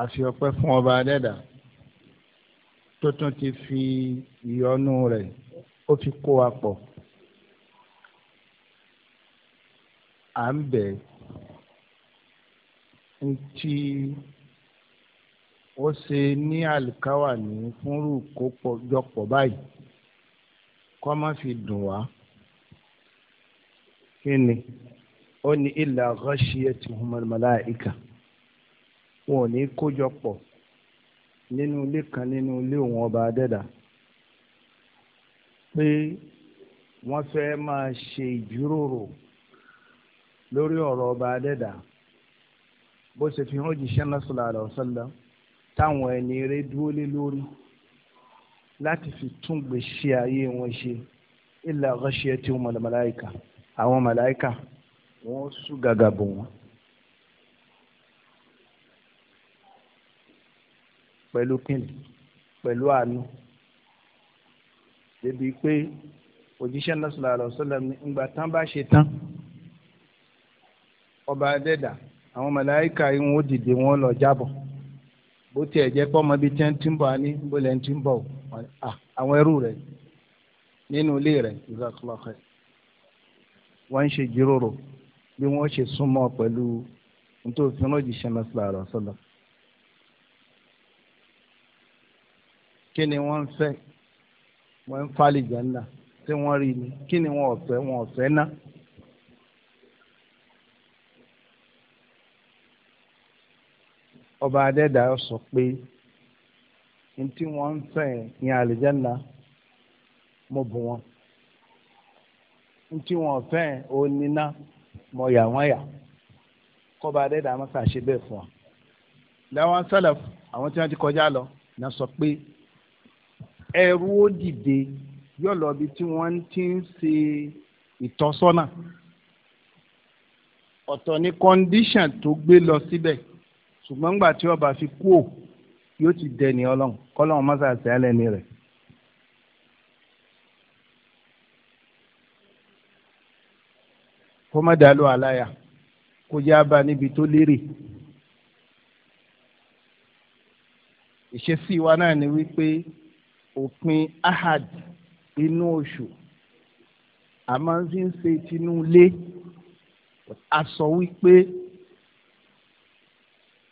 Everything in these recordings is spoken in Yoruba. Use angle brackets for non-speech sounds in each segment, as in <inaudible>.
àfi ọpẹ́ fún ọba adẹ́dà tó tún ti fi ìyọ́nú rẹ̀ ó fi kó wa pọ̀ à ń bẹ̀ ntí ó ṣe ní àlùkáwà ní fúnrú kó jọpọ̀ báyìí kọ́ má fi dùn wá kí ni ó ní ilà ghashiyatuhumul malaika wọn ò ní kójọ pọ̀ nínú ilé kan nínú ilé òun ọba adẹ́dà pé wọ́n fẹ́ máa ṣe ìjíròrò lórí ọ̀rọ̀ ọba adẹ́dà bó ṣe fi hàn jíṣẹ́ náà sallallahu alaihi wasallam táwọn ẹni eré dúró lé lórí láti fi tún gbèsè ayé wọn ṣe illa ghashiyatuhumul malaika àwọn màláìka wọ́n sún gàgà bò wọ́n. pẹ̀lú kíni pẹ̀lú àánú débi pé òjíṣẹ́ náà sallallahu alaihi wasallam ní ìgbà tán bá ṣe tán ọba adẹ́dà àwọn màláíkà yìí wọ́n dìde wọ́n lọ jábọ̀ bó tiẹ̀ jẹ́ pé ọmọ ibi tí wọ́n ti ń ní bó lẹ́ ń ti àwọn ẹrú rẹ̀ nínú ilé rẹ̀ ìzàkúlọ̀kẹ́ wọ́n ń ṣe jíròrò bí wọ́n ṣe súnmọ́ pẹ̀lú nítorí òjíṣẹ́ náà sallallahu kí ni wọ́n ń fẹ́ wọ́n ń falẹ jẹnda tí wọ́n rí ni kí ni wọ́n ọfẹ wọ́n ọfẹ ná. ọba adẹ́dá sọ pé ní tí wọ́n ń fẹ́ yẹn àlùjẹ́nà mo bù wọn ní tí wọ́n fẹ́ oníná mo yà wọ́n yà kọ́ba adẹ́dá mọ́ta ṣe bẹ́ẹ̀ fún wa. làwọn sálàf àwọn tí wọ́n ti kọjá lọ náà sọ pé ẹrú ó dìde yóò lọ bí tí wọ́n ti ń ṣe ìtọ́sọ́nà ọ̀tọ̀ ní kọ́ndíṣàn tó gbé lọ síbẹ̀ ṣùgbọ́n nígbà tí ọba fi kú ò yóò ti dẹni ọlọ́run kọ́lọ́run mọ́sá sí alẹ́ rẹ̀. kó má dàlú àláyà kó yá bá níbi tó lérè. ìṣesí wa náà ni wípé. òpin ahad inú oṣù a máa ń fi ń ṣe tinú a sọ wípé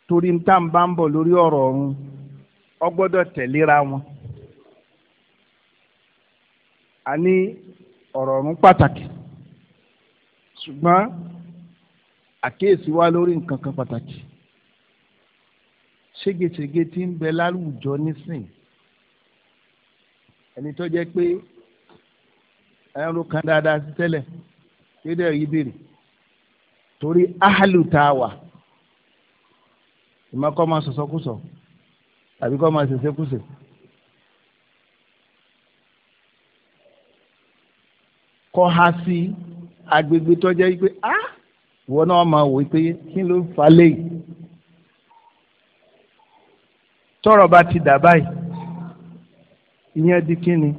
torí ń tá ń bá ń bọ̀ lórí ọ̀rọ̀ ọ̀run ọ gbọ́dọ̀ tẹ̀léra wọn. a ní ọ̀rọ̀ ọ̀run pàtàkì ṣùgbọ́n àkíyèsí wa lórí nǹkan kan pàtàkì ṣégeṣége ti ń bẹ láwùjọ nísìnyí ẹni tó jẹ́ pé ẹrù kan dáadáa sí tẹ́lẹ̀ dédé yìí bèrè torí áhàlù tá a wà ìmọ̀kọ́ máa sọ̀sọ́kùsọ̀ tàbí kọ́ máa ṣèṣekúṣe. kọ́ ha sí agbègbè tó jẹ́ pé á ìwọ náà máa wò pé kí ló fà á léyìí bá ti dà báyìí ìyẹn di kíni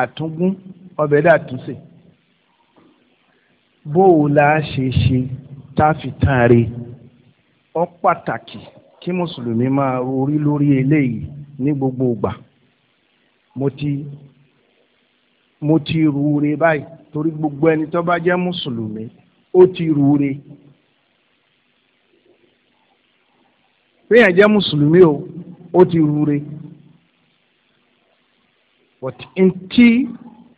àtúngún ọbẹ̀ dà túnṣe bó o la ṣe ṣe tá a fi tán re ọ pàtàkì kí mùsùlùmí máa rorí lórí eléyìí ní gbogbo ìgbà mo ti mo ti rúure báyìí torí gbogbo ẹni tó bá jẹ́ mùsùlùmí ó ti rúure. péyàn jẹ́ mùsùlùmí o ó ti rúure but ntí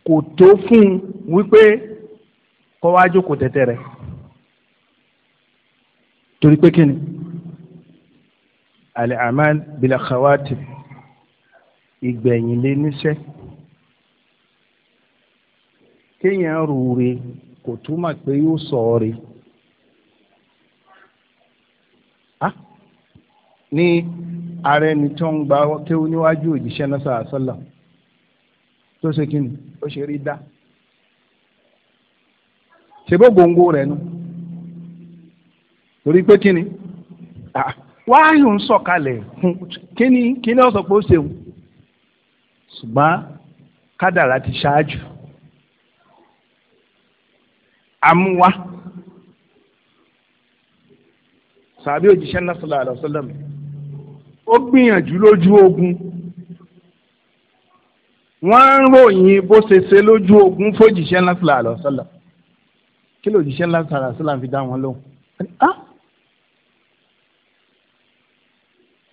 kò tó fún un wípé kọ́ wá jókòó tẹ̀tẹ̀ rẹ̀ torí pé kíni alẹ́ amal bilakawati ìgbẹ̀yìn lé níṣẹ́ kéèyàn rúure kò túmọ̀ pé yóò sọ ọ́ rè ah! ní ara ẹni tó ń gba kéwú níwájú òjíṣẹ́ náà sàásọ́là tó ṣe kí ni ó ṣe rí dá ṣèbó gbòǹgbò rẹ̀ nu torí pé kí ni wáyù ń sọ̀kalẹ̀ fún kí ni kí ni ó sọ pé ó ṣeun ṣùgbọ́n kádàrá ti ṣáájú amúwá sàbí òjíṣẹ́ náà sallallahu alaihi wasallam ó gbìyànjú lójú ogun wọ́n ń ròyìn bó ṣe ṣe lójú ogun fòjìṣẹ́ ńlá sílá àlọ́ sọ́lá kí ló jíṣẹ́ ńlá sílá sílá fi dá wọn lóhùn.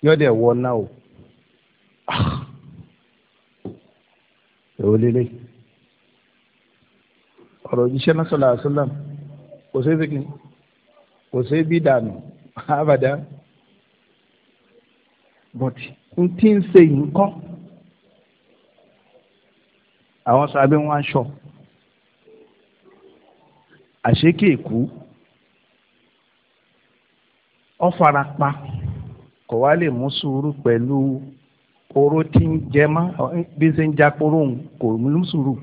yọ́dẹ̀ wọ náà o èwo lélẹ̀ ọ̀rọ̀ jíṣẹ́ ńlá sílá sílá kò ṣe é fi kìíní kò ṣe bí dànù àbàdà bọ̀tì n ń ṣe yìí àwọn sábẹ́ wọn aṣọ àṣekè èkú ọ farapa kò wá lè mú sùúrù pẹ̀lú oró tí ń jẹ mọ́ bí ṣe ń ja kóró òun kò mú sùúrù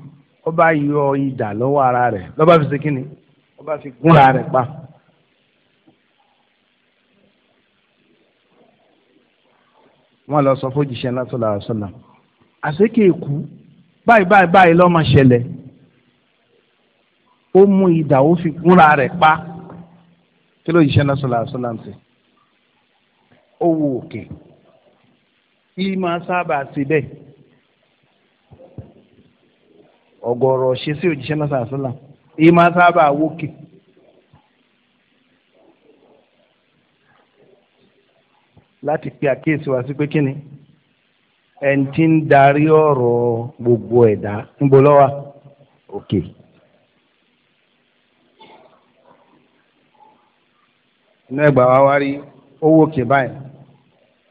ó bá yọ idà lọ́wọ́ ara rẹ̀ ló fi ṣe kíni ó bá fi gúnra rẹ̀ pa. wọ́n lọ sọ fún òjíṣẹ́ náà sallallahu alaihi àṣekè èkú báyìí báyìí báyìí ló máa ṣẹlẹ̀ ó mú idà ó fi kúnra rẹ̀ pa kí ló yíṣẹ́ náà sọ̀rọ̀ àṣọ láǹtì ó wo òkè yìí máa sábà ṣe bẹ́ẹ̀ ọ̀gọ̀rọ̀ ṣe sí òjíṣẹ́ náà sọ̀rọ̀ àṣọ yìí máa sábà wókè. láti pe àkíyèsí wa sí pé kí ni ẹni tí ń darí ọ̀rọ̀ gbogbo ẹ̀dá níbo lọ́wọ́ òkè. inú ẹgbàá wa wá rí owó òkè báyìí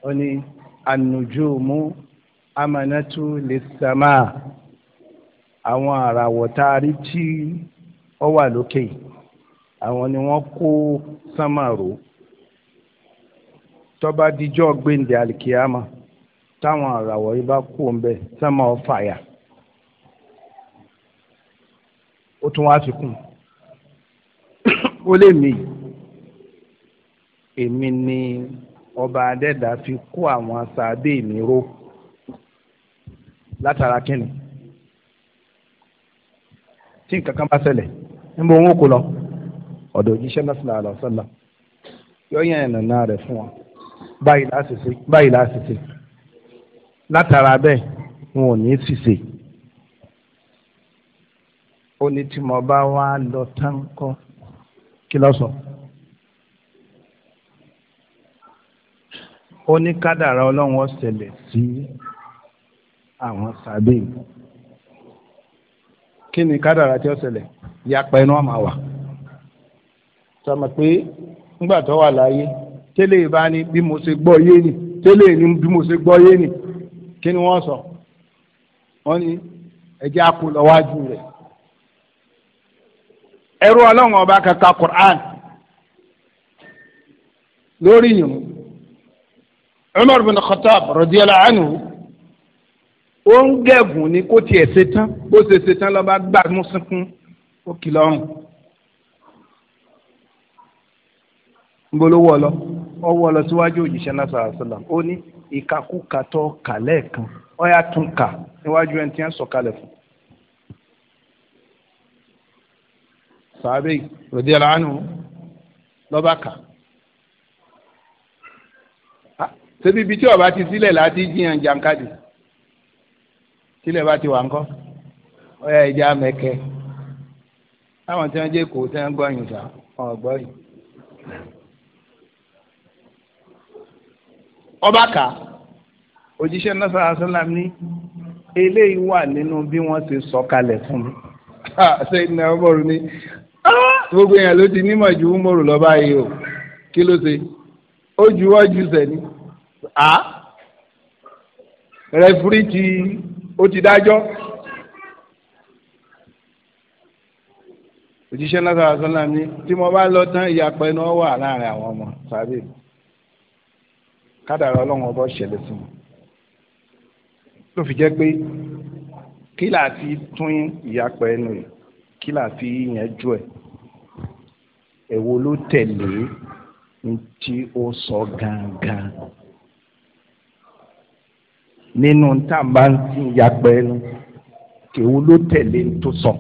ó ní ànùjùmù amanatu lissama àwọn àràwọ̀ tá a rí tí ó wà lókè àwọn ni wọ́n kó sámàrò tó bá dijọ́ gbẹ̀ǹdẹ̀ àlìkíyàmá. táwọn àràwọ̀ yìí bá kú ọ̀nbẹ sẹ́mà ọ̀fàyà ó tún wá fi mi èmi ni ọba adẹ́dà fi kó àwọn sàádé mi ró látara kínni tí nǹkan kan bá ṣẹlẹ̀ níbo wọn kò lọ ọ̀dọ̀ òjíṣẹ́ náà sílẹ̀ àlọ́ sọ́lá nàná rẹ̀ fún wa báyìí látara bẹ́ẹ̀ wọn ò ní ṣìṣe ó ní tí mo bá wá lọ tán kọ́ kí ló sọ. ó ní kádàrá ọlọ́run ó ṣẹlẹ̀ sí àwọn sàbẹ̀ kí ni kádàrá tí ó ṣẹlẹ̀ yapa ẹnu ọmọ wa sọmọ pé ńgbà tó wà láyé tẹ́lẹ̀ bá bí mo ṣe gbọ́ yé ni tẹ́lẹ̀ ní bí mo ṣe gbọ́ yé ni kí ni wọ́n sọ wọ́n ní ẹ̀jẹ̀ àkó lọ́wájú rẹ̀ ẹrú ọlọ́run ọba kẹka Qur'an lórí yìí Umar bin Khatab, radiyallahu anhu ó ń gẹ̀gùn ní kó tiẹ̀ ṣe tán bó ṣe ṣe tán lọ́ba gbà mú sínkún ó kì lọ́rùn. ń bolówó ọ lọ ọ síwájú òjíṣẹ́ náà sàrà ó ní ìkakúka tó kà lẹ́ẹ̀kan ó yá tún kà níwájú ẹni tí wọ́n sọ kalẹ̀ fún. sàbẹ̀ ròdí ẹ̀rọ àánú lọ́ba kà. ṣebí ibi tí ọba ti sílẹ̀ láti jiyàn jàǹkadì sílẹ̀ bá ti wà ńkọ́ ó yá ìjà mẹ́kẹ́ táwọn tí wọ́n jẹ́ kó tí wọ́n gbọ́ yìí sá ọ̀ gbọ́ yìí. ọba kà òjíṣẹ́ náà sọ̀rọ̀ sọ́lá ní eléyìí wà nínú bí wọ́n ṣe sọ kalẹ̀ fún mi. ṣé ìdílé ọmọrù ni ah! gbogbo èèyàn ló ti nímọ̀ ju mọ̀rù lọ́ba yìí o kí ló ṣe ó ju wájú sẹ́ni a rẹfúrí ti ó ti dájọ́. òjíṣẹ́ náà sọ̀rọ̀ sọ́lá ní tí mo bá lọ tán ìyapẹ́ náà wà láàrin àwọn ọmọ sábẹ́ mi kádàrá ọlọ́run ọba ṣẹlẹ̀ sí wọn ló fi jẹ́ pé kí là á fi tún ìyapọ̀ ẹnu yìí kí là á fi yanjú ẹ̀ èwo ló tẹ̀lé tí ó sọ gangan nínú tá a bá ń sin ìyapọ̀ ẹnu èwo ló tẹ̀lé tó sọ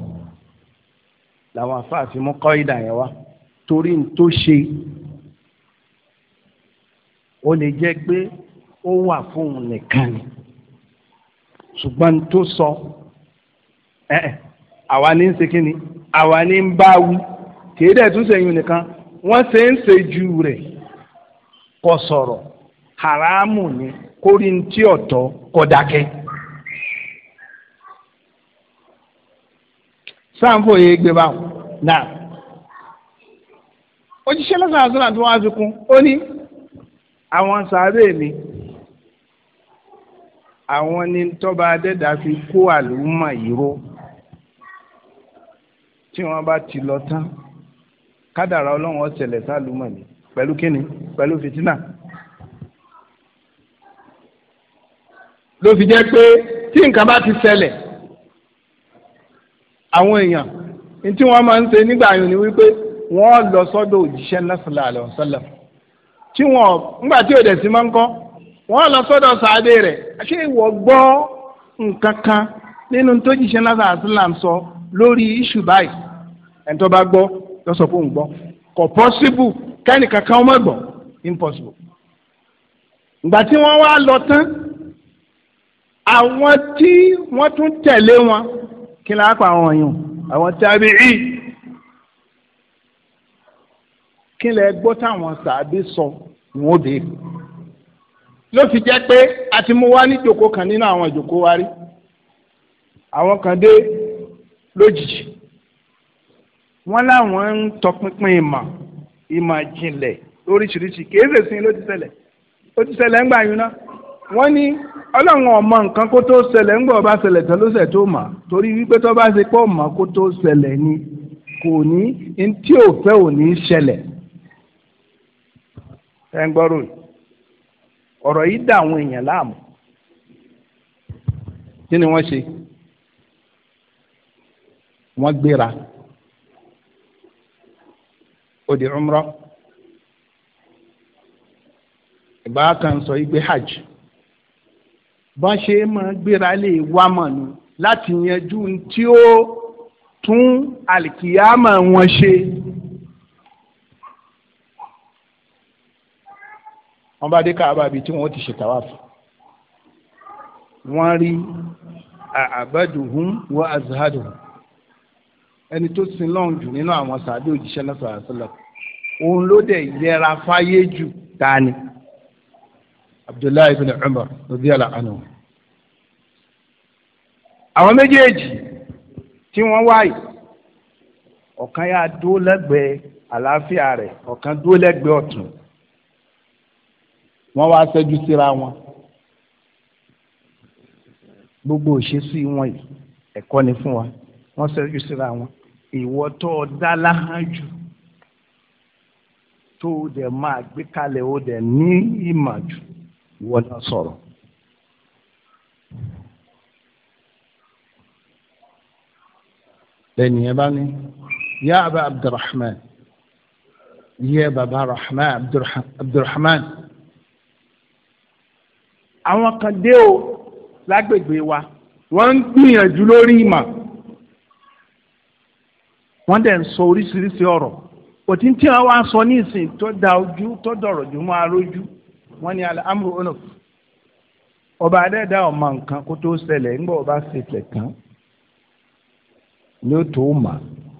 làwọn afáàfin mú kọ́ ìdà yẹn wá torí n tó ṣe ó lè jẹ́ pé ó wà fóun nìkan ni ṣùgbọ́n sọ àwa ní ń ṣe kíni àwa ní ń bá wí kìí dẹ̀ tún ṣèyún nìkan wọ́n ju rẹ̀ sọ̀rọ̀ haramu ni kórìntì ọ̀tọ̀ kò dákẹ́. sáǹfò yìí gbé báwọn náà òjíṣẹ́ lọ́sàn-án àti wọ́n á fi kún ó àwọn sàárè mi àwọn ni tọ́ba adẹ́dà fi kó àlùmọ̀ ìró tí wọ́n bá ti lọ tán kádàrá ọlọ́run ọ̀sẹ̀lẹ̀ sálùmọ̀ mi pẹ̀lú kíni pẹ̀lú fìtínà. ló fi jẹ́ pé tí nǹkan bá ti ṣẹlẹ̀ àwọn èèyàn tí wọ́n máa ń ṣe nígbà yòó ni wípé wọ́n lọ sọ́dọ̀ òjíṣẹ́ náà sallallahu alaihi wasallam tí wọn ńgbà tí ò dẹ̀ sí máa ń kọ́ wọ́n lọ sọ́dọ̀ sàádé rẹ̀ ṣé ìwọ gbọ́ nǹkan kan nínú tó jíṣẹ́ lásán àtúnlàm sọ lórí iṣu báyìí ẹni tó bá gbọ́ lọ sọ fún un gbọ́ kò pọ́síbù kẹ́ni kankan ọmọ gbọ́ impossible. ìgbà tí wọ́n wá lọ tán àwọn tí wọ́n tún tẹ̀lé wọn kí ni a pa àwọn yòó àwọn tábìlì. kí gbọ́ táwọn sọ wọn ò béèrè ló fi jẹ́ pé a ti wá ní kan nínú àwọn ìjòkó wa rí àwọn kan dé lójijì wọ́n láwọn ń tọpinpin ìmọ̀ ìmọ̀ ìjìnlẹ̀ lóríṣiríṣi kì í ṣe sin ló ti ṣẹlẹ̀ ó ti ṣẹlẹ̀ ọmọ nǹkan kó tó ṣẹlẹ̀ ọba ṣẹlẹ̀ tán torí wípé tó bá ṣe pọ̀ kó tó ni kò ní tí ò ní ẹ ń gbọ́rò yìí ọ̀rọ̀ yìí dá àwọn èèyàn láàmú kí ni wọ́n ṣe wọ́n gbéra ó di umrah ìgbà kan sọ igbe hajj bọ́n ṣe máa gbéra lè wá mọ̀nù láti yanjú tí ó tún àlìkìyàmọ̀ wọn ṣe. wọ́n bá dé káàbà bíi tí wọ́n ti ṣe tàwáàfù wọ́n rí àbádùhún wọ́n azhadùhún ẹni tó sin lọ́hùn jù nínú àwọn sàádé òjíṣẹ́ náà sọ̀rọ̀ sílẹ̀ òun ló dẹ̀ yẹra fáyé jù tani abdullahi bin umar radiyallahu anhu àwọn méjèèjì tí wọ́n wáyé ọ̀kan yà dúró lẹ́gbẹ̀ẹ́ àlàáfíà rẹ̀ ọ̀kan dúró lẹ́gbẹ̀ẹ́ ọ̀tún wọ́n wá ṣẹ́jú síra wọn gbogbo òṣèṣì wọn yìí ẹ̀kọ́ ni fún wa wọ́n ṣẹ́jú síra wọn ìwọ tó o dá láhàn jù tó o dẹ̀ máa gbé kalẹ̀ o dẹ̀ ní ìmọ̀ jù ìwọ náà sọ̀rọ̀. lẹ́yìn ẹ bá ní yá abdulrahman yẹ baba abdulrahman. àwọn kan dé o lágbègbè wa wọ́n ń gbìyànjú lórí ìmọ̀ wọ́n dẹ̀ ń sọ oríṣiríṣi ọ̀rọ̀ òtí tí wọ́n wá sọ ní ìsìn tó da ojú tó dọ̀rọ̀ jù mọ́ arójú wọ́n ni ọ̀nà ọba adẹ́dá ọmọ nǹkan kó tó ṣẹlẹ̀ ọba ni ó tó mà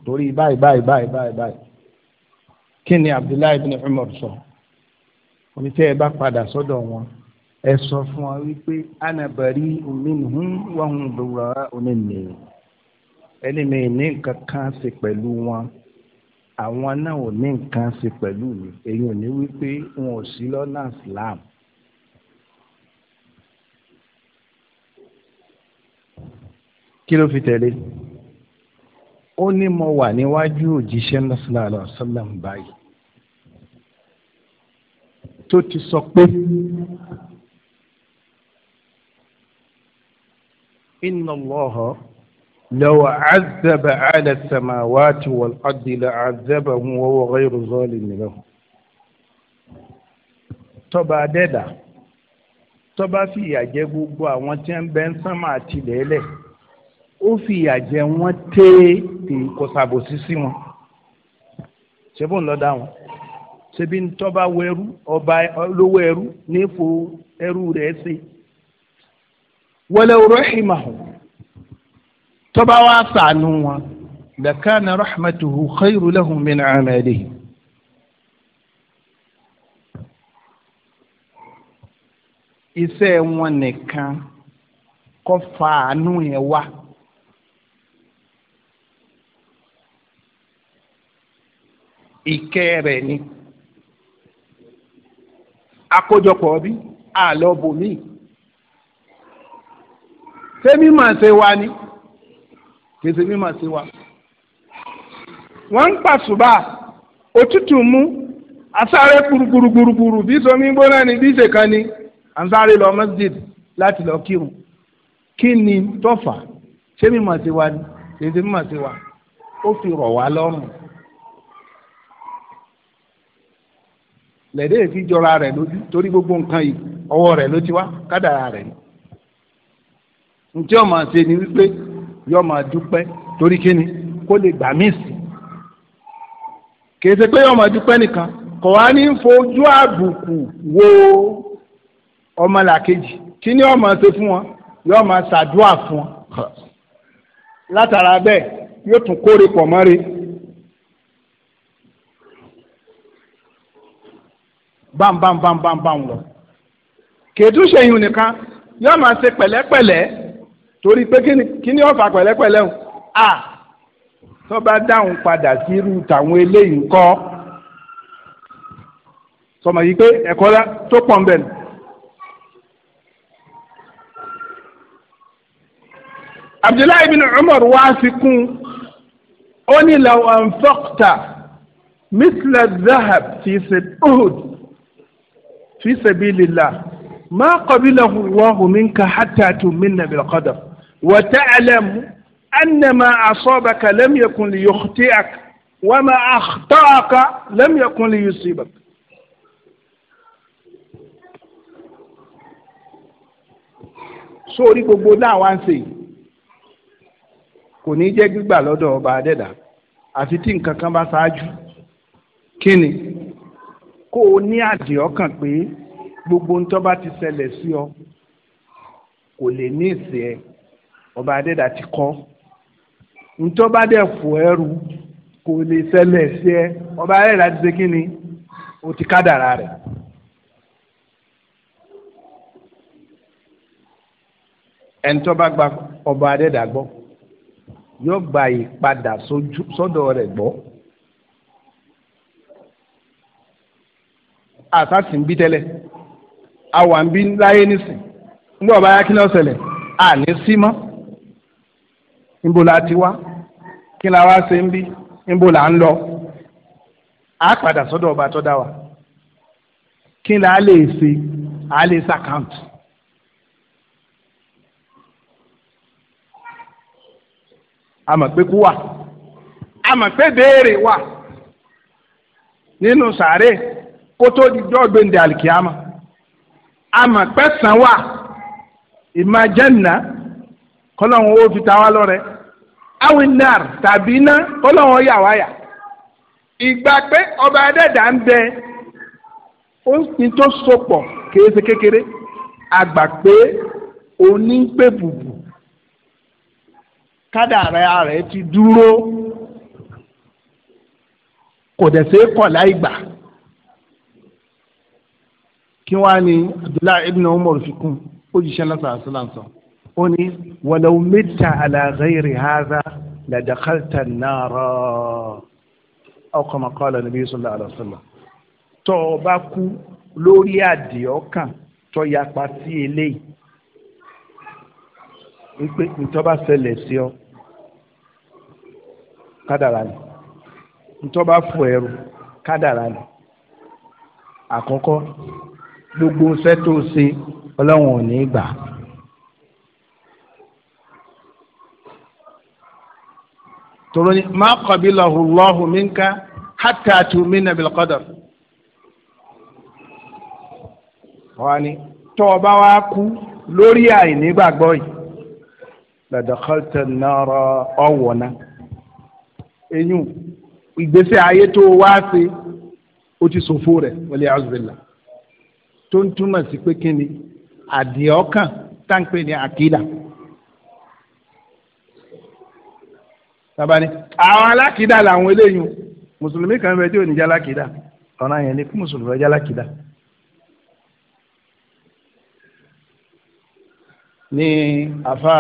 torí báyìí báyìí báyìí báyìí báyìí Abdullahi bin Umar sọ omi tẹ́ ẹ bá padà sọ́dọ̀ ẹ sọ fún wa wípé anabari minhum wa hum bura'u minni ẹni mi ní nǹkan kan ṣe pẹ̀lú wọn àwọn náà ò ní nǹkan ṣe pẹ̀lú mi èyí ò ní wípé wọn ò sí lọ́nà Islam. kí ló fi tẹ̀lé ó ní mo wà níwájú òjíṣẹ́ sallallahu alaihi wasallam báyìí tó ti sọ pé إن الله لو عذب على السماوات والأرض لعذبهم وهو غير ظالم له tọba adẹ́dà tọba fi ìyà jẹ gbogbo àwọn tí ń bẹ ń sánmà àti lẹ́lẹ̀ ó fi ìyà jẹ wọ́n téèté kò ṣàbòsí wọn ṣé ń lọ dá wọn ṣebí tọba wẹrú ọba olówó ẹrú nífo ẹrú rẹ̀ ṣe walau rahimahu tọ́ba wa sànù wọn lakana rahmatuhu khayru lahum min amalihi. iṣẹ́ wọn nìkan kọ́ fa àánú yẹn wá. ìkẹ́ ni àkójọpọ̀ bí àlọ́ bòmíì ṣé mímọ̀ ṣe wa ni kì í ṣe mímọ̀ ṣe wa. wọ́n ń pàṣùbà òtútù mú asáré gbùrùgbùrùgbùrù bí somi gbóná ni bí ṣe kan ni à ń sáré lọ masjid láti lọ kírun kí ni tọ́fà ṣé mímọ̀ ṣe wa ni kì í ṣe mímọ̀ ṣe wa ó fi rọ̀ wá lọ́rùn. lẹ́dẹ̀ẹ́ fi jọra rẹ̀ lójú torí gbogbo nǹkan yìí ọwọ́ rẹ̀ ló ti wá kádàrá rẹ̀ ni ntí ọmọ àṣẹ ni wípé yóò máa dúpẹ́ torí kíni kó lè gbà mí sí kìí ṣe pé yóò máa dúpẹ́ nìkan kò wá ní fojú àbùkù wo ọmọlàkejì kí ni ọmọ ṣe fún wọn yóò máa ṣàdúà fún wọn látara bẹ́ẹ̀ yóò tún kórè pọ̀ mọ́re. bámbámbámbámbám lọ kèédú ṣèyún nìkan yóò máa ṣe pẹ̀lẹ́pẹ̀lẹ́ torí pé kí ni ọ̀fà pẹ̀lẹ́pẹ̀lẹ́ o à tó bá dáhùn padà sí irú tàwọn eléyìí ńkọ́ sọmọ yìí pé ẹ̀kọ́ tó pọ̀ ń bẹ̀ ni. abdullahi bin umar wá sí kún ó ní law anfaqta mithla dhahab fi uhud fi sabilillah ma qabilahu Allahu minka hatta tu'mina bil qadar. وتعلم أن ما أصابك لم يكن ليخطئك وما أخطأك لم يكن ليصيبك sórí gbogbo náà wá ń ṣe kò ní jẹ́ gbígbà lọ́dọ̀ ọba adẹ́dà àfi tí nǹkan kan bá ṣáájú kí ni kó o ní àdìẹ́ ọkàn pé gbogbo ń tó bá ti ṣẹlẹ̀ sí ọ kò lè ní ìsìn ẹ ọba adẹ́dà ti kọ́ ntọ́ bá dẹ̀ fò ẹrù kò lè ṣẹlẹ̀ sí ẹ ọba adẹ́dà ti ṣe kí ni o ti kádàrá rẹ̀. ẹnitọ́ bá gba ọba adẹ́dà gbọ́ yóò gba ìpadà sọ́dọ̀ rẹ̀ gbọ́. àtàtì ń bí tẹ́lẹ̀ àwa ń bí láyé nísìn nígbà ọba ayákínlẹ̀ ọ̀sẹ̀lẹ̀ àní sí mọ́ níbo la ti wá kí la wá ṣe ń bí níbo la ń lọ a padà sọ́dọ̀ ọba tó dá wa kí la lè ṣe a lè ṣàkáǹtì. a mọ̀ pé kú wà a pé béèrè wà nínú sàárè kó tó di dọ́gbẹ̀ndẹ̀ àlìkíyàmà a mọ̀ sàn wà ìmọ̀ nà kọ́lọ́hún ó fi ta wá lọ́rẹ́ awinar tàbí iná kọ́lọ́hún yà wá yà ìgbà pé ọba adẹ́dà ń bẹ ó ní tó sopọ̀ kéése kékeré àgbà pé òní ń pè bùbù kádàrá rẹ̀ ti dúró kò dẹ̀ kọ̀ láì gbà kí wàá ní Abdullahi ibn Umar fi kún ó jíṣẹ́ lọ́sàásì láǹsọ̀ ó ní walaw mitta ala ghairi hadha ladakhalta nara aw kama qala nabi sallallahu alaihi wasallam tó o bá kú lórí àdìọ́kàn tó yapa sí eléyìí wípé ntọ́ bá ṣẹlẹ̀ sí ọ kádàrà ni ntọ́ bá fọ ẹrù kádàrà ni àkọ́kọ́ gbogbo iṣẹ́ tó ṣe ọlọ́run ò ní gbà á. tòrò ní má qabilahu Allahu minka hatta tu'mina bil qadar. wọ́n á ní tọ́ ọ bá wá kú lórí àìnígbàgbọ́ yìí ladakhalta nara ọ̀wọ̀nà eyín ìgbésẹ̀ ayé tó wá sí ó ti sòfò rẹ̀ wọlé azùbẹ̀là tó ń túmọ̀ sí pé kí ni àdìọ́kàn táǹpẹ̀ ní àkídà. tabani àwọn alákìdá làwọn eléyìí mùsùlùmí kan bẹ tí ò ní jẹ́ alákìdá ọ̀nà yẹn ni kí mùsùlùmí jẹ́ alákìdá. ní afa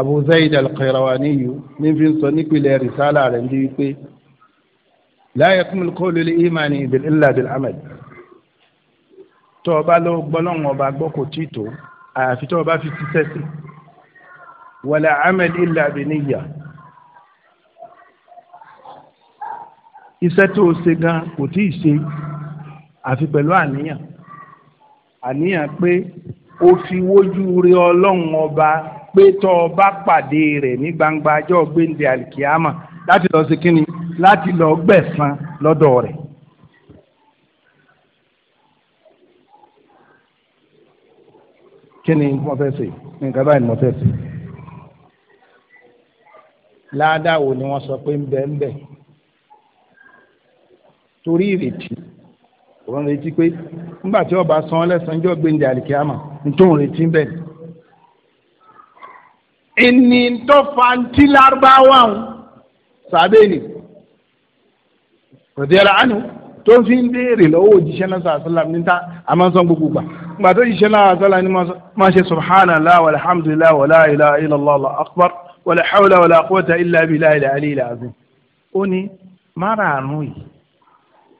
Abu Zayd al-Qayrawaniyu ní fi ń sọ nípìnlẹ̀ rìsálà rẹ̀ ní wípé la yakmul qawlu lil imani illa bil amal tó o bá lọ gbọ́lọ́hún ọba gbọ́ kò tí tó àyàfi tó o bá fi ṣiṣẹ́ sí wala amal illa bi niyya. iṣẹ́ tó o ṣe gan kò tí ì ṣe àfi pẹ̀lú àníyàn àníyàn pé o fi wójú rí ọlọ́run ọba pé tọ́ ọ bá pàdé rẹ̀ ní gbangba ajọ́ gbéǹde àlìkíyàmà láti lọ sí kínni láti lọ gbẹ̀san lọ́dọ̀ rẹ̀. kí ni mo fẹ́ ṣe nǹkan báyìí mo fẹ́ ṣe. ládàá wo ni wọ́n sọ pé ń bẹ ń bẹ torí ìrètí òun retí pé nígbà tí ọba san lẹ́sàn-án jọ gbẹ̀ǹdẹ̀ àlìkíyàmà nítorí retí bẹ́ẹ̀. ìní tó fa ti lárúbáwá ń sàbẹ̀ ni rọ̀díẹ̀lá ànú tó fi ń béèrè lọ́wọ́ òjíṣẹ́ náà sàásálàm níta àmọ́sán gbogbo gbà gbà tó jíṣẹ́ náà sàásálàm ní máa ṣe subhanallah walhamdulillah wala ilaha illallah allahu akbar wala hawla wala quwwata illa billahi al-ali al-azim. ó ní márààrún yìí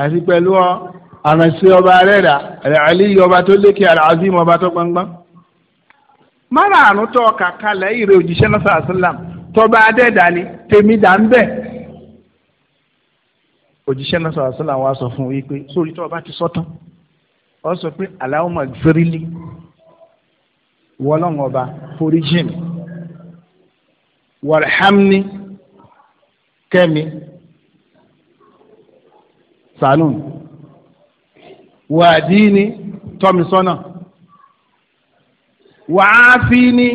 àti pẹ̀lú àrànṣe ọba rẹ̀dà àlẹ́ ọba tó lékè àlàzim ọba tó gbangban. mara àrùn tó ọkà kalẹ̀ ìrè òjíṣẹ́ náà sàásìlám tọba adẹ́dà ni tèmi dà ń bẹ̀. òjíṣẹ́ náà sàásìlám wa sọ fún wípé sórí tó ọba ti sọ́tàn ọ sọ pé aláwọ̀ mọ̀ fẹ́rẹ́lì wọ́lọ́wọ́n ọba foríjìn wàlhámni kẹ́mi sànù wàdí ni tọ́misọ́nà wàáfí ni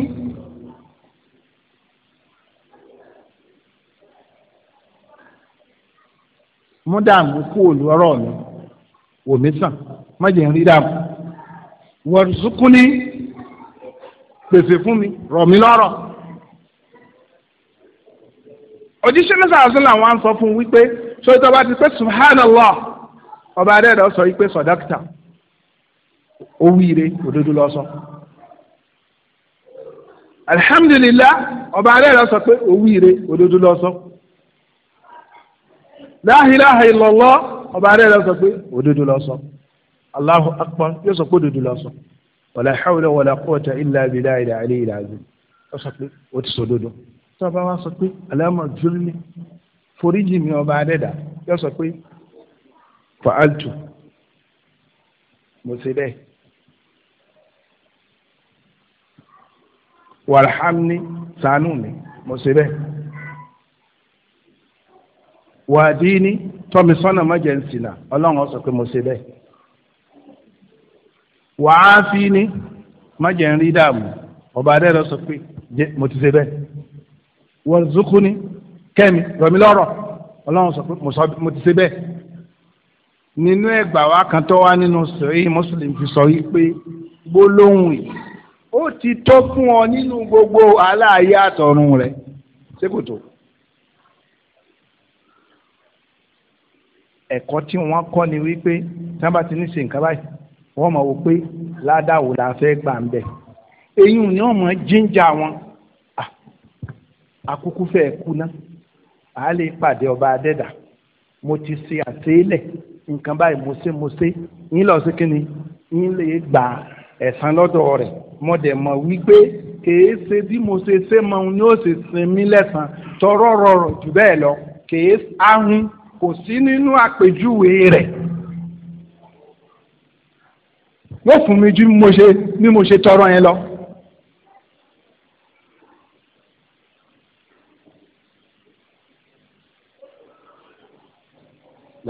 mú dààmú kó olú ọ̀rọ̀ mi wòmí sàn má ń rí dààmú wọ̀rùsùkúni pèsè fún mi rọ̀ mí lọ́rọ̀ òjíṣẹ́ náà làwọn á sọ fún wípé so tó bá ti pé subhanallah ọba adẹ́dọ̀ sọ yìí pé sọ̀dọ́kítà ó wíire òdodo lọ sọ alhamdulillah ọba adẹ́dọ̀ sọ pé ó wíire òdodo lọ sọ la ilaha illallah ọba adẹ́dọ̀ sọ pé òdodo lọ sọ allahu akbar yóò sọ pé òdodo lọ sọ wala hawla wala quwwata illa billahi al-ali al-azim ó sọ pé ó ti sọ òdodo tó bá wá sọ pé alámọ̀ jùlọ foríjì mi ọba adẹ́dà yóò sọ pé fàáltù mo ṣe bẹ́ẹ̀ wàlhámni sànù mi mo ṣe bẹ́ẹ̀ wàdíní tọ́misọ́nà mọ́jẹ̀nsìnà ọlọ́run sọ pé mo ṣe bẹ́ẹ̀ wàáfíní mọ́jẹ̀nrí dààmú ọba adẹ́dà sọ pé mo ti ṣe bẹ́ẹ̀ wàzúkúni kẹ́mi rọ̀mí lọ́rọ̀ ọlọ́run sọ pé mo ti ṣe bẹ́ẹ̀ nínú ẹgbà wa kan tó wá nínú sọ̀rí mùsùlùmí fi sọ yìí pé gbólóhùn yìí ó ti tó fún ọ nínú gbogbo aláàyè àtọ̀run rẹ̀ ṣé ẹ̀kọ́ tí wọ́n kọ́ ni wípé tí wọ́n bá ti ní ṣe nǹkan báyìí wọ́n mọ̀ wò pé ládàwò la fẹ́ gbà ń bẹ̀. eyín ni wọ́n mọ̀ jíjà wọn àkókò fẹ́ẹ́ kú náà a lè pàdé ọba adẹ́dà mo ti ṣe àtẹ́lẹ̀ nǹkan báyìí mo ṣe mo ṣe yín lọ sí kínní yín lè gba ẹ̀san lọ́dọ̀ rẹ̀ mo dẹ̀ mọ̀ wípé kèé ṣe bí mo ṣe ṣe mọ òun ni ó sì sin mí lẹ́san tọrọ rọrọ jù bẹ́ẹ̀ lọ kèé ahun kò sí nínú àpèjúwe rẹ̀ wọ́n fún mi ju mo mo ṣe tọrọ yẹn lọ.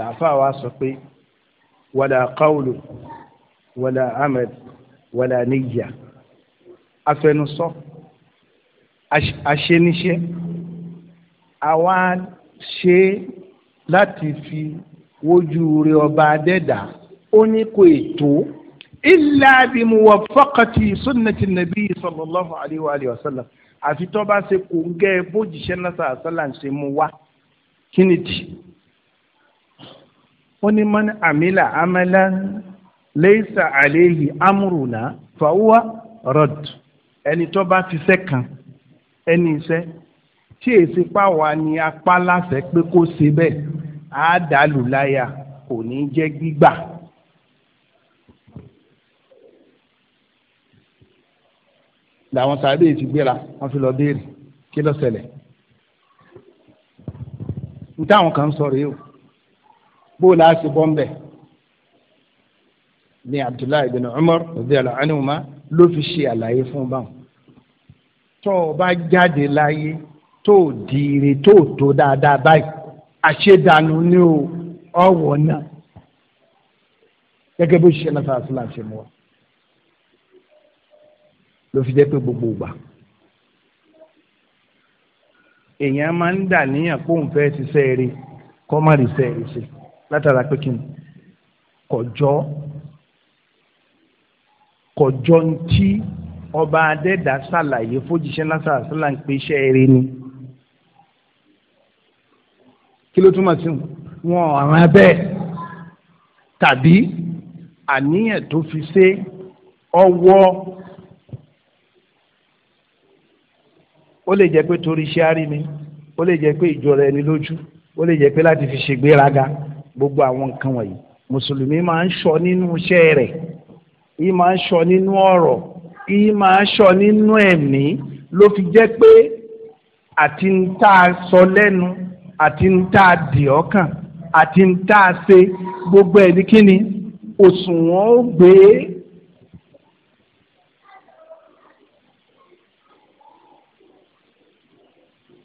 làáfàá wa sọ pé wàlà qawlu wàlà amad wàlà níyà afẹnusọ aṣeniṣẹ àwa ṣe láti fi wojú rẹ ọba adẹ́dà ó ní kò ètò illa bi muwafaqati sunnati nabi sallallahu alayhi wa sallam àfi bá ṣe kò ń gẹ́ bójìṣẹ́ náà sàlàǹṣe mu wá kí ni tì ó ní man amila amalan laysa alayhi amruna fahuwa radd ẹni tó bá ti ṣe kan ẹni iṣẹ́ tí èsì pàwá ni apá láṣẹ pé kó ṣe bẹ́ẹ̀ á dàlù láyà kò ní jẹ́ gbígbà. làwọn sàbẹ̀ ti gbéra wọ́n fi lọ béèrè kí ló ṣẹlẹ̀. táwọn kan sọ rèé o bó láti bọ́ ń bẹ̀ ni abdullahi bin umar radiyallahu anhuma ló fi ṣe àlàyé fún báwọn tó o bá jáde láyé tó o diire tó o tó dáadáa báyìí àṣedànù ni o ọwọ́ náà gẹ́gẹ́ bó ṣe náà sàásì láti mú wa ló fi jẹ́ pé gbogbo ìgbà èèyàn máa ń dà níyàn kó òun fẹ́ ṣiṣẹ́ rí kọ́ má rí iṣẹ́ rí sí látara pé kí ni kọjọ́ kọjọ́ ń tí ọba adẹ́dà ṣàlàyé fójíṣẹ́ lásàrà sálà ń pe iṣẹ́ eré ni kí ló túmọ̀ sí wọn ọ̀ràn bẹ́ẹ̀ tàbí àníyàn tó fi ṣe ọwọ́ ó lè jẹ́ pé torí iṣẹ́ àárín ni ó lè jẹ́ pé ìjọra ẹni lójú ó lè jẹ́ pé láti fi ṣègbéraga gbogbo àwọn nǹkan wọ̀nyí mùsùlùmí máa ń ṣọ́ nínú iṣẹ́ rẹ̀ yìí máa ń ṣọ́ nínú ọ̀rọ̀ yìí máa ń ṣọ́ nínú ẹ̀mí ló fi jẹ́ pé àti ń tá a sọ lẹ́nu àti ń tá a dì ọkàn àti ń tá a ṣe gbogbo ẹ̀ ní kíni òṣùwọ̀n ó gbé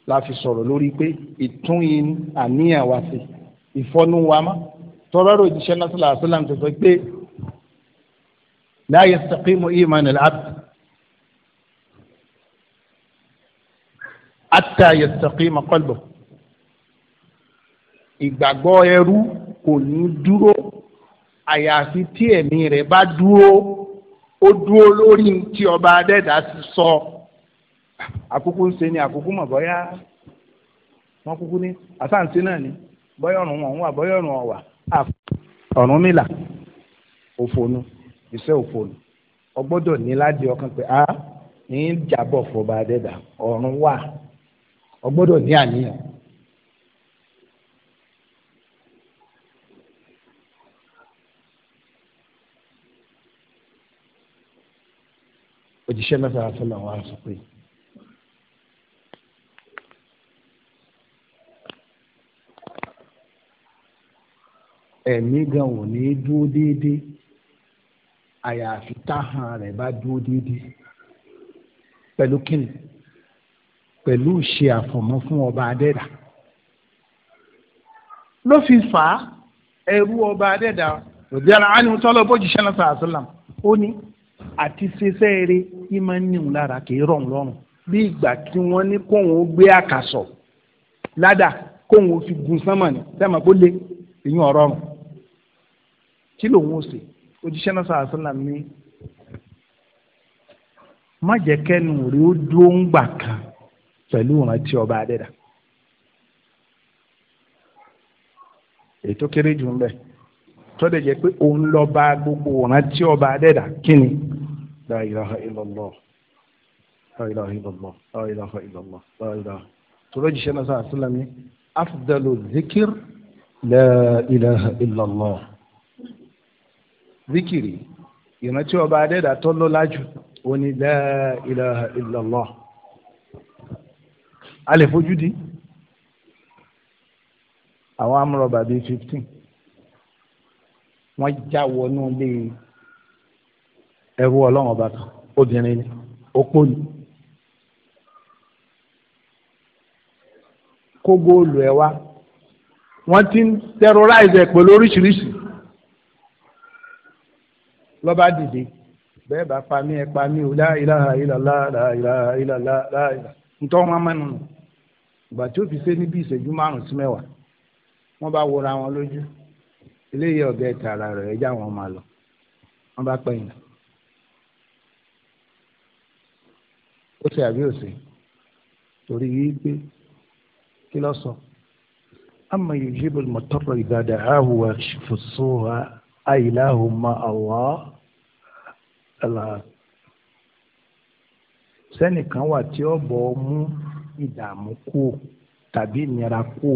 la fi sọ̀rọ̀ lórí pé ìtún àníyàn wa sí i ìfọnú wa mọ́ tọ́lọ́rọ̀ òjíṣẹ́ lásìlá àṣìlá tó sọ pé la yastaqimu iman al-abd hatta yastaqima qalbuhu ìgbàgbọ́ ẹrú kò ní dúró àyàfi tí ẹ̀mí rẹ̀ bá dúró ó dúró lórí tí ọba adẹ́dá ti sọ àkókò ń ṣe ni àkókò mọ̀ bọ́yá wọ́n kúkú ní àsáǹsí náà ni. bọ́yọ̀ wọn ọ̀hún wà bọ́yọ̀ ọ̀run ọ̀wà ọ̀run mìlà òfonu iṣẹ́ ọgbọ́dọ̀ ọkàn pé a ní jàbọ̀ fọba adẹ́dà ọ̀run wà ọgbọ́dọ̀ ní àníyàn. ẹ̀mí gan ò ní dúró déédéé àyàfi táhàn rẹ̀ bá dúró déédéé pẹ̀lú kíni pẹ̀lú ṣe àfọ̀mọ́ fún ọba adẹ́dà ló fi fà á ẹrú ọba adẹ́dà òbí ara á ní wọn tọ́lọ́ bójú ṣẹlẹ̀ sàásùlám ó ní àti ṣiṣẹ́ eré yìí máa ń níhun lára kì í rọrùn lọ́rùn bí ìgbà tí wọ́n ní kóhun ó gbé àkàsọ̀ ládàá kóhun ó fi gun sánmọ̀ ní sẹ́mọ̀ kó lé èyí ọ̀rọ̀rùn kí lòun ò ṣe òjíṣẹ́ náà sàásánlá mi má jẹ́ kẹ́nu rí ó dúró ń gbà kan pẹ̀lú ìrántí ọba adẹ́dà ètò kéré jù ń bẹ tọ́lẹ̀ jẹ́ pé òun lọ bá gbogbo ìrántí ọba adẹ́dà kí ni la ilaha illallah la ilaha illallah la ilaha illallah la ilaha tọ́lọ́ jíṣẹ́ náà sàásánlá mi afdalu zikir la ilaha illallah zikiri ìrántí ọba adẹ́dà tó lọ́lá jù ó ní la ilaha illallah a lè fojú di àwọn amúrọ̀bà bíi fifteen wọ́n já wọnú ilé ẹrú ọlọ́run ọba kan obìnrin ni opó ni kógó olù ẹ̀ wá wọ́n ti ń terrorize pẹ̀lú oríṣiríṣi lọ́ba dìde bẹ́ẹ̀ bá pa mí ẹ pa mí o la ilaha illallah la ilaha illallah la ilaha ntọ́ wọn mẹ́nu nù ìgbà tí ó fi ṣe níbi ìṣẹ́jú márùn sí mẹ́wàá wọ́n bá wọra wọn lójú eléyìí ọ̀gá ẹ̀ta ara rẹ̀ ẹja wọn máa lọ wọ́n bá pẹ̀yìn ó ṣe àbí òṣè torí yìí pé kí ló sọ amma yujibul mutarra idha da'ahu wa yakshifu as-su'a àìláhùn ma Allah Allah sẹ́nìkan wà tí ó bọ̀ ọ́ mú ìdààmú kú tàbí ìnira kú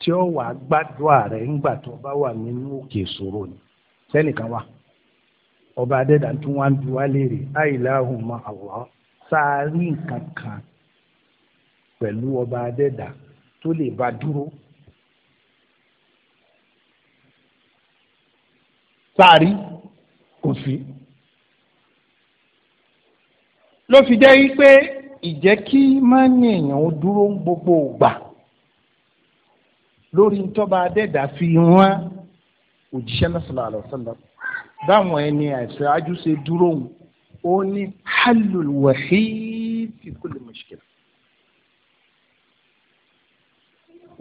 tí ó wà gbàdúrà rẹ̀ ńgbà tó wà nínú òkè ìṣòro ni wà ọba adẹ́dà tí ń bi wá léèrè sáárì nǹkan ọba adẹ́dà tó lè sáàrí kò sí. ló fi jẹ́ wípé ìjẹ́ kí mání èèyàn ó dúró ń gbogbo ògbà lórí ntọ́ba adẹ́dà fi wọ́n òjíṣẹ́ náà sallallahu alaihi wasallam báwọn ẹni àìsàn ajúṣe dúró ń ó ní halul fi kulli mushkila.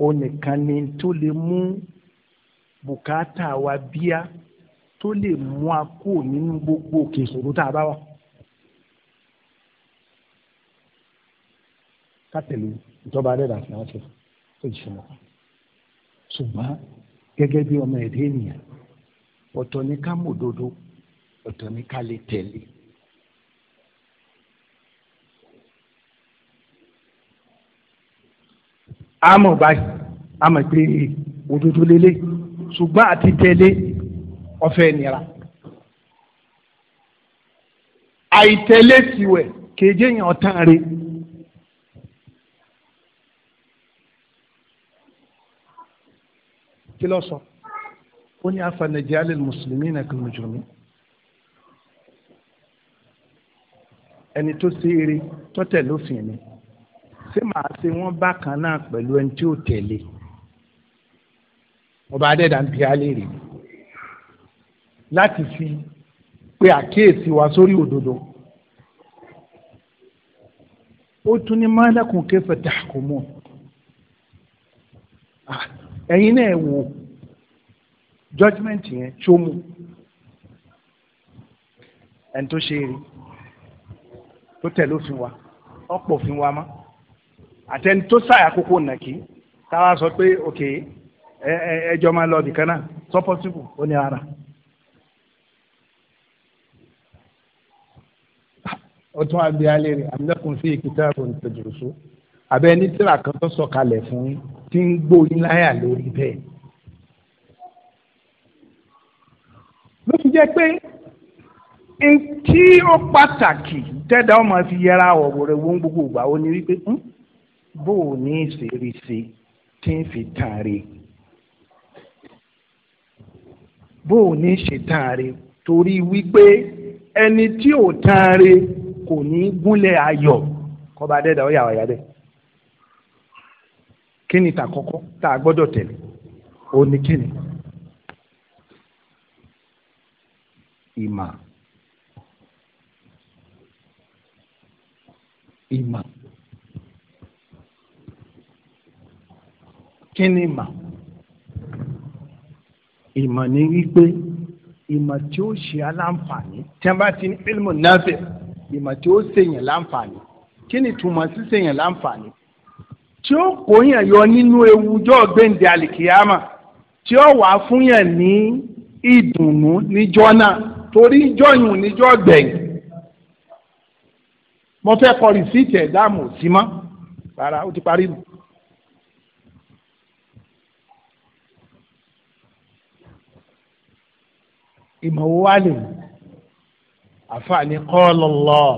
ó nìkan ni tó lè mú bùkátà wa bíyà tó lè mú a kó nínú gbogbo òkè ìṣòro tá a bá wà. ká tẹ̀lé ìjọba adẹ́dà àti àwọn àṣẹ tó jù lọ. ṣùgbọ́n gẹ́gẹ́ bí ọmọ ẹ̀dá ènìyàn ọ̀tọ̀ ni ká mọ̀ òdodo ọ̀tọ̀ ni ká lè tẹ̀lé. àmọ̀ báyìí àmọ̀ pé òdodo lélẹ̀ ṣùgbọ́n àti tẹ̀lé ọ̀fẹ́ nira àìtẹ̀lé tiwẹ̀ kéje yàn ọ̀tàn rẹ̀. kí ló sọ ó ní afanajì alẹ́ mùsùlùmí náà kì í mùjùmí ẹni tó ṣe eré tọ́tẹ̀ lófin mi ṣé màá ṣe wọ́n bákan náà pẹ̀lú ẹni tí ó tẹ̀lé ọba adẹ́dàá ń bi alẹ́ rè mí. láti fi pe àkíyèsí wa sórí òdodo ó tún ní málẹ́kùn kẹfẹ́ tàkùmọ̀ ẹ̀yin náà wò judgement yẹn tó mu ẹni tó ṣe eré tó tẹ̀lé òfin wa ọ̀pọ̀ òfin wa mọ́ àtẹni tó ṣàyà kókó nàkí táwa sọ pé òkè ẹjọ́ máa lọ bìkan náà sọ pọ́sibù ó ní ara. ó tún abẹ́ alẹ́ rẹ̀ amílẹ́kùn fi kitabun tadrusu abẹ́ ní tíra kan tó sọ kalẹ̀ fún tí ń gbó yín láyà lórí bẹ́ẹ̀. ló fi jẹ́ pé tí ó pàtàkì tẹ́dá ọmọ fi yẹra ọ̀wọ̀ rẹ̀ wọ́n gbogbo ìgbà ó ní wípé bó o ní ìṣèrí tí ń fi tààrí bó o ní ṣe tààrí torí wípé ẹni tí ò tààrí kò ní gúnlẹ̀ ayọ̀ kọba dẹ́dà ó yà wáyà dẹ́ kí ni ta kọ́kọ́ tá a gbọ́dọ̀ tẹ̀lé ó ní kí ni ìmà ìmà kí ni ìmà ìmà ni wípé ìmà tí ó ṣe aláǹfààní tí wọ́n bá ti ní ilmu nafi ìmọ̀ tí ó ṣèyàn láǹfààní kí ni túmọ̀ sí ṣèyàn láǹfààní tí ó kóyàn yọ nínú ewújọ́ gbẹ̀ǹdẹ̀ àlìkìyàmà tí ó wà fúnyàn ní ìdùnnú níjọ́ náà torí ìjọyùn níjọ́ gbẹ̀yìn mo fẹ́ kọ rìsíìtì ẹ̀ dáàmú mọ́ rárá ó ti parí nù. ìmọ̀ wo wá lè mú àfààní qala Allah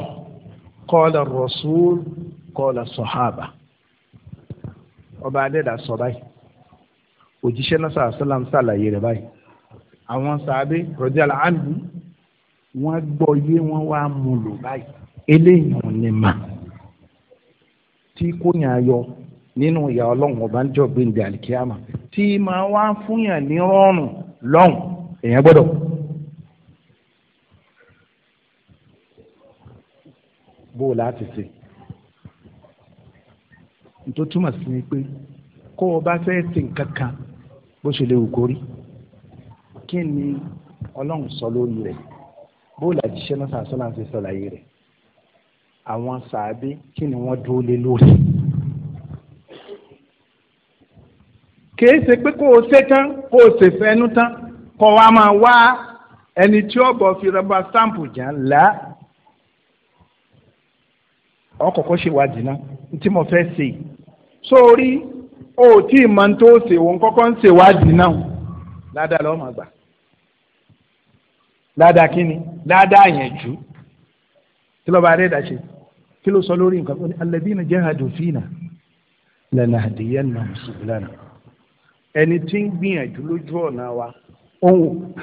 qala Rasul qala sọ̀hábà ọba adẹ́dà sọ báyìí òjíṣẹ́ náà sàlám sàlàyé rẹ̀ báyìí àwọn sàábé rọ̀jàlá àlù wọ́n gbọ́ yé wọ́n wá mú lò báyìí eléyìí ni mà tí kò yàn ayọ̀ nínú ìyá ọlọ́run ọba ń jọ gbé ní àlìkíyàmà tí màá wá fún yàn ní rọrùn lọ́hùn èèyàn gbọ́dọ̀. bó o láti ṣe tó túmọ̀ sí ni pé kó o bá fẹ́ ṣe nǹkan kan bó ṣe lè wù kó rí kí ni ọlọ́run sọ lórí rẹ̀ bó o làjíṣẹ́ náà sàṣọ́lá ṣe sọ̀láyé rẹ̀ àwọn sàábé kí ni wọ́n dúró lé lórí. kìí ṣe pé kó o ṣe tán kó o ṣe fẹnu tán kó wa máa wá ẹni tí ó bọ̀ fi rọba sáǹpù jà ńlá ọkọ̀ọ̀kọ̀ ṣe wádìí náà tí mo fẹ́ ṣe sórí o tí ì máa ń tó ṣe òun kọ́kọ́ ń ṣe wádìí náà ládàá lọ́ọ́ máa gbà ládàá kínni ládàá yẹn jù kí ló bá rẹ̀ dà ṣe kí ló sọ lórí nǹkan kan alladhina jahadu fina lanahdiyannahum subulana ẹni tí ń gbìyànjú lójú ọ̀nà wa òun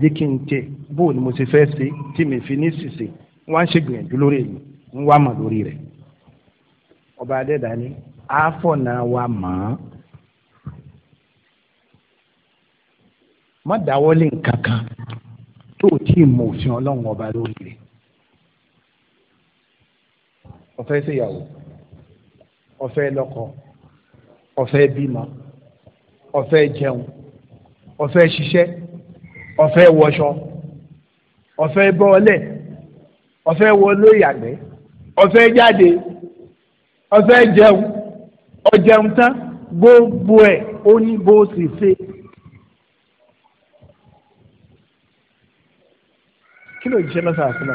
jẹ́ kí n tẹ bóun ni mo ti fẹ́ ṣe tí mi fi ní ṣìṣe wọ́n á ṣe gbìyànjú lórí èmi. ń wá mọ̀ lórí rẹ̀ ọba adẹ́dá ni àfọ̀nà wa mọ̀ ọ́ má dáwọ́lé nǹkan kan tó o tí ì mọ òfin ọlọ́run ọba lórí rẹ̀ ọ̀fẹ́ ṣèyàwó ọ̀fẹ́ lọ́kọ ọ̀fẹ́ bímọ ọ̀fẹ́ jẹun ọ̀fẹ́ ṣiṣẹ́ ọ̀fẹ́ wọṣọ ọ̀fẹ́ bọ́ọ̀lẹ̀ ọ̀fẹ́ wọlé ìyàgbẹ́ ọ̀fẹ́ jáde ọ̀fẹ́ jẹun tán gbogbo ẹ̀ ó ní bó sì ṣe. kí ló jẹ́ lọ́sàn àfúnà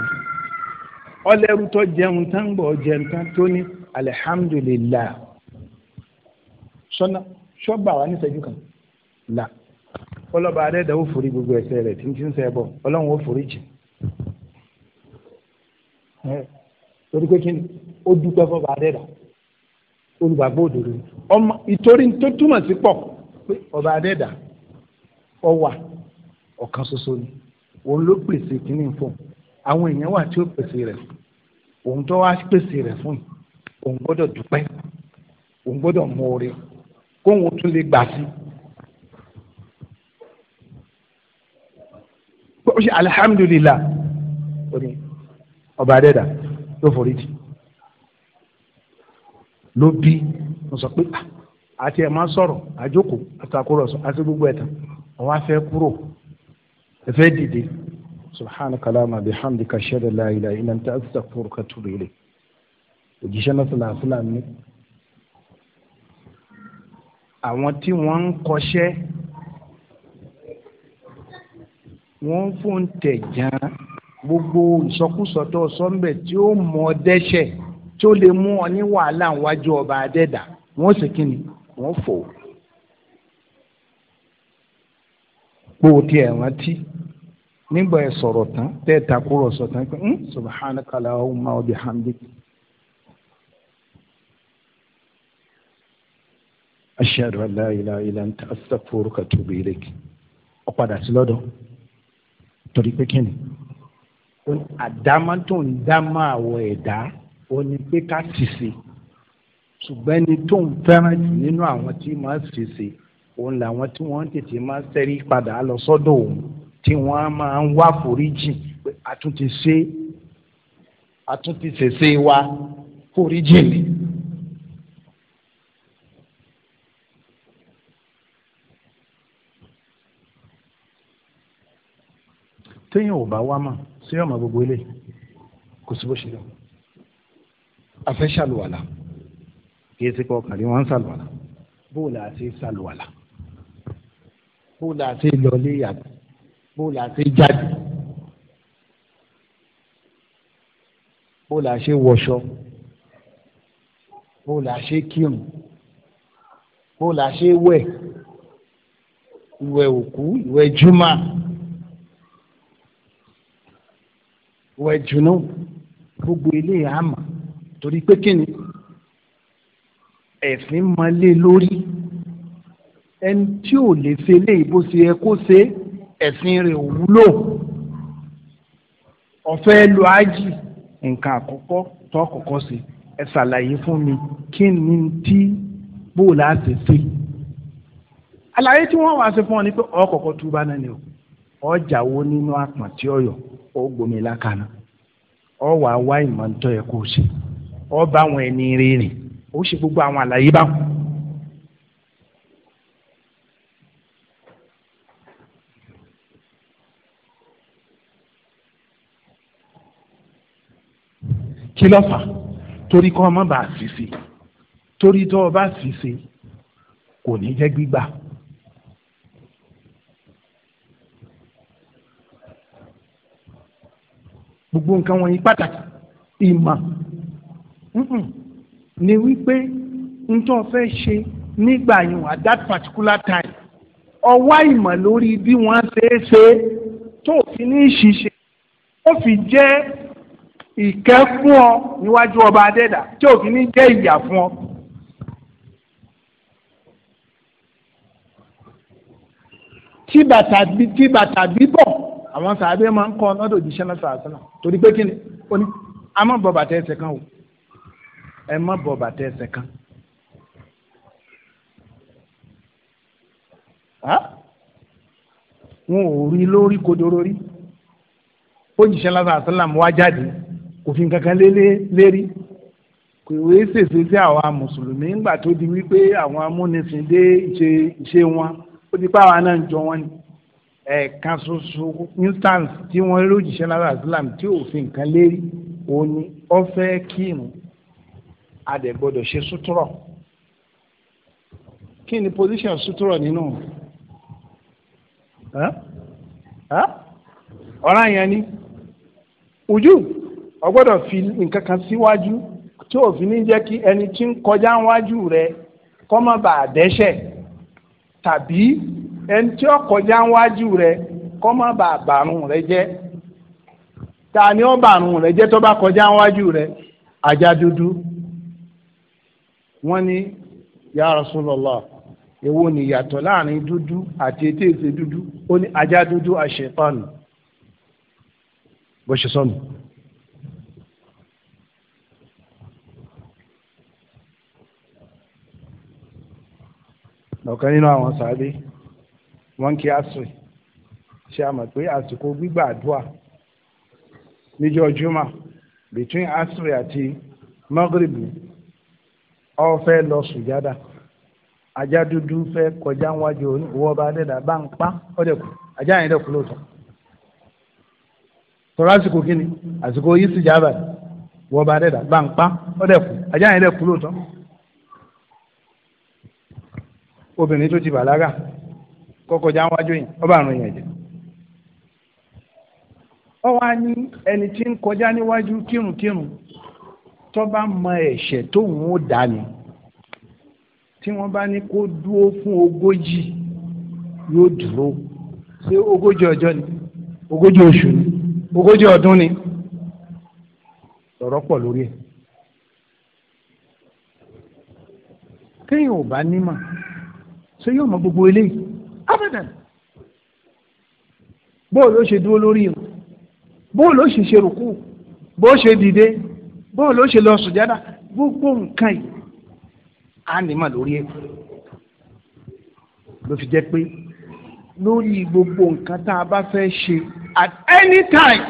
ọlẹ́rú tó jẹun tán gbọ́ ọ̀jẹun tán tó ní sọ́nà wa níṣẹ́jú kan ọlọ́ba forí gbogbo ẹ̀ṣẹ̀ rẹ̀ tí ń ti ń sẹ́ bọ̀ ọlọ́run ó forí jì. torí pé kí ni ó dúpẹ́ fún ọba adẹ́dà olùgbàgbọ́ òdòdó ọmọ ìtorí tó túmọ̀ sí pọ̀ pé ọba adẹ́dà ọwà ọ̀kan ṣoṣo ni òun ló pèsè kínní fún àwọn èèyàn wà tí ó pèsè rẹ̀ òun tó wá pèsè rẹ̀ fún òun gbọ́dọ̀ dúpẹ́ òun gbọ́dọ̀ mọ oore kóun tún lè gbà sí. ó ọba adẹ́dà yóò forí jì ló bí mo sọ pé àti ah, ẹ̀ máa sọ̀rọ̀ àjókòó àtàkùrọ̀sọ àti gbogbo ẹ̀ tán àwọn afẹ́ kúrò ẹ̀fẹ́ dìde subhanaka allahumma bihamdika ashhadu an la ilaha illa anta astaghfiruka wa atubu ilayk òjíṣẹ́ náà sọ̀rọ̀ àfúlàní ní àwọn tí wọ́n ń kọṣẹ́ wọ́n fún tẹ̀ jàn gbogbo ìsọkúsọ tó sọ́nbẹ̀ tí ó mọ dẹ́ṣẹ̀ tí ó lè mú ọ ní wàhálà wájú ọba adẹ́dà wọ́n sì kí ni wọ́n fò ó. pé o ti ẹ̀ rántí nígbà ẹ sọ̀rọ̀ tán tẹ́ ẹ takùrọ̀sọ tán pé hmm, subhanaka allahumma wa hamdi, ashhadu an la ilaha illa anta astaghfiruka wa atubu ilaik. ó padà sí lọ́dọ̀ torí pé kí ni àdámá tó ń dámá àwọ̀ ẹ̀dá ó ní pé ká ṣìṣe ṣùgbọ́n ẹni tó ń fẹ́ràn jù nínú àwọn tí máa ṣìṣe òun làwọn tí wọ́n tètè máa ṣẹ́rí padà lọ sọ́dọ̀ òun tí wọ́n máa ń wá foríjì pé àtúntì ṣe àtúntì ṣèṣe wa foríjì ni. téèyàn ò bá wá mọ̀ sí ọmọ gbogbo ilé kò sí bó ṣe lọ afẹ́ ṣàlùwàlà kì í ṣe kọ́ kàrí wọn ń ṣàlùwàlà bóòlù àti ṣàlùwàlà la àti lọlé yàtọ̀ la àti jáde bóòlù àṣẹ wọṣọ bóòlù àṣẹ kírun bóòlù àṣẹ wẹ̀ ìwẹ̀ òkú ìwẹ̀ jùmọ̀. wẹ̀ jùnú gbogbo ilé àmà torí pé kíni ẹ̀sìn máa lé lórí ẹni tí ò lè ṣe lé ìbò ṣe ẹ kó ṣe ẹ̀sìn rẹ̀ ò wúlò ọ̀fẹ́ lu ájì nǹkan àkọ́kọ́ tó kọ́kọ́ ṣe ẹ ṣàlàyé fún mi kí tí bóòlù àṣẹ ṣe àlàyé tí wọ́n wá ṣe fún ọ ni pé ọkọ̀ọ̀kọ̀ túbá náà ni o ọjàwó nínú àpọ̀n tí ọ̀yọ́ ó gbomi lákàná ọ wàá wá ìmọ̀ ń kó o ṣe ọ bá àwọn ẹni rìnrìn ó ṣe gbogbo àwọn àlàyé báwọn. kí ló fà torí kọ́ ọ má bàa ṣìṣe torí tó o bá ṣìṣe kò ní jẹ́ gbígbà. gbogbo nǹkan wọ̀nyí pàtàkì ìmọ̀ ni wípé n tó fẹ́ ṣe nígbà yẹn at that particular time ọwá ìmọ̀ lórí bí wọ́n ṣe é ṣe tó fi ní ṣiṣẹ́ ó fi jẹ́ ìkẹ́ fún ọ níwájú ọba adẹ́dà tí ò fi ní jẹ́ ìyà fún ọ. tí bàtà bí tí bàtà bí bọ̀ àwọn sàbẹ máa ń kọ lọ́dọ̀ òjíṣẹ́ náà sàásánà torí pé kí ni ó ní a má bọ bàtà ẹsẹ̀ kan o ẹ má bọ bàtà ẹsẹ̀ kan. wọn ò rí lórí kodoro rí òjíṣẹ́ náà sàásánà wá jáde kò fi kankan lérí kò wé ṣèṣe sí àwa mùsùlùmí ńgbà tó di wípé àwọn amúnisìn dé ìṣe wọn ó ti pa àwa náà ń jọ wọn ni ẹ̀ẹ̀kan ṣoṣo instance tí wọ́n rí òjìṣẹ́ lára islam tí òfin kan lérí òun ni ó fẹ́ kírun adẹ̀gbọ́dọ̀ ṣe sútúrọ̀ kí ni position sútúrọ̀ nínú ọ̀ràn yẹn ni ojú ọgbọ́dọ̀ fi nǹkan kan síwájú tí òfin ní jẹ́ kí ẹni tí ń kọjá wájú rẹ̀ kó má bàa dẹ́ṣẹ̀ tàbí ẹni tí ó kọjá wájú rẹ kọ má bàa rẹ jẹ ta ni ó bàrùn rẹ jẹ tó kọjá wájú rẹ ajá dúdú wọ́n ya Rasulullah ewu ni ìyàtọ̀ láàrin dúdú àti ètè ètè dúdú ó ní ajá dúdú bó ṣe sọnù. wọ́n kí asiri ṣe àmọ̀ pé àsìkò gbígbà àdúrà níjọ́ juma between asiri àti magrebu ó fẹ́ lọ sùjádà ajá dúdú fẹ́ kọjá wájú wọba dẹdà bá ń pa ọdẹkù ajá yẹn dẹkù lóòótọ́ tọ́lá àsìkò kínní àsìkò yìí sùjádà wọba dẹdà bá ń pa ọdẹkù ajá yẹn dẹkù lóòótọ́ obìnrin tó ti bàlágà kọkọjá wájú yẹn ọba àrùn yẹn ọ wá ní ẹni tí ń kọjá níwájú kírunkírun tó bá mọ ẹ̀ṣẹ̀ tóun ó dà ni tí wọn bá ní kó dúró fún ogójì yóò dúró ṣé ogójì ọjọ ni ogójì oṣù ni ogójì ọdún ni lórí kéèyàn ò bá gbogbo eléyìí abadan bóòlù ó ṣe dúró lórí irun bóòlù ó ṣe ṣe rùkú bó ṣe dìde bóòlù ó ṣe lọ sùjádà gbogbo nǹkan yìí á ní mà lórí ẹ̀ ló fi jẹ́ pé lórí gbogbo nǹkan tá a bá fẹ́ ṣe at any time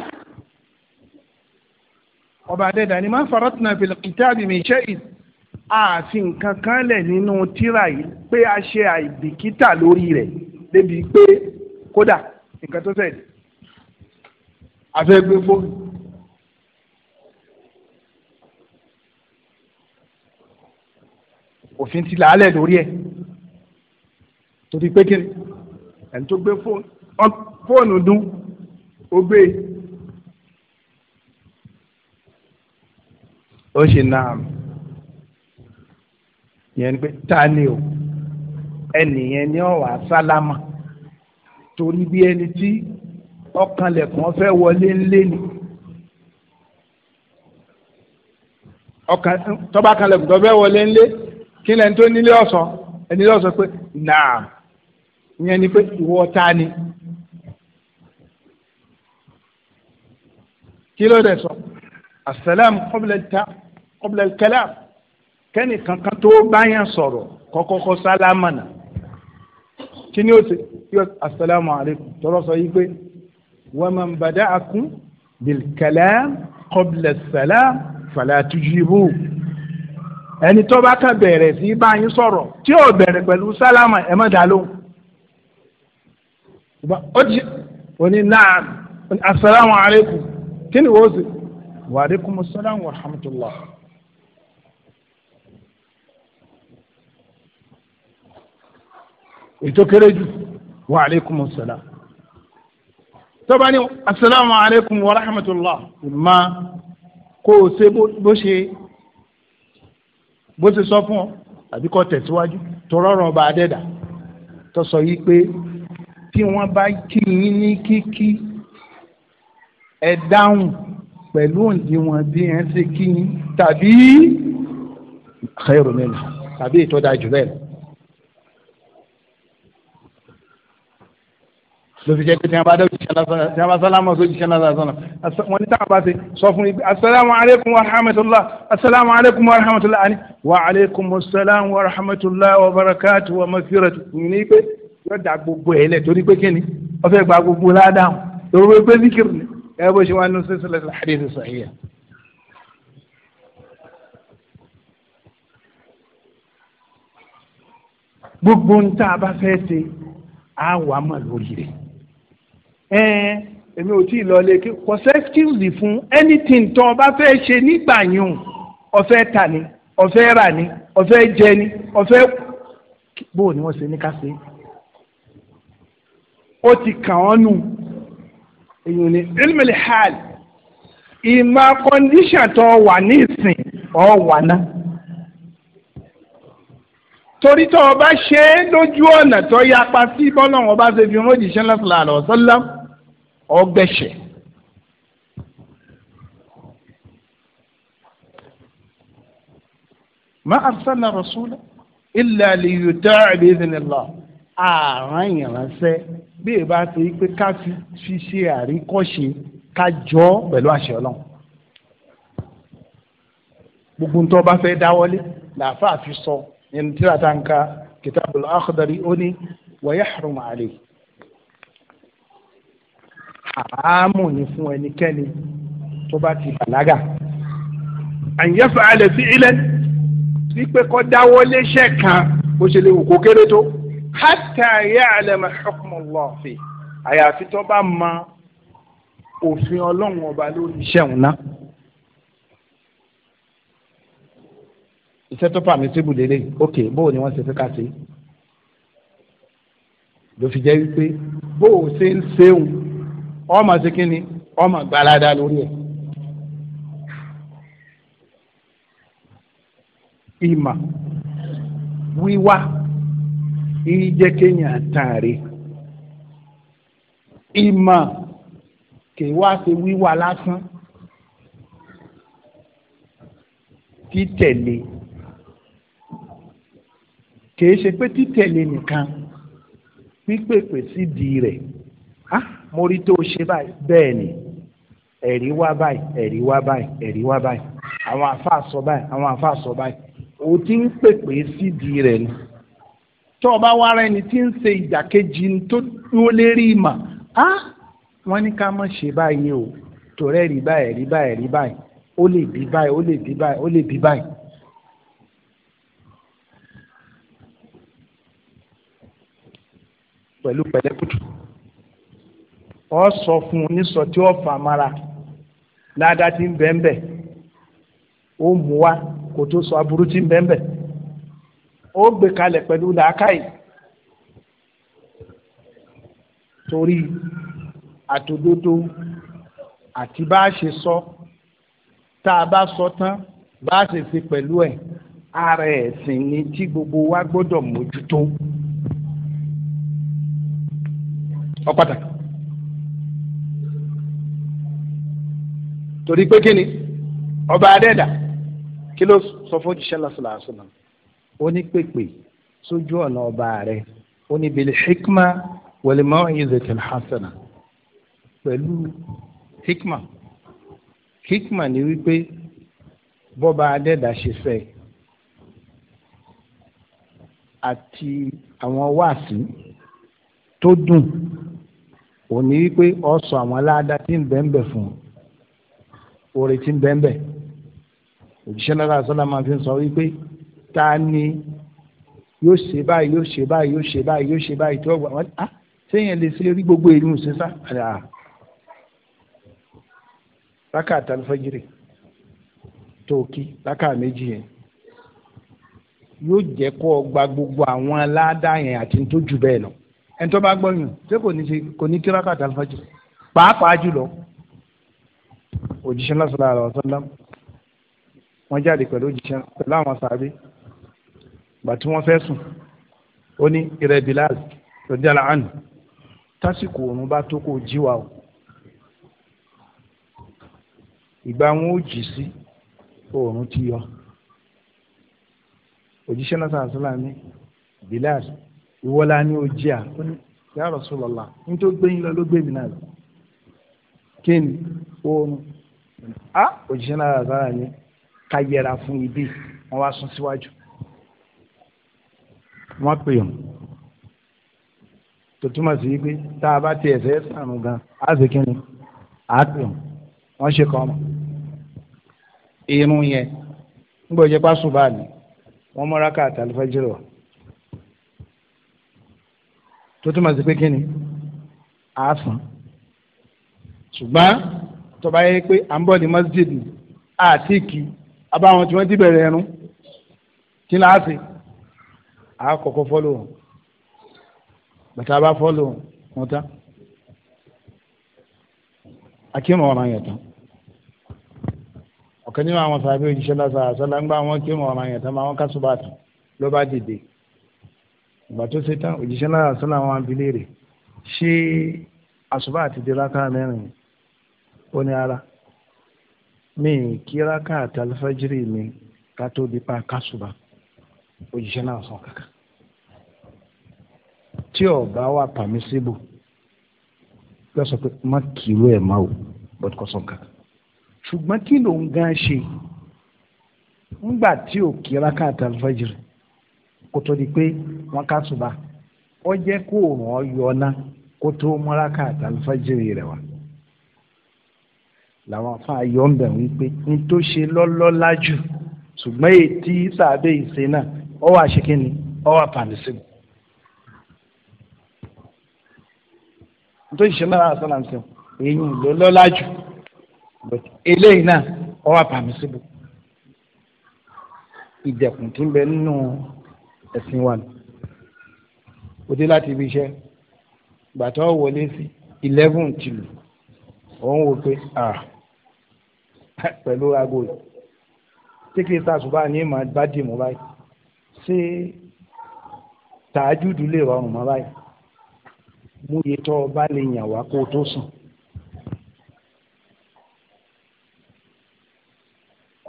ọba adẹ́dàá ni máa faratna fil kitabi min shay'in àfi nǹkan kan lẹ̀ nínú tírà yìí pé a ṣe àìbìkítà lórí rẹ̀ débi pé kódà nǹkan tó ṣẹlẹ̀ afẹ́gbé fóònù. òfin ti làálẹ̀ lórí ẹ̀ torí pé kí ẹni tó gbé fóònù dún ó gbé ó ṣe náà yẹn pé ta ni o ẹnìyẹn ni ó wá sálámà torí bí ẹni tí ọkànlẹ̀kùn fẹ́ wọlé ńlé ni ọkàn tọ́ba kanlẹ̀kùn tó fẹ́ wọlé ńlé kí lẹ́ni tó nílé ọ̀sán ẹni lọ́sọ̀ pé nàá ìyẹn ni pé ìwọ ta ni. kí ló dé sọ asalaamu qabla ta qabla kalam kẹ́nì kankan tó báyàn sọ̀rọ̀ kọ́kọ́kọ́ sálámànà kí ni ó ṣe yọ asalaamu alaykum tọrọ sọ yìí pé waman bada'akum bil kalam qabla salam fala tujibu ẹni tó bá kàn bẹ̀rẹ̀ sí báyìí sọ̀rọ̀ tí ò bẹ̀rẹ̀ pẹ̀lú sálámà ẹ̀ má dá lóhùn ti oní naam asalaamu alaykum kí ni ó ṣe wa alaykumus salam ètò kéré jù wa aleykum salaam tọ́ba ni asalaamu aleykum wa rahmatulah ma kó o ṣe bó ṣe bó ṣe sọ fún ọ àbí kó tẹ̀síwájú tọrọrọ ọba adẹ́dà tó sọ yìí pé tí wọ́n bá kí yín ní kíkí ẹ dáhùn pẹ̀lú òǹdíwọ̀n bí ẹ ṣe kí yín tàbí tàbí ìtọ́jà jù bẹ́ẹ̀ lọ. ló fi jẹ́ pé tí wọ́n bá dé òjìṣẹ́ lásán tí wọ́n bá sálámù sí òjìṣẹ́ lásán wọ́n ní táwọn bá ṣe sọ fún ibi asalaamu aleykum wa rahmatulah asalaamu aleykum wa rahmatulah ani wa aleykum salaam wa rahmatulah wa barakatu wa mafiratu ní pé yóò da gbogbo ẹ̀ lẹ̀ torí pé kíni wọ́n fẹ́ gba gbogbo ládàá torí pé pé zikiri ni ẹ bó ṣe wà nínú sísílẹ̀ hadith sahih. gbogbo ń tá a bá fẹ́ ṣe á wà á mọ̀ lórí rẹ̀ ẹn èmi ò tí ì lọlé kí kò sẹ́kíùsì fún anything tó o bá fẹ́ ṣe nígbà yùn ọ̀fẹ́ tà ní ọ̀fẹ́ rà ní ọ̀fẹ́ jẹ ní ọ̀fẹ́ bó ni wọ́n ṣe ní ká ṣe ó ti kàn án nù èyí ni ilmìlì hàl ìmọ̀ kọ́ndíṣàn tó wà ní ìsìn ọ̀ wà ná torí tó o bá ṣe é lójú ọ̀nà tó yapa sí bọ́lá wọn bá ṣe fi hàn òjìṣẹ́ lọ́sọ̀lá àlọ́ sọ́lá ọgbẹ́sẹ̀. ma arsala rasula illa li yuta'a bi idhnillah àrùn ìrànṣẹ́ bí ẹ bá ti pé ká fi ṣe àríkọ́ṣe ká jọ ọ́ pẹ̀lú àṣẹ ọlọ́run gbogbo ń tọ́ bá fẹ́ dáwọ́lé làáfàá fi sọ ẹni tíra tá n kitabul akhdari ó wa yahrum alayhi haramu ni fún ẹnikẹ́ni tó bá ti bàlágà. àyẹ̀fẹ́ alẹ́ sí ilẹ̀ sí pé kọ́ dáwọ́ léṣẹ́ kan bó ṣe lè wò kó kéré tó. hátà yẹ alẹ́ mà hukmu Allah fi àyàfi tó bá ma òfin ọlọ́run ọba lórí iṣẹ́ òun náà. iṣẹ́ tó fà síbù lélẹ̀ ok bóò ni wọ́n ṣe fẹ́ ká ṣe ló fi jẹ́ wípé bóò ṣe ń ṣeun ọmọ sí kínní ọmọ gbalada lórí ẹ̀. ìmọ̀ wíwá ìjẹ́ kéèyàn àtàrí ìmọ̀ kìí wá ṣe wíwá lásán títẹ̀lé kìí ṣe pé títẹ̀lé nìkan pípèpè sídìí rẹ̀ ah mo rí tó ṣe báyìí bẹ́ẹ̀ ni ẹ̀rí wá báyìí ẹ̀rí wá báyìí ẹ̀rí wá báyìí àwọn àfa sọ báyìí àwọn àfa sọ báyìí o ti ń pèpè sídìí rẹ̀ ni tó o bá wá ara ẹni tí ń ṣe ìdàkejì tó dúró lérí ìmọ̀ á wọ́n ní ká má ṣe báyìí o tòrẹ́ rí báyìí rí báyìí rí báyìí ó lè bí báyìí ó lè bí báyìí ó lè bí báyìí. pẹ̀lú pẹ̀lẹ́kùtù ọ sọ fún un nísọ tí ó fà mára ládàá ti ń bẹ́ẹ̀ bẹ́ẹ̀ ó mú wa kò tó sọ aburú ti ń bẹ́ẹ̀ bẹ́ẹ̀ ó gbé kalẹ̀ pẹ̀lú làákàyè torí àtòdodo àti bá a ṣe sọ tá a bá sọ tán bá a ṣe fi pẹ̀lú ẹ̀ ara ẹ̀sìn ni tí gbogbo wa gbọ́dọ̀ mójútó ọ pàtàkì. torí pé kí ni ọba adẹ́dà kí ló sọ fún jíṣẹ́ lọ́sọ̀lọ́sọ̀lọ́ ó ní pèpè sójú ọ̀nà ọba rẹ̀ ó ní bil hikma wal mau'izatil hasana pẹ̀lú hikma hikma ni wípé bọ́ba adẹ́dà ṣe fẹ́ àti àwọn wáàsí tó dùn òní wípé ọ̀sọ̀ àwọn aláàdá tí ń bẹ́ẹ̀ bẹ̀ fún un oore tí ń bẹ́ẹ̀ bẹ́ẹ̀ òjíṣẹ́ náà sọ́lá máa fi ń sọ wípé ta ni yóò ṣe báyìí yóò ṣe báyìí yóò ṣe báyìí yóò ṣe báyìí tí wọ́n gbà wọ́n á sẹ́yìn ah, lè ṣe rí gbogbo ìlú ṣẹ́sà àdá lákà àtàlùfẹ́jìrì tó kí lákà méjì yẹn yóò jẹ́ kó o gba gbogbo àwọn aládàá yẹn àti tó jù bẹ́ẹ̀ lọ ẹni tó bá gbọ́yìn ṣé kò ní kí lákà àtàlùfẹ́jìrì pàápàá jùlọ òjíṣẹ́ náà sallallahu alaihi wasallam wọ́n jáde pẹ̀lú òjíṣẹ́ pẹ̀lú àwọn sàbí gbà tí wọ́n fẹ́ sùn ó ní ìrẹ́ Bilal lọ́dẹ́lá àná tásìkò òun bá tó kó jí o ìgbà wọn ó jì sí oòrùn ti yọ òjíṣẹ́ náà sallallahu alaihi wasallam Bilal ìwọ́lá ni ó jí à ó ní ya Rasulullah ní tó gbé yín lọ ló gbé mi náà kí ni oòrùn a ah, òjíṣẹ́ náà sára ni ká yẹra fún ibi wọ́n wá sún síwájú. wọ́n pè ọ́ tó túmọ̀ sí pé tá a bá tiẹ̀ fẹ́ sàrùn gan á sì kí ni á pè ọ́ wọ́n ṣe kọ́ ọmọ irun yẹn nígbà òjẹ́ pásù bá ní wọ́n mọ́ra ká àtàlùfẹ́jì rọ̀ tó túmọ̀ sí pé kí ni á sàn ṣùgbọ́n tọba yẹ pé à ń bọ̀ ní masjid ni àti kì í abáwọn tí wọ́n ti bẹ̀rẹ̀ ẹnu kí ni a ṣe à kọ́kọ́ fọ́lò wọn bàtà bá fọ́lò wọn tán akínú ọ̀ràn yẹn tán ọ̀kan nínú àwọn sàbẹ̀ òjíṣẹ́ lásán àṣálà ń gbá wọn kínú ọ̀ràn yẹn tán máa wọn kásùbà tán ló bá dìde ìgbà tó ṣe tán òjíṣẹ́ lásán àṣálà abilé rẹ̀ ṣé àṣùbà àti dèrè mẹ́rin yẹn. ó ní ara mi kíra ká àtàlífẹ́jìrì mi di pa kásùbà o ji sàn kankan tí ọba wà pàmísíbù yóò sọ pé má o bọ́dù kọ́ sàn ṣùgbọ́n kí ló ń gan ṣe ńgbà tí ò ká kó tó di pé wọ́n kásùbà ó jẹ́ kó òòrùn ọ yọ ọ́ ná kó tó múra ká rẹ̀ wá. làwọn afáà yọ ń bẹ̀ wípé ní tó ṣe lọ́lọ́lá jù ṣùgbọ́n ètí sàbẹ̀ ìṣe náà ọ wà ṣe kí ni ọ wà pàǹdísìn. tó ṣe náà àṣọ làǹṣẹ̀ èyí lọ́lọ́lá jù eléyìí náà ọ wà pàǹdísìn. ìdẹ̀kùn tí ń bẹ nínú ẹ̀sìn wa nù ó dé láti ibi iṣẹ́ gbàtọ́ wọlé sí eleven tìlù òun wò pé ah <laughs> pẹ̀lú aago yìí tí kì í ta ṣùgbọ́n àní màá bá dì mú báyìí ṣé tàájúdù lè rọrùn mọ́ báyìí mú iye tó o bá lè yàn wá kó o tó sùn.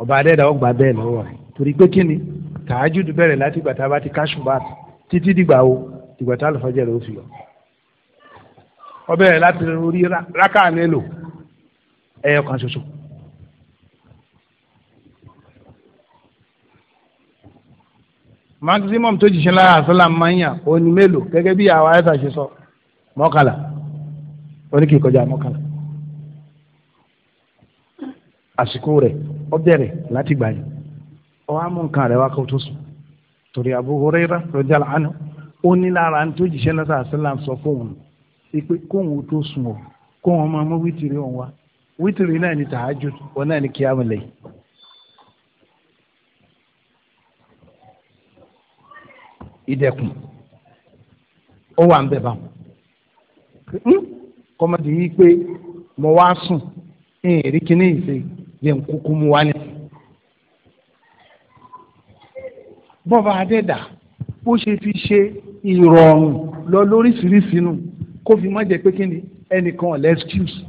ọba adẹ́dà ọgbà bẹ́ẹ̀ lọ́wọ́ rẹ̀ torí pé kí ni tàájúdù bẹ̀rẹ̀ láti ìgbà tá a bá ti ká ṣùgbọ́n títí dìgbà o ìgbà tá a lè fọjá rẹ̀ ó fi lọ. ọbẹ̀ rẹ̀ láti orí rákà mélòó ẹ̀yọ̀ kan ṣoṣo. maximum tó jìṣẹ́ lára àṣọlá máa ń yàn ó ní mélòó gẹ́gẹ́ bí àwọn àyàtà ṣe sọ mọ́kànlá ó ní kì í kọjá mọ́kànlá àsìkò rẹ̀ ó bẹ̀rẹ̀ láti gbà yẹn ó wá mú nǹkan rẹ̀ wá kó tó sùn torí Abu Huraira rọjàlá àná ó ní lára tó jìṣẹ́ lára àṣọlá sọ fóun pé kóun tó sùn o kóun máa mú wítìrì òun wá wítìrì náà ni tàájú òun náà ni kíámù lẹ́yìn. ìdẹ̀kùn ó wà ń bẹ̀ báwọn kọ́mọdé yìí pé mo wá sùn ní èrí kíní ìṣe yẹn kúkú mu wá ní. bọ́ba adẹ́dà bó ṣe fi ṣe ìrọ̀rùn lọ lóríṣiríṣi nù kó fi má jẹ́ pé kí ni ẹnìkan ò lẹ́skíùsì.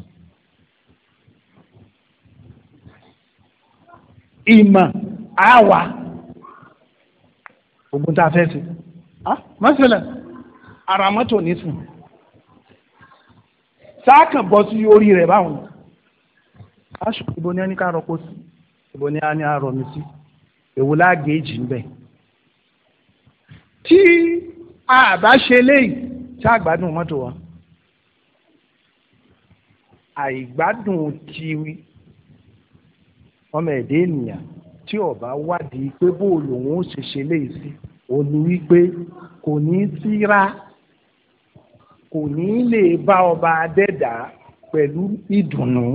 ìmọ̀ àwa ogun tá a fẹ́ ṣe ah mọ́sílẹ̀ ara mọ́tò nísìn sáàkàn bọ́ sí orí rẹ̀ báwọn aṣọ ìbò ní ẹni ká rọpò sí ìbò ní ẹni á rọmi sí èwo láàgéèjì ń bẹ tí a bá ṣe léyìí tí a gbádùn mọ́tò wa àìgbádùn tiwi ọmọ ẹ̀dẹ́ ènìyàn tí ọba wádìí pé bó lòun ó ṣe ṣe léèsì ó ní wípé kò ní síra kò ní lè bá ọba adẹ́dà pẹ̀lú ìdùnnú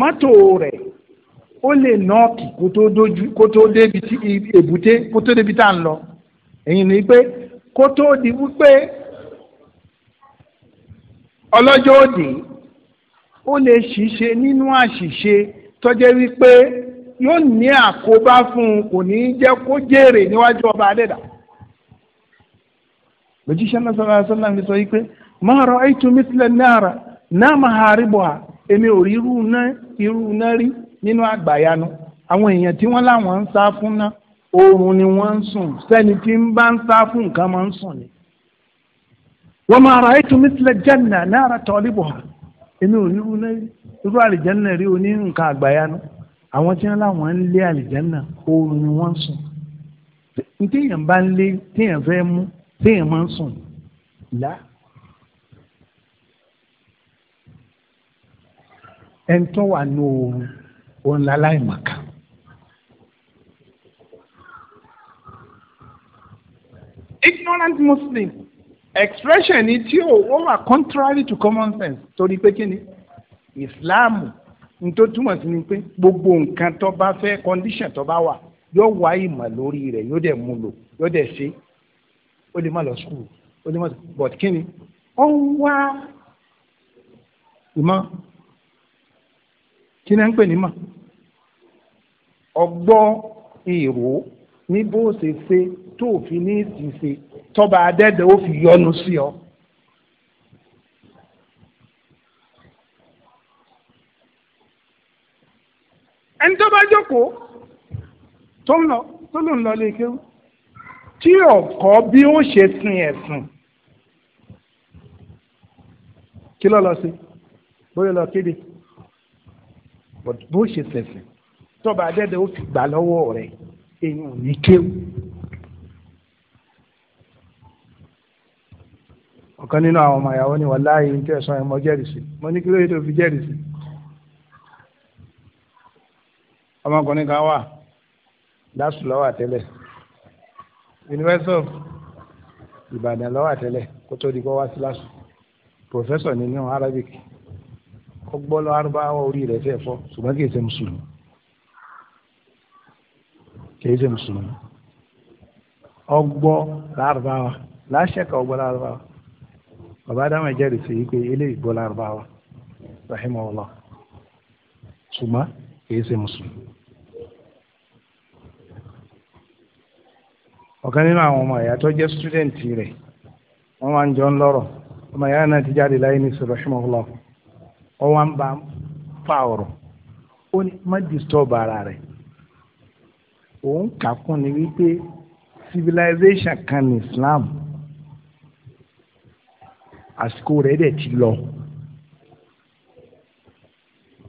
mọ́tò rẹ̀ ó lè nọ́ọ̀kì kó tó débi tí èbúté kó tó débi tá à ń lọ èyí ni pé kó tó di wípé ọlọ́jọ́ òdì ó lè ṣìṣe nínú àṣìṣe tó wípé yóò ní àkóbá fún un kò ní jèrè níwájú ọba adẹ́dà. lójúṣẹ́ náà sọ́nà sọ́nà mi sọ yìí pé máa rọ ètò mísílẹ̀ ara náà máa ha àríbọ̀ ha èmi ò rí irú iná irú iná rí nínú àgbàyanu àwọn èèyàn tí wọ́n láwọn ń sá fún oorun ni wọ́n ń sùn sẹ́ni tí ń bá ń sá fún nǹkan wọ́n máa rọ jẹ́nà ha èmi ò rí irú iná irú àlìjẹ́nà rí oní nǹkan àwọn tí wọn láwọn ń lé àlìjánà oorun ni wọn ń sùn téèyàn bá ń lé téèyàn fẹ́ mú téèyàn máa ń sùn là. ẹni tó wà ní oorun òun láláì màkà. ignorant muslim expression ni tí ó wà contrary to common sense torí pé kí ni islam n tó túmọ̀ sí ni pé gbogbo nǹkan tó bá fẹ́ condition tó bá wà yóò wá ìmọ̀ lórí rẹ̀ yóò dẹ̀ mú lò yóò dẹ̀ ṣe ó lè má lọ school ó lè má but kí ni ó ń wá ìmọ̀ kí ni à ń pè ní mọ̀ ọgbọ́ ìró ní bó ṣe ṣe tó fi ní ìsìn tọ́ba adẹ́dẹ́ ó fi yọnu sí ọ. ẹni tó bá jókòó tó ń lọ tó ló ń lọ lè kéwú tí ọkọ bí ó ṣe sin ẹ̀sìn kí ló lọ sí bóyá lọ kéde bó ṣe sẹ̀sìn tọ́ba adẹ́dẹ́ ó fi gbà lọ́wọ́ rẹ̀ èèyàn ní kéwú. ọ̀kan nínú àwọn ọmọ ìyàwó ni wàláyé ń tẹ̀sán ẹ̀ mọ́ jẹ́rìsì mo ní kí lóye tó fi jẹ́rìsì. ọmọkùnrin kan wà láṣù lọ́wọ́ àtẹ́lẹ̀ University of Ìbàdàn lọ́wọ́ àtẹ́lẹ̀ kó tó di kó wá sí láṣù professor nínú Arabic ó gbọ́ lọ arúbáwọ̀ orí rẹ̀ fẹ́ fọ́ ṣùgbọ́n kì í ṣe mùsùlùmí kì í ṣe mùsùlùmí ọgbọ́ lárúbáwá láṣẹ̀kà ọgbọ́ lárúbáwá bàbá dáhùn ẹ̀jẹ̀ rẹ̀ sí i pé eléyìí gbọ́ lárúbáwá rahimahullah ṣùgbọ́n kìí ṣe mùsùlùmí. ọ̀kan nínú àwọn ọmọ ẹ̀yà tó jẹ́ sítúdẹ̀ǹtì rẹ̀ wọ́n máa ń jọ ń lọ́rọ̀ ọmọ ẹ̀yà náà ti jáde láyé ní sọ̀rọ̀ ṣùmọ̀lọ́ wọ́n wá ń bá fa ọ̀rọ̀ ó ní má disturb ara rẹ̀ òun kà kún ni wípé civilization kan ní Islam àsìkò rẹ̀ dẹ̀ ti lọ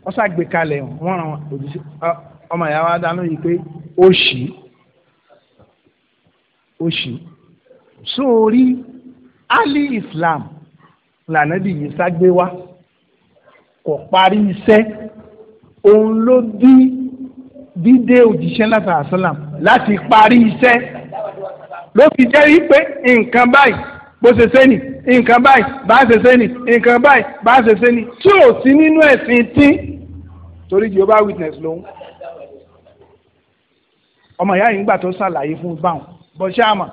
wọ́n ṣàgbé kalẹ̀ wọ́n ràn òjíṣẹ́ ọmọ ìyá wa dáná yìí pé ó ṣì ó ṣì sórí ali islam lànàbí yìí ságbé wá kò parí iṣẹ́ òun ló dí dídé òjíṣẹ́ láti àṣàlám láti parí iṣẹ́ ló fi jẹ́ wípé nǹkan báyìí bó ṣe ṣe ni nǹkan báyìí bá ṣe ṣe ni nǹkan báyìí bá ṣe ṣe ni tí ò sí nínú ẹ̀sìn tí torí Jehovah witness lòun ọmọ ìyá yìí ń gbà tó ṣàlàyé fún báwọn bọ́ṣáàmà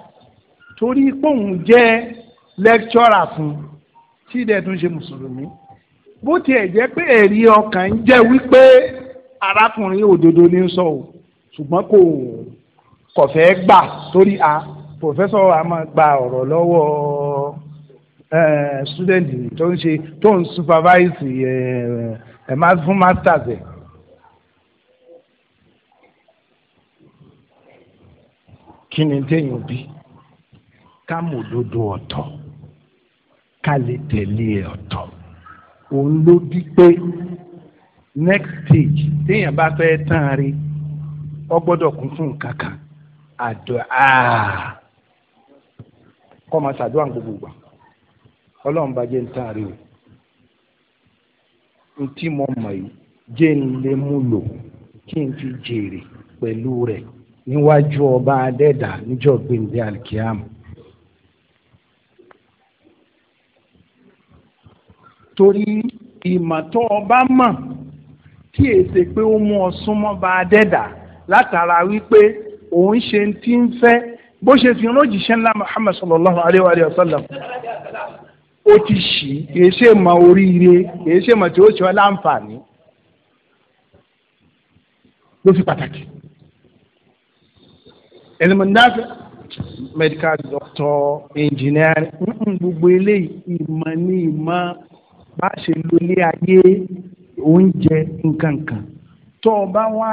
torí póun jẹ́ lecturer fún tí ìdẹ́ tún ṣe mùsùlùmí bó tiẹ̀ jẹ́ pé ẹ̀rí ọkàn ń jẹ́ wípé arákùnrin òdodo ní sọ o ṣùgbọ́n kò kò fẹ́ gbà torí a pòfẹ́sọ̀ a máa gba ọ̀rọ̀ lọ́wọ́ eh, student tó ń ṣe tó ń supervise. Uh, ẹ má fún masters ẹ. kí ni téèyàn bí ká mọ̀ òdodo ọ̀tọ̀ ká lè tẹ̀lé ẹ e ọ̀tọ̀ òun ló pé next stage téèyàn bá fẹ́ tán rí ọ gbọ́dọ̀ kún fún nǹkan àdó aa kọ́ máa ṣàdúrà gbogbo ọlọ́run o. ntí mo mọ̀ yìí jẹ́ ń lé mú lò kí n fi jèrè pẹ̀lú rẹ̀ níwájú ọba adẹ́dà níjọ́ gbèǹde alikiyam. torí ìmọ̀ ọba mọ̀ kí èsè pé ó mú ọ súnmọ́ adẹ́dà látara wípé òun ṣe ti ń fẹ́ bó ṣe fi ó ti ṣì kìí ṣe mọ oríire kìí ṣe mọ tí ó ṣe ọ láǹfààní ló fi pàtàkì ẹlẹmọdáfẹ medical doctor engineer gbogbo eléyìí ìmọ̀ ní ìmọ̀ bá ṣe lólé ayé oúnjẹ nkankan tó o bá wá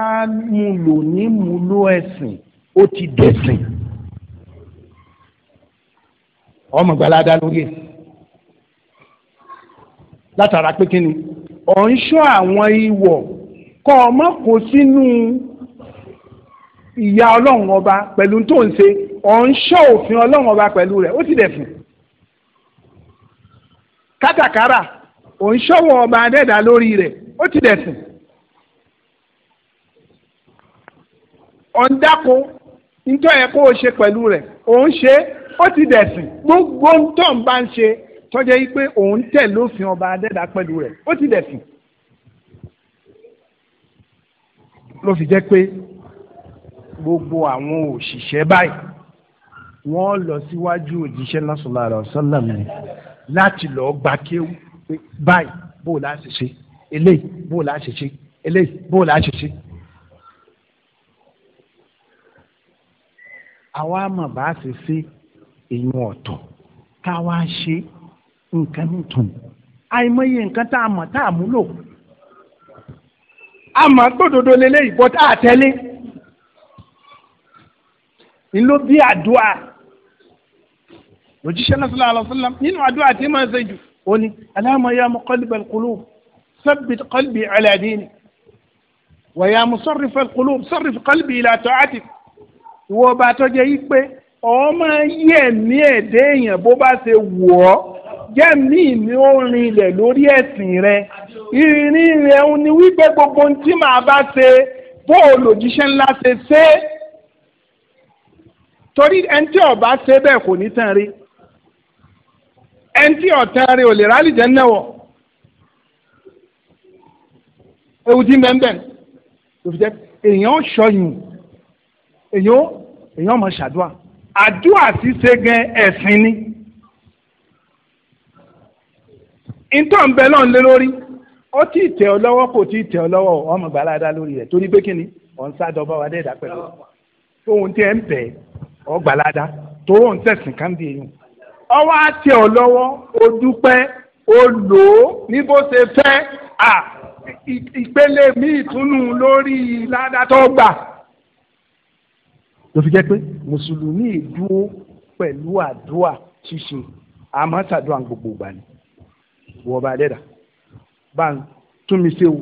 mú lò ní múlò ẹ̀sìn ó ti dẹ̀sìn ọmọ gbalada lóye látara pé kí ni ọ̀ ń ṣọ́ àwọn ìwọ̀ kọ́ ọ mọ́ kó sínú ìyá ọlọ́run ọba pẹ̀lú tó ń ṣe ọ̀ ń ṣọ́ òfin ọlọ́run ọba pẹ̀lú rẹ̀ ó sì dẹ̀ fún. kátàkárà ò ń ṣọ́wọ́ ọba adẹ́dà lórí rẹ̀ ó ti dẹ̀ sìn. ọ̀ ń dáko nítorí ẹ̀ kó o ṣe pẹ̀lú rẹ̀ ò ń ṣe ó ti dẹ̀ sìn gbogbo ń tọ́ ń bá ń ṣe tọ́jẹ́ yí pé òun tẹ̀ lófin ọba adẹ́dá pẹ̀lú rẹ̀ ó ti dẹ̀sìn ló fi jẹ́ pé gbogbo àwọn òṣìṣẹ́ báyìí wọ́n lọ síwájú òjíṣẹ́ lọ́sọ̀lá rẹ̀ ọ̀sọ́lá mi láti lọ́ọ́ gba kéwù pé báyìí bó o láti ṣe eléyìí bó o láti ṣe eléyìí bó o láti ṣe. àwa mọ̀ bá a ṣe ṣe èèyàn ọ̀tọ̀ ká wá ṣe é nǹkan mi tún àìmọye nǹkan tá a mọ̀ tá a múlò a mọ̀ gbódòdó lélẹ́yìí bọ́ tá a tẹ́lé ńlọ bí àdúrà òjíṣẹ́ náà sallallahu alaihi wasallam nínú àdúrà tí màá ṣe jù ó ní Allahumma ya muqallibal qulub sabbit qalbi ala dinik wa ya musarrifal qulub sarrif qalbi ila ta'atik yí pé ọmọ yẹ̀mí ẹ̀dẹ́ èèyàn bó bá ṣe wù ọ́ jẹ́ míì ni ó rin ilẹ̀ lórí ẹ̀sìn rẹ ìrìn rẹ òun ni wípé gbogbo ohun tí màá bá ṣe bó o lòjíṣẹ́ ńlá ṣe ṣe é torí ẹni tí ó bá ṣe bẹ́ẹ̀ kò ní tán rí ẹni tí ọ̀tán rí ò lè rálì jẹ́ náwọ̀ ewu ti mẹ́ńbẹ́ òfìjẹ́ èèyàn ṣọyìn èèyàn èèyàn ṣàdúà àdúà ṣíṣe gan ẹ̀sìn ni. ntọ́ ń bẹ lọ́n lé lórí ó tí ì tẹ̀ ọ́ lọ́wọ́ kò tí ì tẹ̀ ọ́ lọ́wọ́ ọmọ gbàládá lórí rẹ̀ torí pé kí ni ọ̀ ń sádọ́ bá wa dé pẹ̀lú ohun tí ẹ ń bẹ̀ ọ́ gbàládá toró ń tẹ̀sìn ká ń bí eyín ọwọ́ á tẹ̀ ọ́ lọ́wọ́ o dúpẹ́ o lò ó ní bó ṣe fẹ́ à ìpele mi ìtúnú lórí ládàtọ́ gbà ló fi jẹ́ pé mùsùlùmí dúró pẹ̀lú àdúrà ṣíṣe àmọ́ ṣàdúrà gbogbo ìgbà ni wọ́n bá dẹ́dà bá ń tún mi ṣe o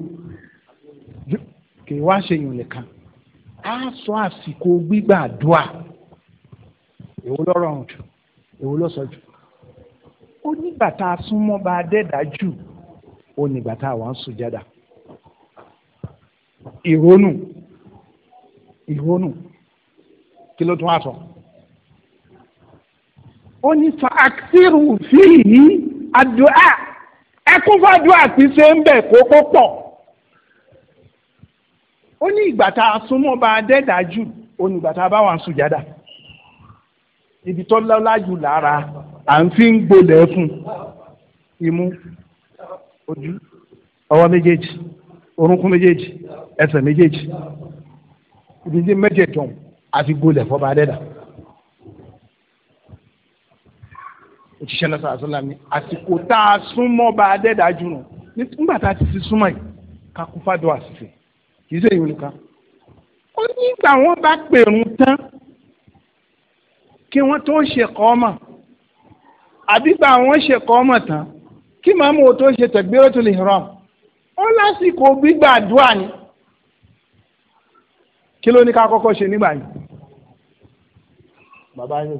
kì í wá ṣe yùn nìkan á sọ àsìkò gbígbàdúà èwo lọ́rọ̀ ọ̀hún jù èwo ló sọ jù ó nígbà tá a súnmọ́ bá dẹ́dà jù ó nígbà tá a wà ń sùjádà ìrónú ìrónú kí ló tún wá sọ ó ní fa àkírù fíìhì àdúà ẹkún fàdúrà àti ṣe ń bẹ̀ kókó pọ̀ ó ní ìgbà tá a súnmọ́ bá a dẹ́dà jù ó ní ìgbà tá a bá wà ń sùjádà ibi tó lọ́lá jù lára à ń fi ń gbolẹ̀ fún imú ojú ọwọ́ méjèèjì orúnkún méjèèjì ẹsẹ̀ méjèèjì ibi tí méjèèjì ọ̀hún àti gbolẹ̀ fọ́ bá a dẹ́dà. òṣìṣẹ́ náà sọ̀rọ̀ sọ́la mi àsìkò tá a súnmọ́ bá a dẹ́dà jù nù nígbà tá a ti fi súnmọ́ yìí ká kún fádùn àṣìṣe kì í ṣe ìwé nìkan. ó ní ìgbà wọn bá pèrún tán kí wọ́n tó ṣe kọ́ àbí gbà wọ́n ṣe kọ́ tán kí màmú o tó ṣe takbiratul ihram ó lásìkò gbígbàdúrà ni kí ló ní ká kọ́kọ́ ṣe nígbà yìí. bàbá yóò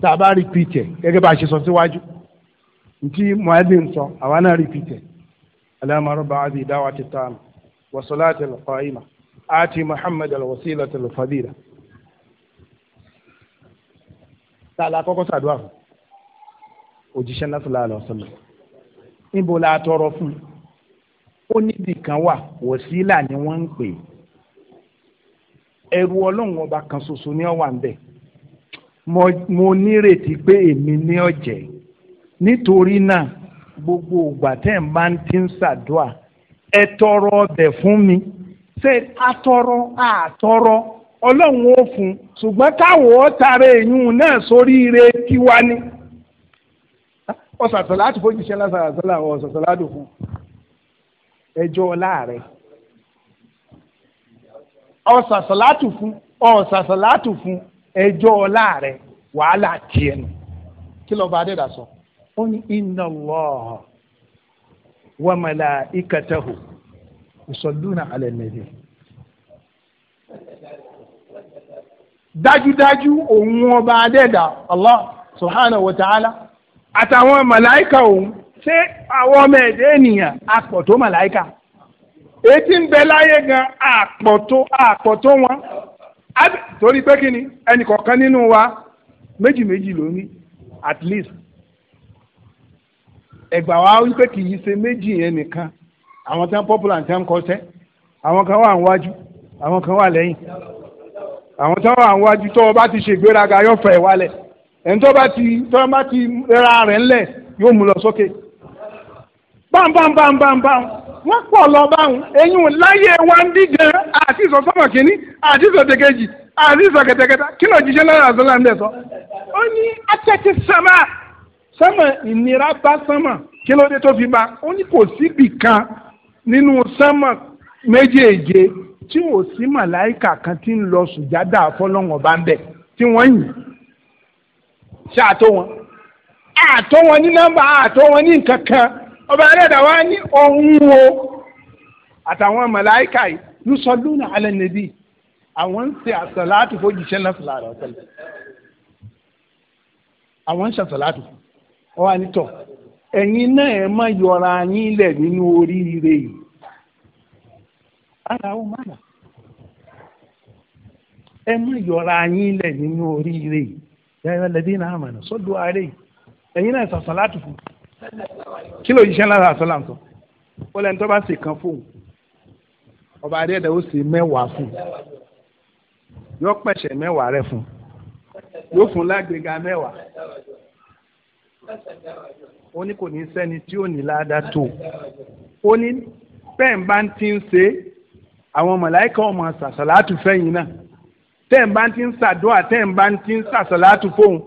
tá a bá repeat ẹ̀ gẹ́gẹ́ bá a ṣe sọ síwájú ntí muhammed sọ àwa náà repeat ẹ̀ allahumma rabba hadhihi da'wati taama wa salati ati muhammed al-wasilata al-fadila tá a la kọ́kọ́ sàdúrà ala òjíṣẹ́ náà níbo la tọrọ fún ó níbi kan wà wọ̀sílà ni wọ́n ń pè ẹrù ọlọ́run ọba kan ṣoṣo ni ó wà ń bẹ̀ mo nírètí pé èmi ní ọ̀jẹ̀ nítorí náà gbogbo ìgbà tẹ́ ń bá ti ń ṣàdúà ẹ tọrọ ọbẹ̀ mi ṣé atọrọ àtọrọ ọlọ́run ó fún ṣùgbọ́n káwọ́ èyún náà sórí ire tiwa ni ọ̀sàtọ̀ láti fojú iṣẹ́ lásàtọ̀ làwọn ẹjọ́ ọlá rẹ wàhálà tiẹ̀ nù kí sọ ó ní inna Allaha wa malaikatahu yusalluna ala nabi dájúdájú òun ọba adéda Allah subhana wa ta'ala àtàwọn màláìka òun ṣé àwọn ọmọ ẹ̀dẹ́ ènìyàn àpọ̀ tó màláìka èyí ń bẹ láyé gan torí pé kí ni ẹnì kọ̀ọ̀kan nínú wa méjì méjì ló at least ẹgbà wa wípé kì í ṣe méjì yẹn nìkan àwọn tí wọn popular àti wọn kọsẹ̀ àwọn kan wà níwájú àwọn kan wà lẹ́yìn àwọn tí wọn wà níwájú tó o bá ti ṣe ìgbéraga yóò fẹ́ wálẹ̀ ẹni tó bá ti tó bá ti ra rẹ̀ ńlẹ̀ yóò mú lọ sókè bámbámbámbámbám wọ́n pọ̀ lọ báwọn eyín láyé wa ń dígan àti ìsọ sọ́mọ̀ kínní àti ìsọ tẹ̀kẹ́jì àti ìsọ kẹtẹkẹta kí ló jíjẹ́ náírà sọ́lá ń bẹ̀ sọ. ó ní atẹ́tí sẹ́mà sẹ́mà ìnira bá sẹ́mà kí ló dé tó fi bá ó ní kò síbì kan nínú sẹ́mà méjèèje tí ò sí màláìkà kan tí ń lọ sùjádà fọlọ́wọ́n bá ń bẹ̀ tí wọ́n yìn ṣáà àtọ́ wọn àtọ́ wọn ní ọba ẹlẹ́dàá wa ní ohun wo àtàwọn màláìkà yìí yusalluna ala nabi àwọn ń ṣe àsàlátù fojìṣẹ́ náà fìlà rẹ̀ ọ̀tẹ́lẹ̀ àwọn ń ṣàsàlátù ọ wà nítọ̀ ẹ̀yin náà ẹ má yọra yín lẹ̀ nínú oríire yìí ara ó má nà ẹ má yọra yín lẹ̀ nínú oríire yìí yàrá lẹ́bí náà mọ̀ sọ́dọ̀ àárẹ̀ yìí ẹ̀yin náà ṣàsàlátù fún un kí ló yíṣẹ́ lára àṣọ làǹtọ̀ ó lẹ́ni tó bá sì kan fóun ọba adéèdè ó sì mẹ́wàá fún yóò pẹ̀sẹ̀ mẹ́wàá rẹ̀ fún yóò fún lágbègà mẹ́wàá ó ní kò ní sẹ́ni tí ò ní ládàá tó ó ní bẹ́ẹ̀ bá ń ti ń ṣe àwọn mọ̀láìkà ọmọ sàṣàlátù fẹ́yìn náà tẹ́ẹ̀ bá ń ti ń ṣàdúrà tẹ́ẹ̀ bá ń ti ń sàṣàlátù fóun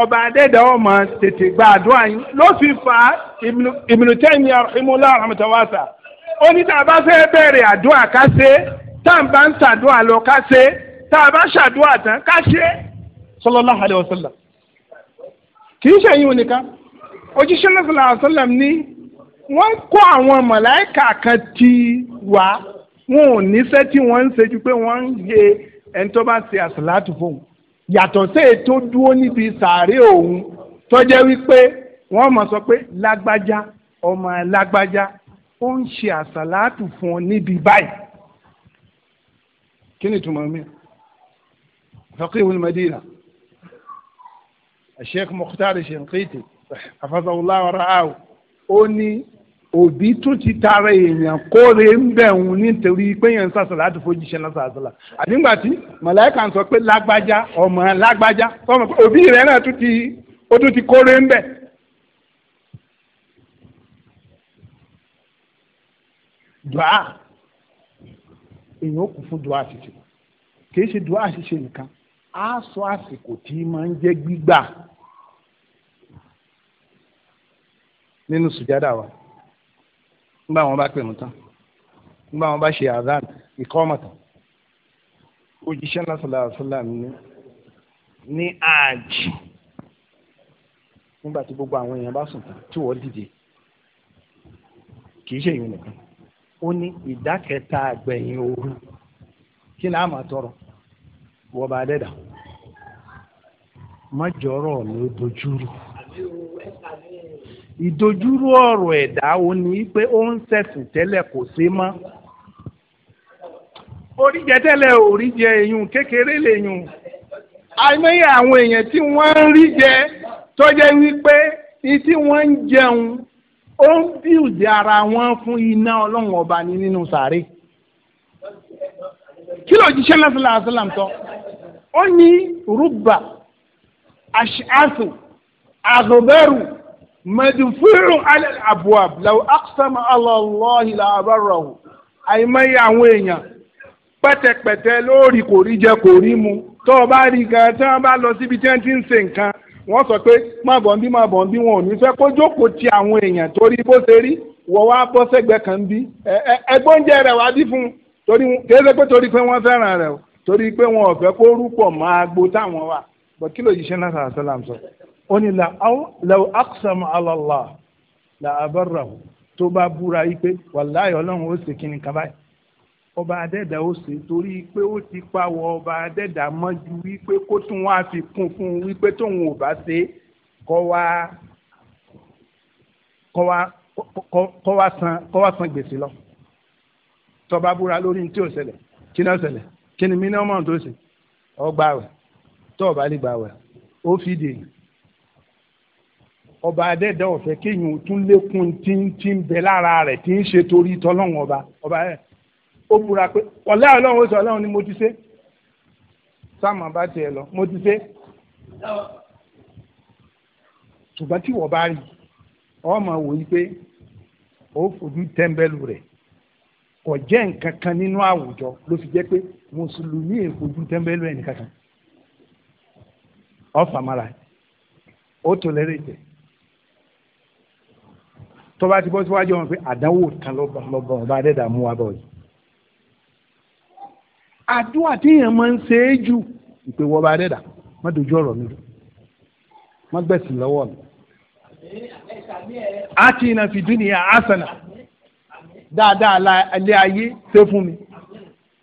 ọba adẹ́dẹ́ ọ máa tètè gba àdúrà yín ló fi fa Ibnu Taymiyya rahimahullah rahmatan wasi'a ó ní tá a bá fẹ́ bẹ̀rẹ̀ àdúrà ká ṣe tá a bá ń ṣàdúrà lọ ká ṣe tá a bá ṣàdúrà tán ká ṣe sallallahu alayhi wa sallam kì í ṣe yín onìkan òjíṣẹ́ náà sallallahu alayhi wa sallam ní wọ́n ń kó àwọn mọ̀láìkà kan ti wá wọn ò níṣẹ́ tí wọ́n ń ṣe ju pé wọ́n ń he ẹni tó bá ṣe àṣàlátù fóun yàtọ̀ sí ètò dúró níbi sàárè òun tó jẹ́ wípé wọ́n mọ̀ sọ pé lágbájá ọmọ lágbájá ó ń ṣe àsàlátù fún ọ níbi báyìí kí ni ìtumọ̀ mi faqih al-Madina Sheikh Mukhtar Shinqiti hafazahullah wa ó ní òbí tún ti tara èèyàn kóore ń bẹ̀ òun nítorí pé èèyàn ń sàṣà láti fojíṣẹ́ náà sàṣàlà àdíngbà tí màláìka ń sọ pé lágbájá ọmọ lágbájá ọmọ òbí rẹ̀ náà tún ti ó tún ti kóore ń bẹ̀. dùá èèyàn ó kù fún dùá àṣìṣe kì í ṣe dùá àṣìṣe nìkan á sọ àsìkò tí máa ń jẹ́ gbígbà nínú sùjádà wa. nígbà wọn bá pè mú tán nígbà wọn bá ṣe azan ìkọ́mọ̀ òjíṣẹ́ náà sọ̀rọ̀ n'i ní ní nígbà tí gbogbo àwọn èèyàn bá sùn tán tí wọ́n dìde kì í ṣe ìyún nìkan ó ní ìdá àgbẹ̀yìn kí ni a máa tọrọ wọ́n bá dẹ́dà mọ́jọ́rọ̀ ló dojú rú ìdojúrú ọ̀rọ̀ ẹ̀dá ó ní pé ó ń ṣẹ̀sìn tẹ́lẹ̀ kò ṣe mọ́ oríjẹ tẹ́lẹ̀ oríjẹ èyún kékeré lèyún àìmọye àwọn èèyàn tí wọ́n ń rí jẹ tó jẹ́ wípé tí wọ́n ń jẹun ó ń bíùdì ara wọn fún iná ọlọ́run ọba ní nínú sàárè kí ló jíṣẹ́ lọ́sọ̀lá àṣàlám sọ ó ní rúbà àṣàṣù àgọ́bẹ̀rù. mẹ̀dùnfúrù alẹ́lẹ́bùwàb làwọn aksam alọ́lọ́hìn làbárọ̀hù àìmọye àwọn èèyàn pẹ́tẹpẹ́tẹ lórí kò rí jẹ kò rí mu tó o bá rí gan tí wọ́n bá lọ síbi tí ti ń ṣe nǹkan wọ́n sọ pé wọn ò ní fẹ́ ti àwọn èèyàn torí bó ṣe rí wọ́n wá bọ́ sẹ́gbẹ̀ẹ́ kan bí ẹgbọ́njẹ rẹ̀ wá dí fún torí kì í ṣe pé torí pé wọ́n fẹ́ràn o torí pé wọn ò fẹ́ kó rúpọ̀ ó ní làwọn aksam alàlá làbẹ̀rẹ̀ tó bá búra yìí pé wàláyé ọlọ́run ó ṣe kíni kaba yìí ọba adẹ́dà ó ṣe torí pé ó ti pawọ́ ọba adẹ́dà mọ́jú wípé kó tún wá fi kún fún un wípé tóun ò bá ṣe kọ́ wá kọ́ wá kọ́ wá san kọ́ wá san gbèsè lọ tọba búra lórí ní tí ò ṣẹlẹ̀ kí náà ṣẹlẹ̀ kí ni mínímọ̀ tó ṣe ọgbà wẹ̀ tọ́ọ̀bá lè gbà wẹ̀ ó fi dè ọba adẹ́dẹ́ ọ̀fẹ́ kéèyàn tún lékún tí ń tí ń bẹ lára rẹ̀ tí ń ṣe torí tọ́lọ́run ọba ọba ẹ̀ ó búra pé ọ̀lẹ́ ọlọ́run ó sọ ọlọ́run ni mo ti ṣe sáàmù bá tiẹ̀ lọ mo ti ṣe ṣùgbọ́n tí wọ́n bá rí ọmọ wò yí pé ó fojú tẹ́ńbẹ́lú rẹ̀ kò jẹ́ nǹkan kan nínú àwùjọ ló fi jẹ́ pé mùsùlùmí èfojú tẹ́ńbẹ́lú ẹ̀ nìkan kan ọ̀fàmàrà ó tolérè tó bá ti bọ́ síwájú wọn pé àdánwò tán lọ́bọ̀ ọba adẹ́dà mú wa bọ̀ yìí. àdúrà téèyàn máa ń ṣe é jù ìpè wọ́n ọba adẹ́dà má dojú ọ̀rọ̀ mi rú má gbẹ̀sìn lọ́wọ́ mi. àti ìnà fìdúnìyà àsànà dáadáa alẹ́ ayé ṣe fún mi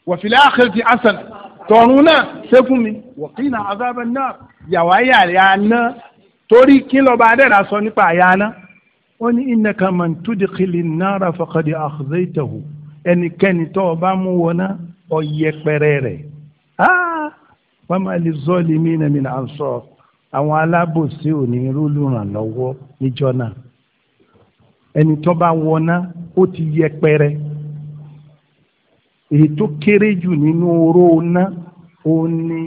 wàfíìlà àkẹ́tì àsànà tọ̀run náà ṣe fún mi wàkínà azábẹ́ náà yàwá yàrá náà torí kí lọ́ba adẹ́dà sọ nípa àyà náà wọ́n ní innaka man tudkhili nara faqad akhzaytahu ẹnikẹ́ni tó o bá mú wọná ọ̀yẹpẹrẹ rẹ̀ ah! wa ma lizzalimina min ansar àwọn alábòsí ò ní rúlù ràn lọ́wọ́ níjọ́ náà ẹni tó bá wọná ó ti yẹpẹrẹ èyí tó kéré jù nínú oró ná ó ní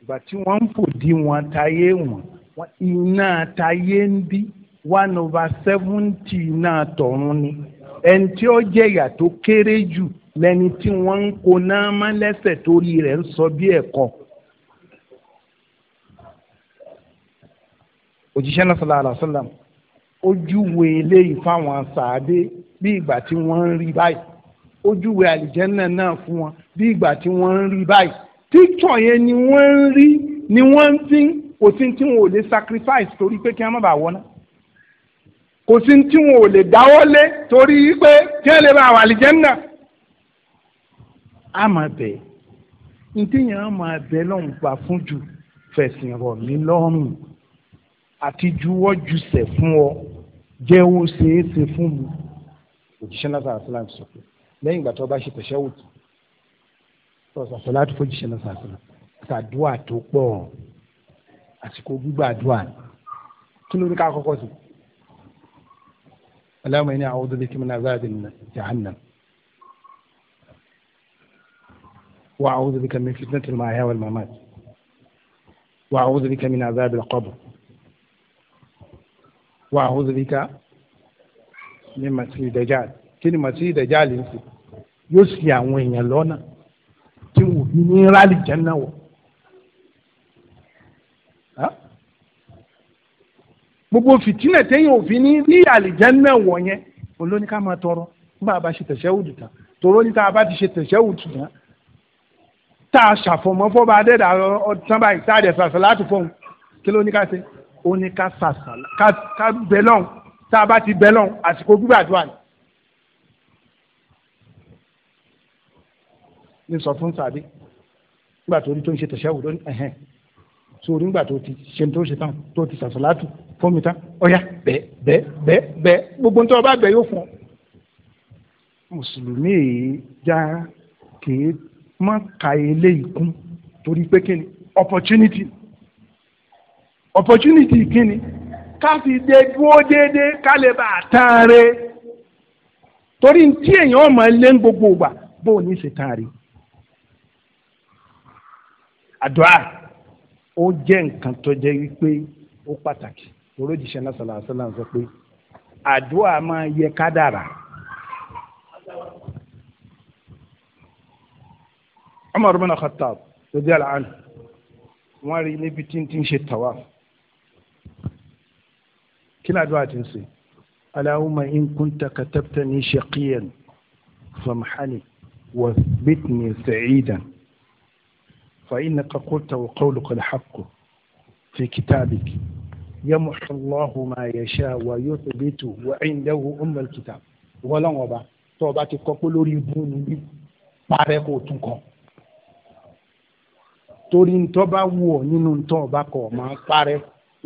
ìgbà tí wọ́n ń fòdí wọn táyé wọn iná tayé ń bí one over seventy iná tọ̀run ni ẹni tí ó jẹ̀yà tó kéré jù lẹni tí wọ́n ń kó náà má lẹ́sẹ̀ torí rẹ̀ ń sọ bí ẹ̀kọ́. òjíṣẹ́ náà sallallahu alaihi wasallam ojúwe eléyìí fáwọn sàádé bí ìgbà tí wọ́n ń rí báyìí ojúwe àlìjẹ́nà náà fún wọn bí ìgbà tí wọ́n ń rí báyìí títọ̀ yẹn ni wọ́n ń rí ni wọ́n ń fi ń kò sí tí wọn ò lè sacrifice torí pé kí wọn má bàa wọ́n náà kò sí tí wọn ò lè dáwọ́ lé torí pé kí wọn lè bá àwọn àlìjẹ́nnà á máa bẹ̀ ntẹ̀yìn á máa bẹ̀ lọ́hùn pa fún jù fẹ̀sìn rọ̀ mí lọ́rùn àti juwọ́ jùsẹ̀ fún ọ jẹ́ ó fún mi òjíṣẹ́ náà sàrà sílá sọ pé lẹ́yìn ìgbà tó bá ṣe tẹ̀sẹ̀ wò tó sọ̀sọ̀ láti fojíṣẹ́ náà sàrà sílá sàdúà tó pọ̀ ọ́ àsìkò gbígbàdúrà ni kí ló ní ká kọ́kọ́ sí. Allahumma inni a'udhu bika min azabi jahannam wa a'udhu bika min fitnati al-mahya wal-mamat wa a'udhu bika min azabi al-qabr wa a'udhu bika min masih dajjal kí ni masih dajjal ń sè yóò sì àwọn èèyàn lọ́nà tí wò ní rálì jẹ́ náà wọ̀. gbogbo fìtínà téyàn òfin ní rí àlìjẹ́nà wọ̀nyẹn olóní ká máa tọrọ nígbà bá ṣe tẹ̀sẹ̀wùdù tán tòró ní ká bá ti ṣe tẹ̀sẹ̀wùdù tán tá a ṣàfọ̀mọ́ fọ́ba adẹ́dà ọ̀tán báyìí tá a dẹ̀ fàṣà láti fọ́hùn kí ló ní ká ṣe ó ní ká ṣàṣà ká bẹ tá a bá ti bẹ lọ́hùn àsìkò gbígbàdúrà ni. ní sọ fún sàbí nígbà tó ní tó ń ṣe tẹ̀sẹ̀wùdù ẹ̀hẹ́n sórí nígbà tó ti ṣe tó ń ṣe tán tó ti ṣàṣà látù fómi tán ọ̀yà bẹ bẹ bẹ́ẹ̀ bẹ́ẹ̀ gbogbo ọba yóò fún ọ. mùsùlùmí yìí já kìí má ka eléyìí kún torí pé opportunity opportunity kíni ká fi dé dúró déédéé ká lè bá a tán re torí tí èèyàn ọmọ ilé gbogbo ìgbà bó o ní í ṣe tán re orójìṣẹ́ náà sọ̀rọ̀ àṣọlá sọ pé àdúrà máa yẹ ká dára. ọmọ kádàrà Umar tó jẹ́ àlàáńtì anhu wọ́n rí níbi tí ń ti ń ṣe tawaf kí ni àdúrà ti ń ṣe Allahumma in kunta katabtani shaqiyan famhani wathbitni sa'idan fa innaka qulta wa qawluka al-haqqu fi kitabik. yamhu Allahu ma yasha wa yuthbitu wa indahu ummul kitab wọ́lọ́wọ́n ọba tó ọba ti kọ́kọ́ lórí ibú níbí parẹ́ kó tún kọ́ torí ntọ́ bá wù ọ́ nínú ntọ́ ọba kọ́ ọ máa parẹ́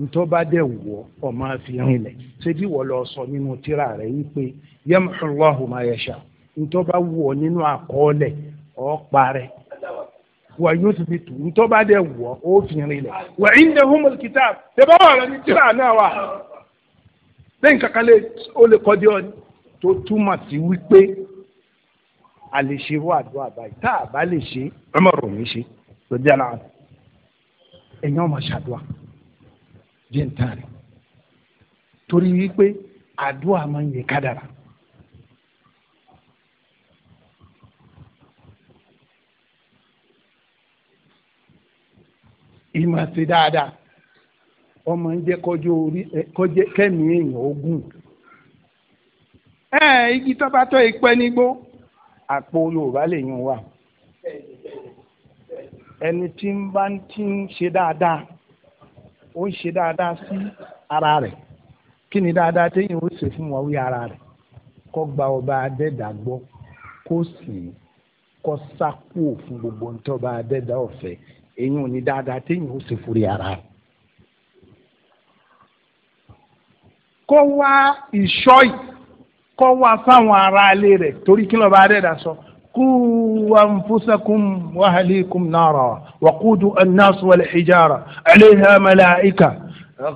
ntọ́ bá dẹ̀ wù ọ́ ọ máa fi rinlẹ̀ ṣébí wọ́n lọ sọ nínú tírà rẹ̀ yìí pé yamhu Allahu ma yasha ntọ́ bá wù ọ́ nínú àkọọ́lẹ̀ ọ parẹ́ wà yóò ti fi tùrú tó bá dẹ̀ wọ̀ ó fi rin lẹ̀ wà ìndẹ̀ humul kitab tẹ́bá wà lọ ní tíra náà wà lẹ́yìn kankan lè ó lè kọ́ di ọ tó túmọ̀ sí wípé a lè ṣe irú àdúrà báyìí tá a bá lè ṣe ọmọ rò mí ṣe tó jẹ́ náà ẹ̀yin ọmọ ṣàdúrà jẹ́ ń tàn rẹ̀ torí wípé àdúrà máa ìmọ̀ sí dáadáa ọmọ ń jẹ́ kọjọ́ orí eh, kọjẹ́ kẹ́mi èèyàn ogún. ẹ igi tó bá tọ́ ìpẹ́ nígbó àpò Yorùbá lè yàn wà ẹni tí ń bá ti ń ṣe dáadáa ó ń ṣe dáadáa sí ara rẹ̀ kí ni dáadáa téèyàn ó ṣe fún wa wí ara rẹ̀ gba ọba gbọ́ kó sì gbogbo èyí ò ní dáadáa téèyàn ó sì forí ara rẹ̀. kó wá ìṣọ́ yìí kó wá fáwọn aráalé rẹ̀ torí kí lọ́ba adẹ́dà sọ kú anfusakum wa ahlikum nara wa qudu an-nas wal hijara alayha malaika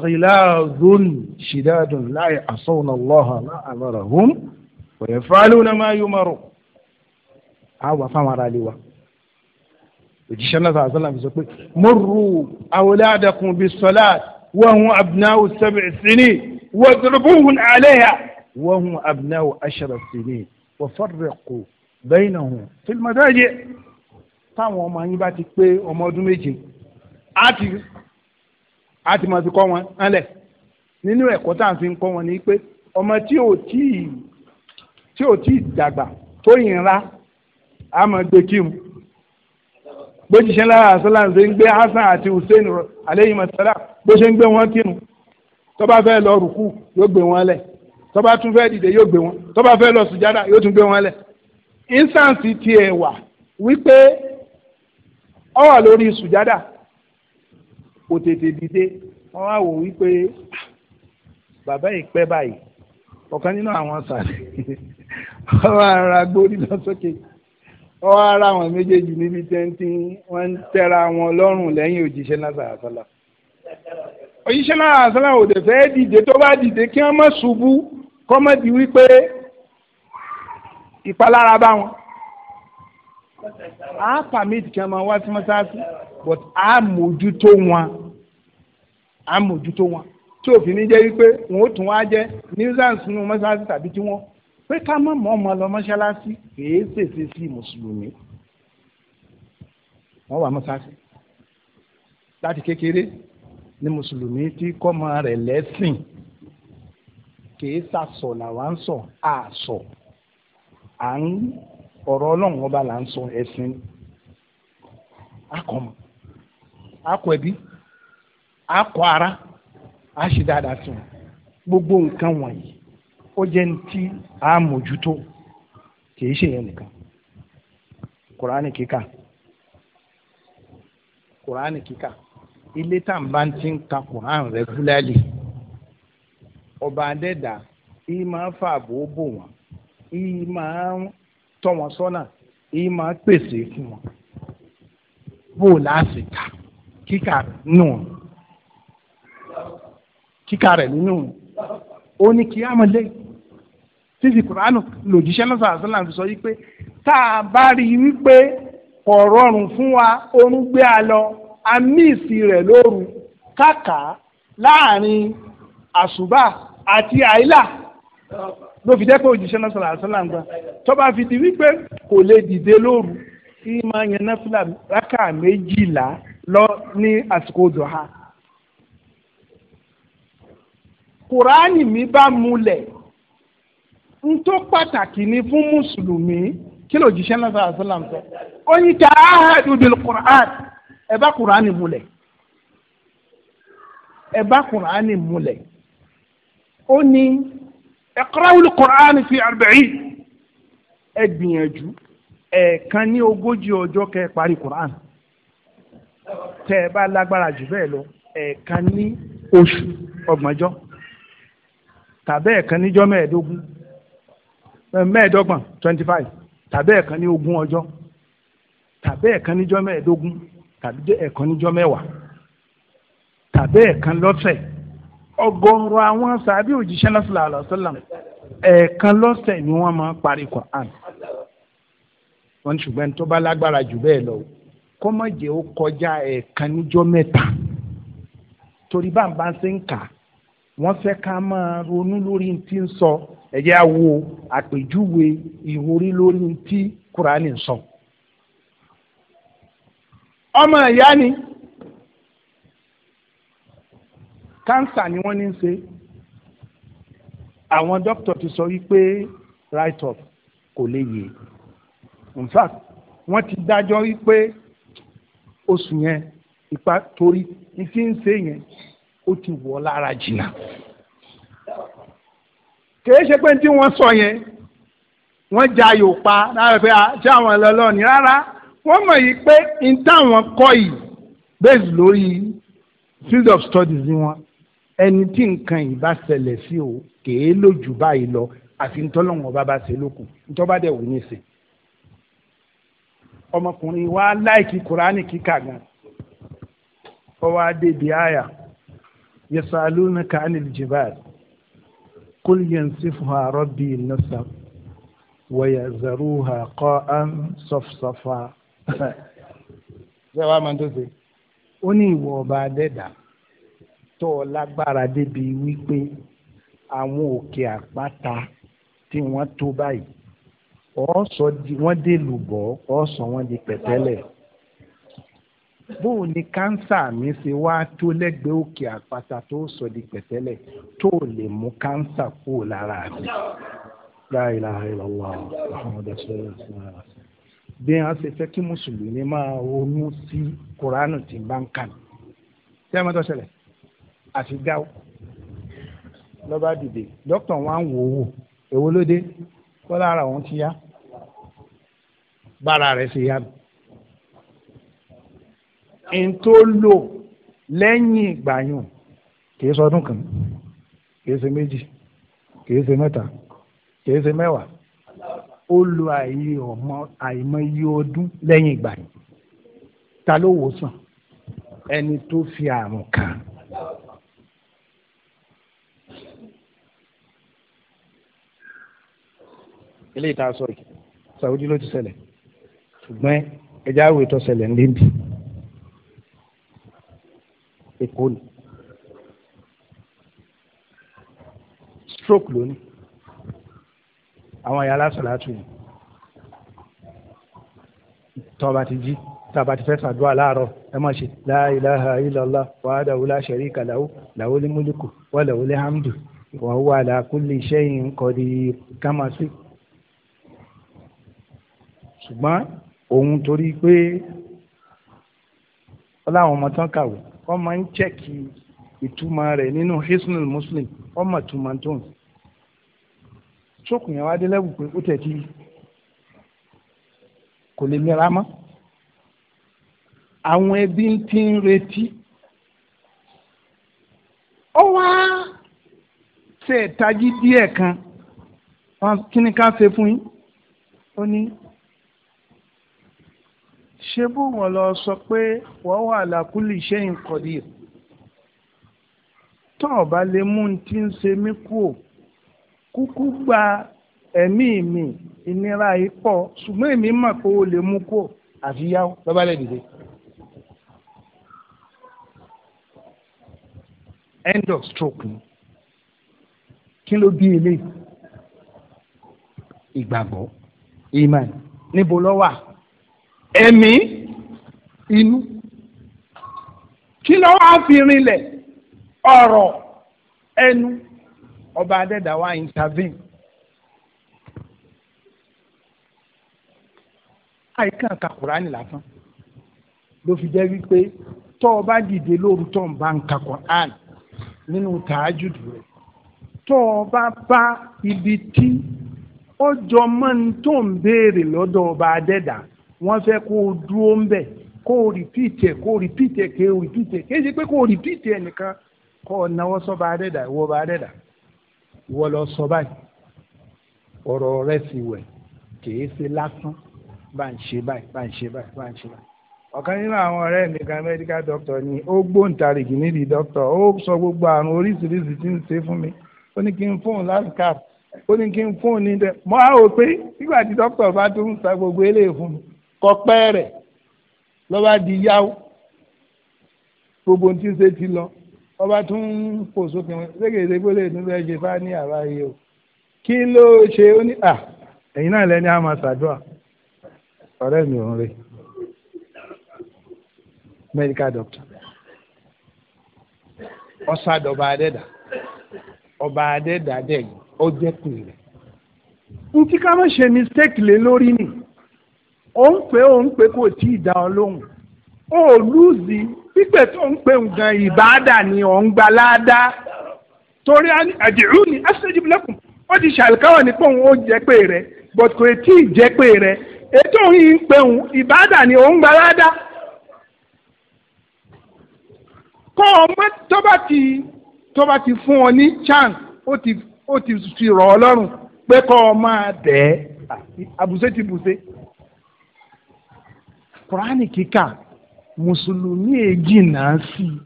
ghilazun shidadun la ya'sawna allaha ma amarahum wa yaf'aluna ma yumaru. àwa fáwọn aráalé wa òjíṣẹ́ náà sàásán náà fi sọ pé murru awladakum bis salat wa hum abna'u sab'i sinin wadribuhum 'alayha wa hum abna'u ashra sinin wa farriqu bainahum fil madaji' táwọn ọmọ yín bá ti pé ọmọ ọdún méje á ti á ti máa fi kọ́ wọn hánlẹ̀ nínú ẹ̀kọ́ tá à ń fi kọ́ wọn ni pé ọmọ tí ò tí ì tí ò tí ì dàgbà tó yìnra á máa gbé kírun bó ti ṣe lára àṣọ láǹṣe ń gbé Hasan àti Hussein aleyhi masala bó ṣe ń gbé wọn kírun tó bá fẹ́ lọ rùkú yóò gbé wọn lẹ̀ tó bá tún fẹ́ dìde yóò gbé wọn tó bá fẹ́ lọ sùjádà yóò tún gbé wọn lẹ̀ instance tiẹ̀ wà wípé ọ wà lórí sùjádà kò tètè dìde wọn wá wò wípé ah, bàbá ìpẹ́ báyìí ọ̀kan nínú àwọn sàlẹ̀ ọ̀rọ̀ ara gbórí lọ sókè. Okay wọ́n wá ra àwọn méjèèjì níbi tí wọ́n ti wọ́n ń tẹ́ra wọn lọ́rùn lẹ́yìn òjíṣẹ́ náà sàràsàlà òjíṣẹ́ náà sàràsàlà ò dẹ̀ fẹ́ dìde tó bá dìde kí wọ́n má ṣubú kọ́ má di wípé ìpalára bá wọn a pàmìtì kí wọ́n máa wá sí but a mójútó wọn a mójútó wọn tí òfin ní jẹ́ wípé wọn ó tún wá jẹ́ nuisance nínú mọ́sáàsì tàbí tí wọ́n pé ká má mọ̀ ọmọ lọ mọ́ṣáláṣí kìí ṣèṣe sí mùsùlùmí wọ́n wà mọ́ṣáláṣí láti kékeré ni mùsùlùmí ti kọ́ ọmọ rẹ̀ lẹ́sìn kìí sàsọ làwa ń sọ àsọ à ń ọ̀rọ̀ ọlọ́run ọba là ń sọ ẹ̀sìn akọ̀mọ akọ ẹbí akọ ara a ṣe dáadáa sí wọn gbogbo nǹkan wọ̀nyí ó jẹ́ ní tí a mójútó kìí ṣe yẹn nìkan kùránì kíkà kùránì kíkà ilé tá n bá ti ń ka kùránì regularly ọba adẹ́dà ìyí máa ń fààbò bò wọ́n ìyí máa ń tọ́ wọn sọ́nà ìyí máa ń pèsè fún wọn bó o láti kà kíkà nù kíkà rẹ̀ nínú ó ní kí á mọ̀ lẹ́yìn títí kuranu lòjíṣẹ́ náà sàásán náà fi sọ yí pé tá a bá rí i wípé kò rọrùn fún wa oorun gbé a lọ a míìsì rẹ̀ lóru káàkà láàrin àṣùbà àti àìlà ló fi jẹ́ pé òjíṣẹ́ náà sọ̀rọ̀ àṣọ làǹgbà tọ́ba fi di wípé kò lè dìde lóru kí máa yan náfìlà rákà méjìlá lọ ní àsìkò dọ̀ha. kùránì mi bá múlẹ̀ n tó pàtàkì ni fún mùsùlùmí kí ló jíṣẹ́ náà sọ̀rọ̀ àṣọ làǹtọ́ ó ta ahadu bil quran ẹ bá quran múlẹ̀ ẹ bá quran múlẹ̀ ó ní iqra'ul quran fi arba'in ẹ gbìyànjú ẹ̀ẹ̀kan ní ogójì ọjọ́ kẹ́ parí quran tẹ́ ẹ bá lágbára jù bẹ́ẹ̀ lọ ẹ̀ẹ̀kan ní oṣù ọgbọ̀njọ́ tàbí ẹ̀ẹ̀kan níjọ́ mẹ́ẹ̀ẹ́dógún. Eh, mẹ́ẹ̀ẹ́dọ́gbọ̀n twenty five tàbí ẹ̀ẹ̀kan ní ogún ọjọ́ tàbí ẹ̀ẹ̀kan níjọ́ mẹ́ẹ̀ẹ́dógún tàbí ẹ̀ẹ̀kan níjọ́ mẹ́wàá tàbí ẹ̀ẹ̀kan lọ́sẹ̀ ọgọ́rùn àwọn sàbí òjíṣẹ́ sallallahu alaihi wasallam ẹ̀ẹ̀kan lọ́sẹ̀ ni wọ́n máa ń parí Quran wọ́n ṣùgbọ́n tó bá lágbára jù bẹ́ẹ̀ lọ kó má jẹ́ ó kọjá ẹ̀ẹ̀kan níjọ́ mẹ́ta torí bá ń bá ń ṣe ń kà wọ́n fẹ́ ká máa ronú lórí ti ń sọ. So ẹ jẹ́ á wo àpèjúwe ìwúrí lórí tí kúránì sọ. ọmọ ìyá ni kánsà ni wọ́n ní í ṣe àwọn dókítà ti sọ wípé write off kò lè yè in fact wọ́n ti dájọ́ wípé oṣù yẹn ipa torí ifi ń ṣe yẹn ó ti wọ̀ lára jìnnà kìí ṣe pé tí wọ́n sọ yẹn wọ́n ja yòpa lára pé àti àwọn ọlọ́ọ̀ni rárá wọ́n mọ̀ yìí pé n táwọn kọ́ yìí based lórí field of studies wọn ẹni tí nǹkan yìí bá ṣẹlẹ̀ sí o kìí lójú báyìí lọ àfi ntọ́lọ́wọ́n bá bá ṣe lókun ntọ́ba dẹ̀ wò ní ìsìn ọmọkùnrin wa láìkí kuraani kíkà gan ọwọ́ adé bíi àyà yasalunaka anil jibal. قل ينسفها ربي النسف ويذروها قاء صفصفا ṣé wàá máa tó ṣe. ó ní ìwọ ọba adẹ́dà tó o lágbára débi wípé àwọn òkè àpáta tí wọ́n tó báyìí ọ̀ọ́sọ wọ́n dé lùbọ̀ ọ̀ọ́sọ wọ́n di pẹ̀tẹ́lẹ̀ bóun ni kánsà mi ṣe wá tó lẹ́gbẹ̀ẹ́ òkè àpáta tó sọ di pẹ̀tẹ́lẹ̀ tó lè mú kánsà kúrò lára mi. La ilaha illallah Muhammad rasulullah bí wọ́n ṣe fẹ́ kí mùsùlùmí máa ronú sí kuranu tí n bá ń kàn. ṣé ẹ máa ṣẹlẹ̀ àfi gáwó lọ́ba dìde dókítà wa ń wò wò èwo ló dé kó lára òun ti yá bára rẹ̀ ṣe yá mi n tó lò lẹ́yìn ìgbàyàn kìí sọdún kan kìí ṣe méjì kìí ṣe mẹ́ta kìí ṣe mẹ́wàá ó lo àìyé ọmọ àìmọye ọdún lẹ́yìn ìgbàyàn ta ló wò sàn ẹni tó fi àrùn kàn. ilé ìta sọ yìí Saudi ló ti ṣẹlẹ̀ ṣùgbọ́n ẹja àwòrán tó ṣẹlẹ̀ ń débi èkó ni stroke lónìí àwọn yàrá sọ̀làtù yìí tọ́ba ti jí tọ́ba ti fẹ́ sàdúrà láàárọ̀ ẹ má ṣe la ilaha illallah wahdahu la sharika lahu lahul mulku wa lahul hamdu wa huwa ala kulli shay'in qadir kama sí. ṣùgbọ́n òun torí pé ọláwọn ọmọ tán kàwé wọ́n máa ń chẹ́kì ìtumọ̀ rẹ̀ nínú hisnul muslim wọ́n máa túmọ̀ tó ń tókùn yẹn wá dé lẹ́wù pé ó tẹ̀ tí kò lè mìíràn mọ́ àwọn ẹbí ti ń retí ó wá ṣe ìtají díẹ̀ kan kí ni ká ṣe fún yín ó ní ṣé bó wọn lọ sọ pé wọ́n wà lákúlì ṣé nǹkan dì tó o bá lè mú un tí ń ṣe mí kú o kúkú gba ẹ̀mí mi ìnira yìí pọ̀ èmi mọ̀ pé o lè mú kú o àfi yáwó bàbá lè dìde. end of stroke ni kí ló bí eléyìí ìgbàgbọ́ iman níbo ló wà ẹ̀mí inú kí ló wá fi rinlẹ̀ ọ̀rọ̀ ẹnu ọba adẹ́dàá wa intervene. àìkàn ka ni lásán ló fi jẹ́ wípé tó o bá dìde lóru tó ń bá ń ka kùránì nínú tààjùdù rẹ̀ tó o bá bá ibi tí ó jọ mọ́ ní tó ń béèrè lọ́dọ̀ ọba adẹ́dàá wọ́n fẹ́ kó o dúró ń bẹ̀ kó o rìpíìtì ẹ̀ kó o rìpíìtì ẹ̀ kó o rìpíìtì ẹ̀ kéde pé kó o rìpíìtì ẹ̀ nìkan kó o náwó sọ́ba adẹ́dà ìwọ ba adẹ́dà ìwọ lọ sọ báyìí ọ̀rọ̀ rẹ sì wẹ̀ kìí ṣe lásán bá ń ṣe báyìí bá ń ṣe báyìí bá ń ṣe báyìí. ọ̀kan nínú àwọn ọ̀rẹ́ mi kan medical doctor ni ó gbóǹtarìgì nídìí doctor ó sọ gbogbo àrùn oríṣiríṣi tí ń ṣe fún mi ó ní kí n fóun láti káàpù ó ní kí n fún un ní dẹ mọ á pé nígbà tí dókítà bá tún ń sa gbogbo eléyìí fún mi kọpẹ́ rẹ̀ lọ́ba di yáwó gbogbo ohun tí ń ṣe ti lọ ọba tún ń pò sókè wọn ṣégeṣe pé lè tún fẹ́ ṣe fá ní àbá yìí o kí ló ṣe ó ní à ẹ̀yin náà lẹ́ni á ṣàdúrà ọ̀rẹ́ mi ò ń re medical doctor ọ̀sàdọ̀ba adẹ́dà ọba adẹ́dà dẹ̀ ọjẹ́ pè rẹ̀ ntí ká má ṣe mistake lé lórí nìyí ó ń pè ó ń pè kò tí ì dá ọ lóhùn ó lùzì pípẹ́ tó ń pè nǹkan ìbáàdà ni ọ̀ ń gba ládàá torí àdìrú ni astajib lakum ó ti ṣàlùkáwọ̀ ní pé òun ó jẹ́ pé rẹ̀ but kò tí ì jẹ́ pé rẹ̀ ètò òun yìí ń pè òun ìbáàdà ni ọ̀ ń gba ládàá kọ́ ọmọ tó bá ti tó bá ti fún ọ ní chance ó ti ó ti fi rọ̀ ọ́ lọ́rùn pé kọ́ ọ máa dẹ̀ àbùsẹ́ ti bùsẹ́ kùránì kíkà mùsùlùmí èjì e náà sí i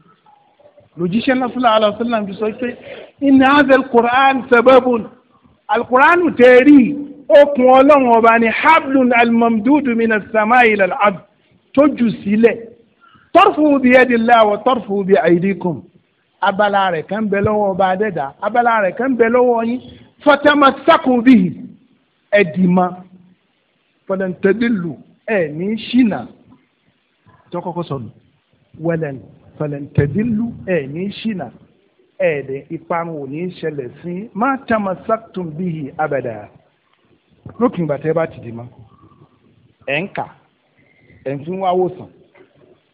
lójíṣẹ́ náà fúnra àlọ́ sílẹ̀ fi sọ pé iná azẹ́l kùránì sababun alukùránì tẹ̀rí okùn ọlọ́run ọba ni hablun almamdudu minas samai ilal abd tó jù sílẹ̀ tọ́rfù bí yadillah wa tọ́rfù bí aidikum abala rẹ̀ kan bẹ lọ́wọ́ ọba adẹ́dà abala rẹ̀ kan bẹ lọ́wọ́ yín fatamassaku bihi ẹ̀dìmá fọlẹ́ntẹ́dìlù ẹ̀ ní ṣìnà tó kọ́kọ́ sọnù wẹlẹn fẹlẹntẹdínlù ẹ ní ṣìnà ẹ dẹ ìparun ò ní ṣẹlẹ̀ sí má tàmà sàkùtùm bíyì abẹdà lókè ìgbà tẹ bá ti dì mọ ẹ ń kà ẹ ń fi wá wòsàn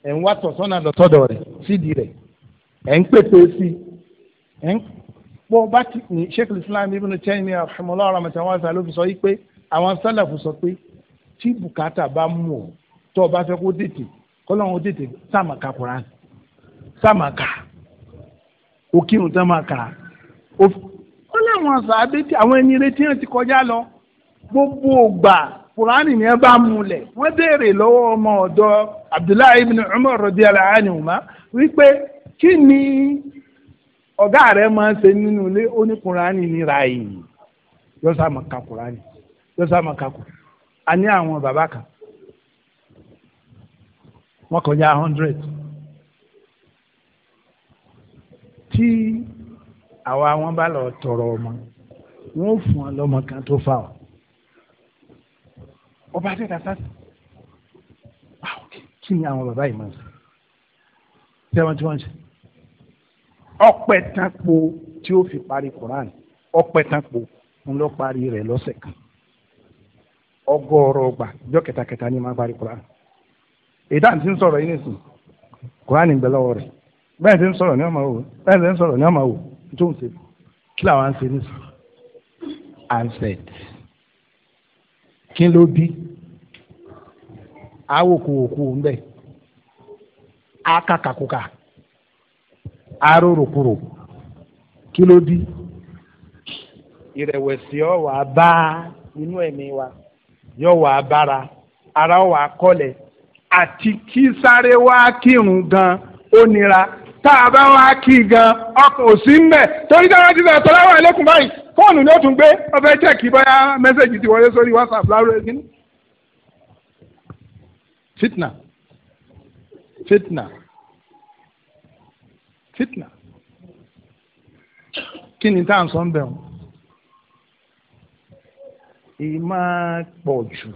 ẹ ń wá tọ̀sọ́nà lọ́tọ́dọ̀ rẹ̀ sídìí rẹ̀ ẹ ń pèpè sí ẹ ń bọ́ bá ti ní sheikh islam ibn Taymiyyah rahimahullah rahmatan wasi'a ló fi sọ yìí pé àwọn sálàfù sọ pé tí bùkátà bá mú ọ tó o bá fẹ́ kó tètè kọ́lọ́hún ó tètè sàmàkà Kùránì sàmàkà òkìrùn sàmàkà ó láwọn sàábé tí àwọn ẹni retí hàn ti kọjá lọ gbogbo ògbà Kùránì ni ẹ bá múlẹ̀ wọ́n béèrè lọ́wọ́ ọmọ ọ̀dọ́ Abdullahi ibn Umar radiyallahu anhuma wípé kí ni ọ̀gá rẹ̀ máa ń ṣe nínú ilé ó ní Kùránì ní ra èyí yọ́sàmàkà Kùránì yọ́sàmàkà Kùránì a ní àwọn bàbá kan wọ́n kọjá hundred tí àwa wọn bá lọ tọrọ ọmọ wọn ò fún ọ lọmọ kan tó fà ọ ọba àtẹ̀dá sáà ah, kí ni àwọn bàbá yìí máa ń sọ tí wọ́n ti wọ́n ṣe ọpẹ tanpo tí ó fi parí Quran ọpẹ tanpo ń lọ parí rẹ̀ lọ́sẹ̀ kan ọgọ́rọ̀ ọgbà ọjọ́ kẹtakẹta ni máa parí Quran ìdáhùn tí ń sọ̀rọ̀ yìí nìsín kùránì ń bẹ lọ́wọ́ rẹ̀ tí ń sọ̀rọ̀ ní ọmọ wò bẹ́ẹ̀ tí ń sọ̀rọ̀ ní ọmọ wò tó ń ṣe kí làwọn ń ṣe akakakuka arorokoro kí ló bí inú wa yọ̀wà abara ara ọ̀wà kọ́lẹ̀ àti kí sáré wá kírun gan ó nira tá a bá wá kí gan ọkàn ò sí mbẹ torí táwọn ti sọ sọláwọ ẹlẹkùn báyìí fóònù ló tún gbé ọbẹ jẹ kí bóyá ti wọlé sórí whatsapp láwùrọ ẹgbẹ fitna fitna fitna kí ni tá à ń sọ ń bẹ̀ wọn. ìmọ̀ pọ̀ jù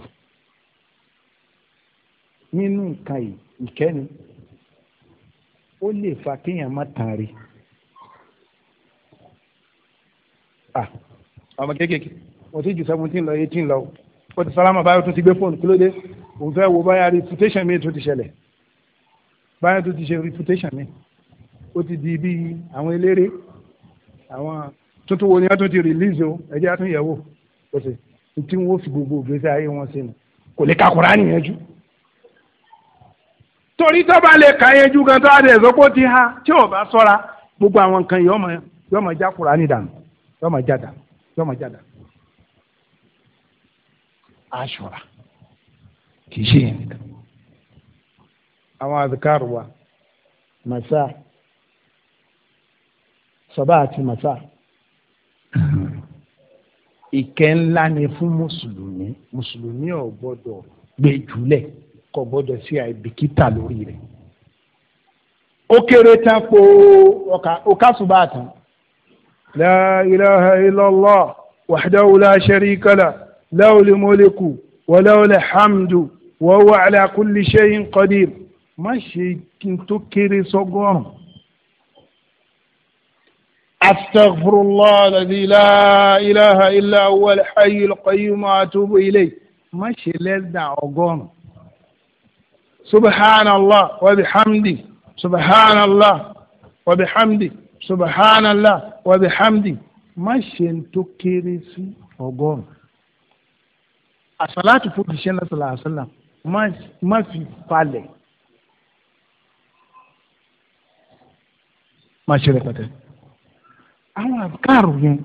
nínú nǹkan yìí ìkẹ́ni ó lè fa kéèyàn má tààrí. ọmọ kéékèèké mo ti ju seventeen lọ eighteen lọ ó ti sálámà báyọ̀ tó ti gbé fóònù kí ló dé òun fẹ́ wo báyà reputation mi tó ti ṣẹlẹ̀ báyọ̀ tó ti ṣe reputation mi ó ti di bí àwọn eléré àwọn tuntun wo ni wọ́n tún ti release o ẹ̀jẹ̀ àtúnyẹ̀wò ó sì tí wọ́n fi gbogbo ìgbésí ayé wọn sí ni kò lè ka Kùránì yẹn jù. torí tó bá lè kà yẹn ju gan tó ti ha tí ò bá sọ́ra gbogbo àwọn nǹkan yìí ọmọ yọmọ já Kùránì dànù yọmọ já dànù yọmọ já kì í ṣe yẹn nìkan. àwọn azikari wa masa sọba àti masa ni fún mùsùlùmí mùsùlùmí ò gbọ́dọ̀ kò gbọdọ̀ sí àìbìkítà lórí rẹ̀ ó kéré tán po ọkà òkàsùbà tán. la ilaha illallah wahdahu la sharika la lahul mulku wa lahul hamdu wa huwa ala kulli shay'in qadir má ṣe kí n tó kéré sọ́gọ́rùn. استغفر الله الذي لا اله الا هو الحي القيوم واتوب اليه má ṣe lẹ́dà ọgọ́rùn subhanallah wa bihamdi subhanallah wa bihamdi subhanallah wa bihamdi má ṣe ń tó kéré sí ọgọ́rùn-ún àsàlátù fún òṣìṣẹ́ náà sọ̀rọ̀ àṣàlà má fi falẹ̀ má ṣe rẹpẹtẹ. àwọn àbíkárò yẹn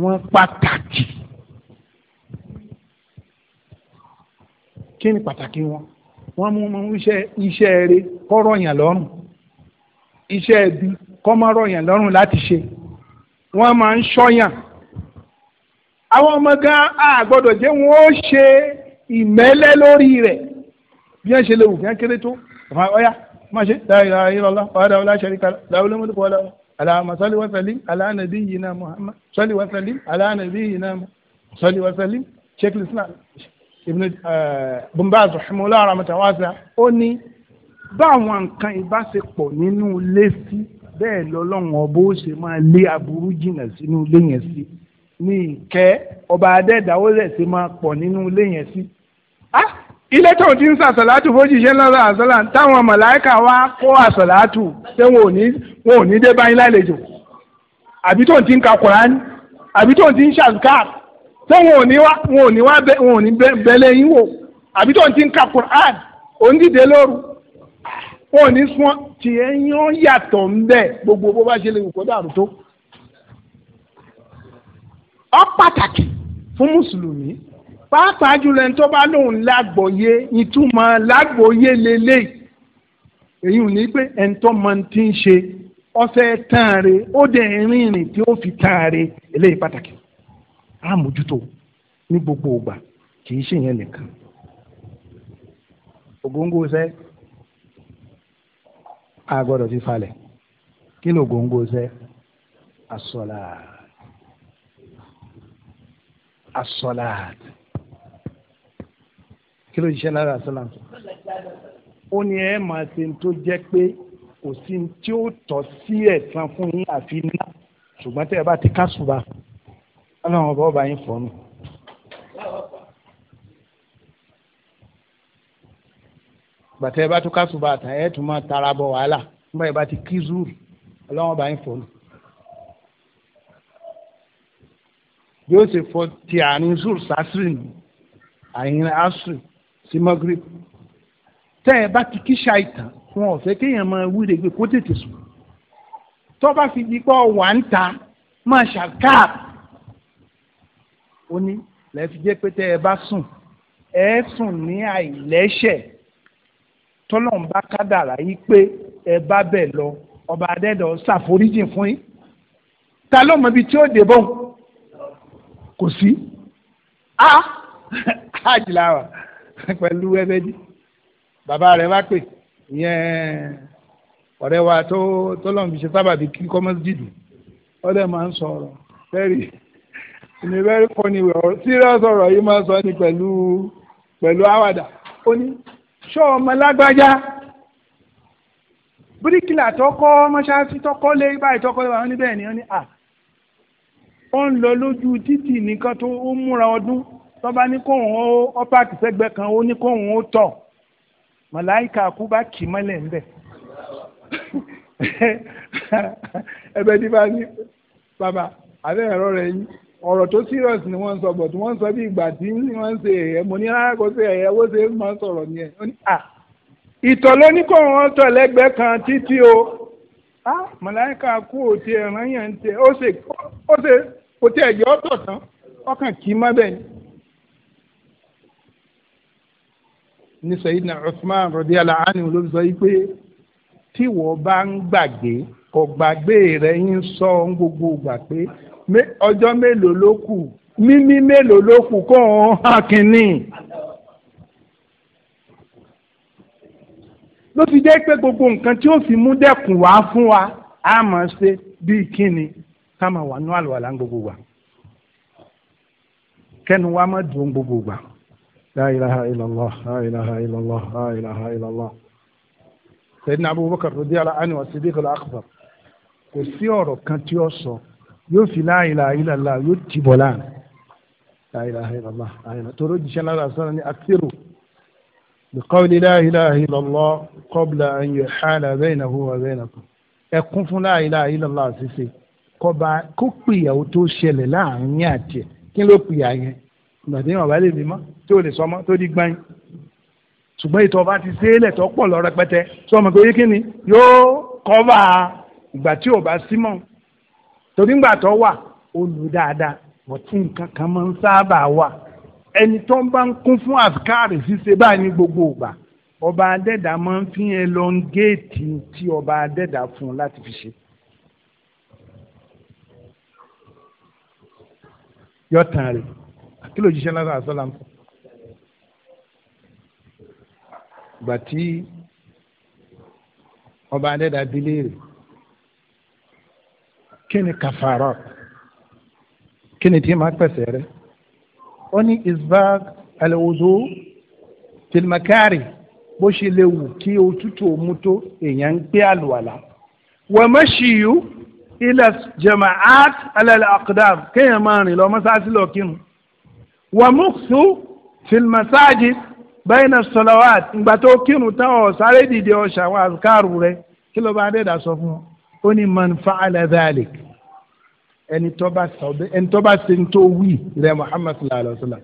wọ́n pàtàkì kí ni pàtàkì wọn wọ́n mú iṣẹ́ iṣẹ́ rẹ kọ́rọ̀ yàn lọ́rùn iṣẹ́ ẹbí kọ́mọ́rọ̀ yàn lọ́rùn láti ṣe wọ́n máa ń ṣọ́yàn àwọn ọmọ gan a gbọ́dọ̀ jẹ́ wọn ó ṣe ìmẹ́lẹ́ lórí rẹ̀ bí wọ́n ṣe lè wù kí wọ́n kéré tó ọ̀fà ọ̀yà má ṣe dáhùn ìlànà yìí lọ́lá ọ̀hádà ọ̀là ṣẹ̀ríkà làwọn olómọdé kọ́ ọ̀là alama sali wa salim ala nabiyyina muhammad sali wa salim ala nabiyyina muhammad sali wa salim sheikh islam ibn eh, bumbaz rahimahullah rahmatan wasi'a ó ní báwọn nǹkan ìbáṣepọ̀ nínú ilé sí bẹ́ẹ̀ lọ́lọ́run ọba ó ṣe máa lé aburú jìnnà sínú ilé yẹn sí ní ìkẹ́ ọba adẹ́dáwó rẹ̀ ṣe máa pọ̀ nínú ilé yẹn sí. Ah, ilé tó ti ń sàṣàlátù fojìṣẹ́ lọ́la àṣàlà táwọn mọ̀láìkà wá kó àṣàlátù ṣé wọn ò ní dé lálejò àbí tó ti ń ka àbí tó ti ń ṣàzùkáàpù tó wọn ò ní wá wọn ò ní wá bẹ wọn ò ní bẹlẹ yín wò àbí tó ń ti ń ka Quran ò ń dìde lóru wọn ò ní sún tiẹ̀ yán yàtọ̀ ń bẹ gbogbo bó bá ṣe lè wù kó dàrú tó. ọ pàtàkì fún mùsùlùmí pàápàá jùlọ ẹni tó bá lóun lágbòye ìtumọ̀ lágbòye lélẹ̀ èyí ò ní pé ẹni tó mọ ti ń ṣe ọfẹ tán re ó dẹ̀ rìnrìn tí ó fi tán re eléyìí pàtàkì á mójútó ní gbogbo ìgbà kì í ṣèyẹn nìkan ògóńgó sẹ́ a gbọ́dọ̀ ti falẹ̀ kí ni ògóńgó sẹ́ asọ́lá asọ́lá kí ló ṣiṣẹ́ lára asọ́lá ó ní ẹ máa ṣe tó jẹ́ pé kò sí tí ó tọ́ sí ẹ̀san fún yín àfi náà ṣùgbọ́n tẹ́ ẹ bá ti ká sùn bá ọlọ́run ọba ọba yín fọ́nù. bàtà ẹ bá tún kásù bàtà ẹ tún máa tara bọ wàhálà nígbà yẹn bá ti kí zuru ọlọ́run ọba yín fọ́nù. yóò ṣe fọ ti àárín zuru sásìrì nù àárín asiri sí magrib tẹ́ ẹ bá ti kí ṣàìtàn fún ọ̀fẹ́ kéèyàn máa wúre gbé kó tètè sùn tọ́ bá fi di pọ́ wà ń ta máa ṣàkáàbù ó ní lẹ́ẹ̀fi jẹ́ pé tẹ́ ẹ bá sùn ẹ sùn ní àìlẹ́ṣẹ̀ tọ́lọ́run bá kádàrá yìí pé ẹ bá bẹ̀ lọ ọba adẹ́dọ̀ ṣàforíjì fún yín ta ló mọ ibi tí ó dé bọ́n kò sí a àjìlá wa pẹ̀lú ẹbẹ́dì bàbá rẹ̀ wá pè ìyẹn ọ̀rẹ́ wa tó tọ́lọ́run fi ṣe sábàbí kí kọ́mọ́sì dìdù ọ̀rẹ́ máa ń sọ̀rọ̀ fẹ́ẹ́ rí i in a very funny way ọ̀rọ̀ serious ọ̀rọ̀ yìí máa sọ ni pẹ̀lú pẹ̀lú àwàdà ó ní ṣọ́ ọmọ lágbájá bíríkìlà tọkọ mọ́ṣáláṣí tọkọ lé báyìí tọkọ lé wà wọ́n ní bẹ́ẹ̀ ni wọ́n ní à ó ń lọ lójú títì nìkan tó ó múra ọdún tọ́ba ní kóun ó ọ́pàkì sẹ́gbẹ́ kan ó ní kóun ó tọ̀ màláìka kú bá kì í mọ́lẹ̀ ńbẹ̀ <laughs> ẹbẹ̀ ní bá ní bàbá àbẹ́ ẹ̀rọ rẹ̀ yín ọ̀rọ̀ tó serious ni wọ́n ń sọ but wọ́n ń sọ bí ìgbà tí wọ́n ń ṣe ẹ̀yẹ mo ní rárá ah, kó ṣe ẹ̀yẹ wó ṣe máa ń sọ̀rọ̀ nìyẹn ó ní à ah, ìtọ̀ ló ní kó wọ́n tọ̀ lẹ́gbẹ̀ẹ́ kan títí o ah, á kú òtí ẹ̀ràn yẹn ń tẹ ó ṣe ó ẹ̀jẹ̀ ó tán ọkàn kì í má bẹ́ẹ̀ ni. ní Sayyidina Uthman radiyallahu anhu ló sọ yìí pé tíwọ́ bá ń gbàgbé kò rẹ̀ yín ọjọ́ mélòó ló kù mímí mélòó ló kù kó òun hàn kínní. ló fi jẹ́ pé gbogbo nǹkan tí ó fi mú dẹ́kun wá fún wa á máa ṣe bíi kínni ká máa wà nú àlùwàlà ń gbogbo wa kẹ́nu wa má dùn gbogbo wa. La ilaha illallah, la ilaha illallah, la wa Siddiq al-Akbar. Kò sí ọ̀rọ̀ kan tí ó sọ yóò fi la ilaha illallah yóò ti bọ̀ láàrin la ilaha illallah àyìnà tó lójú iṣẹ́ lára sọ́nà ní akérò biqawli la ilaha illallah qabla an yuhala bainahu wa bainakum ẹkún fún la ilaha illallah àṣìṣe kọba kó pìyàwó tó ṣẹlẹ̀ láàrin ní àtiẹ̀ kí ló pìyà yẹn gbàdé wọn bá lè mímọ́ tí ò lè sọmọ tó di gbáyìn ṣùgbọ́n ìtọ́ bá ti sẹ́lẹ̀ tó pọ̀ lọ rẹpẹtẹ sọmọ pé kí ni yóò kọ́ bá ìgbà tí ò bá símọ̀ torí ńgbà tó wà olùdáadáa ọtí nǹkan kan máa ń sábà wà ẹni tó ń bá ń kún fún àfikàrè ṣíṣe báyìí ní gbogbo ìgbà ọba adẹ́dà máa ń fi yẹn lọ géètì tí ọba adẹ́dà fún láti fi ṣe. yọtàn rẹ àkìlò jíṣẹ́ lásán àsọ́lá ń fọ́. ìgbà tí ọba adẹ́dà bí léèrè kí ni kàfàrà kí ni tí máa pèsè rẹ ó ní isbag alawudu tìlmakari bó ṣe lè wù kí òtútù òmu tó èèyàn ń gbé àlùwàlà wàmáṣíyù ilẹ̀ jamaat alẹ́lẹ́ akadam kéèyàn máa rìn lọ mọ́sáàsì lọ kírun wàmúksu fìlmàsáàjì bẹ́ẹ̀nà sọlọ́wàt ìgbà tó kírun táwọn ọ̀sáré dìde ọ̀ṣà àwọn àzùkárù rẹ kí ló bá dé dà sọ fún wọn ó ní man fa'ala dhalik ẹni tó bá sọ ẹni tó bá ṣe ń tó wí rẹ muhammad sallallahu alayhi wa sallam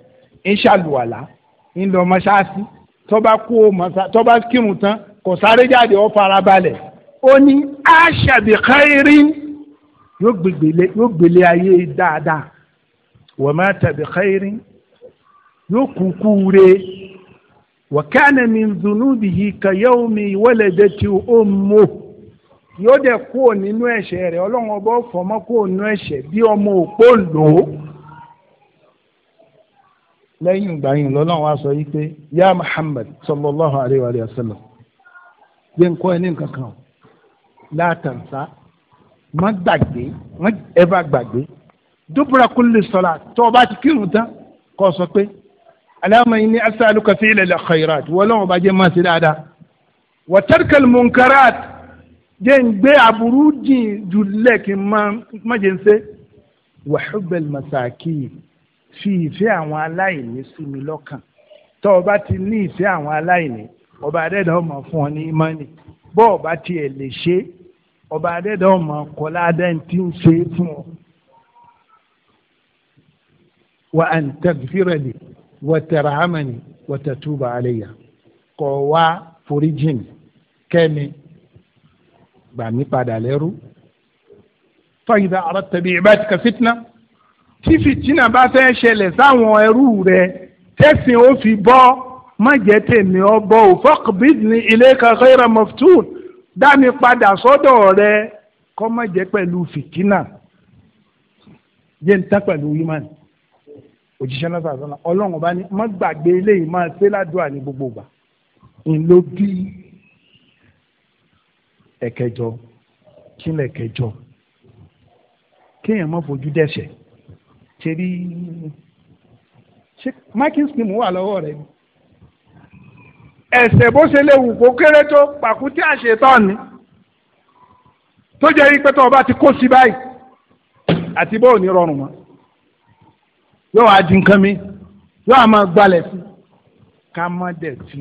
inṣàlùwàlà ńlọ mọ́ṣáàsì tó bá kó mọ́ṣá tó bá kírun tán kò sáré jáde ó fara balẹ̀ ó ní aṣàbí khairin yóò gbélé ayé dáadáa wa mata bi khairin yóò kúkú re wa kana min dhunubihi ka yawmi waladati ummuhu yóò dẹ̀ kúrò nínú ẹ̀ṣẹ̀ rẹ̀ ọlọ́run ọba fọmọ́ kúrò nínú ẹ̀ṣẹ̀ bí ọmọ òpó lò ó. lẹ́yìn ìgbà yìí lọ́lọ́run wá sọ yìí pé yá Muhammad sallallahu alayhi wa sallam gbé nǹkan ẹni nǹkan kan látàǹsá má gbàgbé má ẹ̀fà gbàgbé dúpọ̀lá kulli salat tó o bá ti kírun tán kó sọ pé Allahumma inni as'aluka fi'lal khairat wọ́n lọ́wọ́ bá jẹ́ máa ti dáadáa wa tarkal munkarat jẹ́ ń gbé aburú jìn jù lẹ́ẹ̀kì má jẹ́ ń ṣe wàhúbẹ̀l màsàkì fi ìfẹ́ àwọn aláìní sí mi lọ́kàn tọ́ ọba ti ní ìfẹ́ àwọn aláìní ọba adẹ́dà ọmọ fún ọ ní imani bọ́ ọba tiẹ̀ lè ṣe ọba adẹ́dà ọmọ kọlá adẹ́n tí ń ṣe fún ọ. wa an tagfirali wa tarahamani wa tatuba aleya kọ̀ wá foríjìn kẹ́mi gbà mí padà lẹ́rú fàyídà àràtàbí ìbátikà fitna tí fìtínà bá fẹ́ ṣẹlẹ̀ sáwọn ẹrú rẹ tẹ̀sìn ó fi bọ́ má jẹ́ tèmi ọ bọ́ ò fọ́kùbìdìní ilé kankan ìrà mọ̀fútùn dá mi padà sọ́dọ̀ rẹ kọ́ má jẹ́ pẹ̀lú fìtínà jẹ́ ń tán pẹ̀lú imán òjíṣẹ́ náà sàzọ́nà ọlọ́run bá ní má eléyìí máa ṣe ládùúgbà ní gbogbo ìgbà ń lo bíi ẹ̀kẹjọ kílẹ̀ kẹjọ kéèyàn má fojú dẹ̀ṣẹ̀ torí marking scheme wà lọ́wọ́ rẹ̀ ẹ̀ṣẹ̀ bó ṣe léwu kó kéré tó pàkúté àṣetán ni tó jẹ́ rí pé tó o bá ti kó sí báyìí àti bó o ní rọrùn mọ́ yóò wá di nǹkan mi yóò máa gbalẹ̀ sí ká má dẹ̀ fi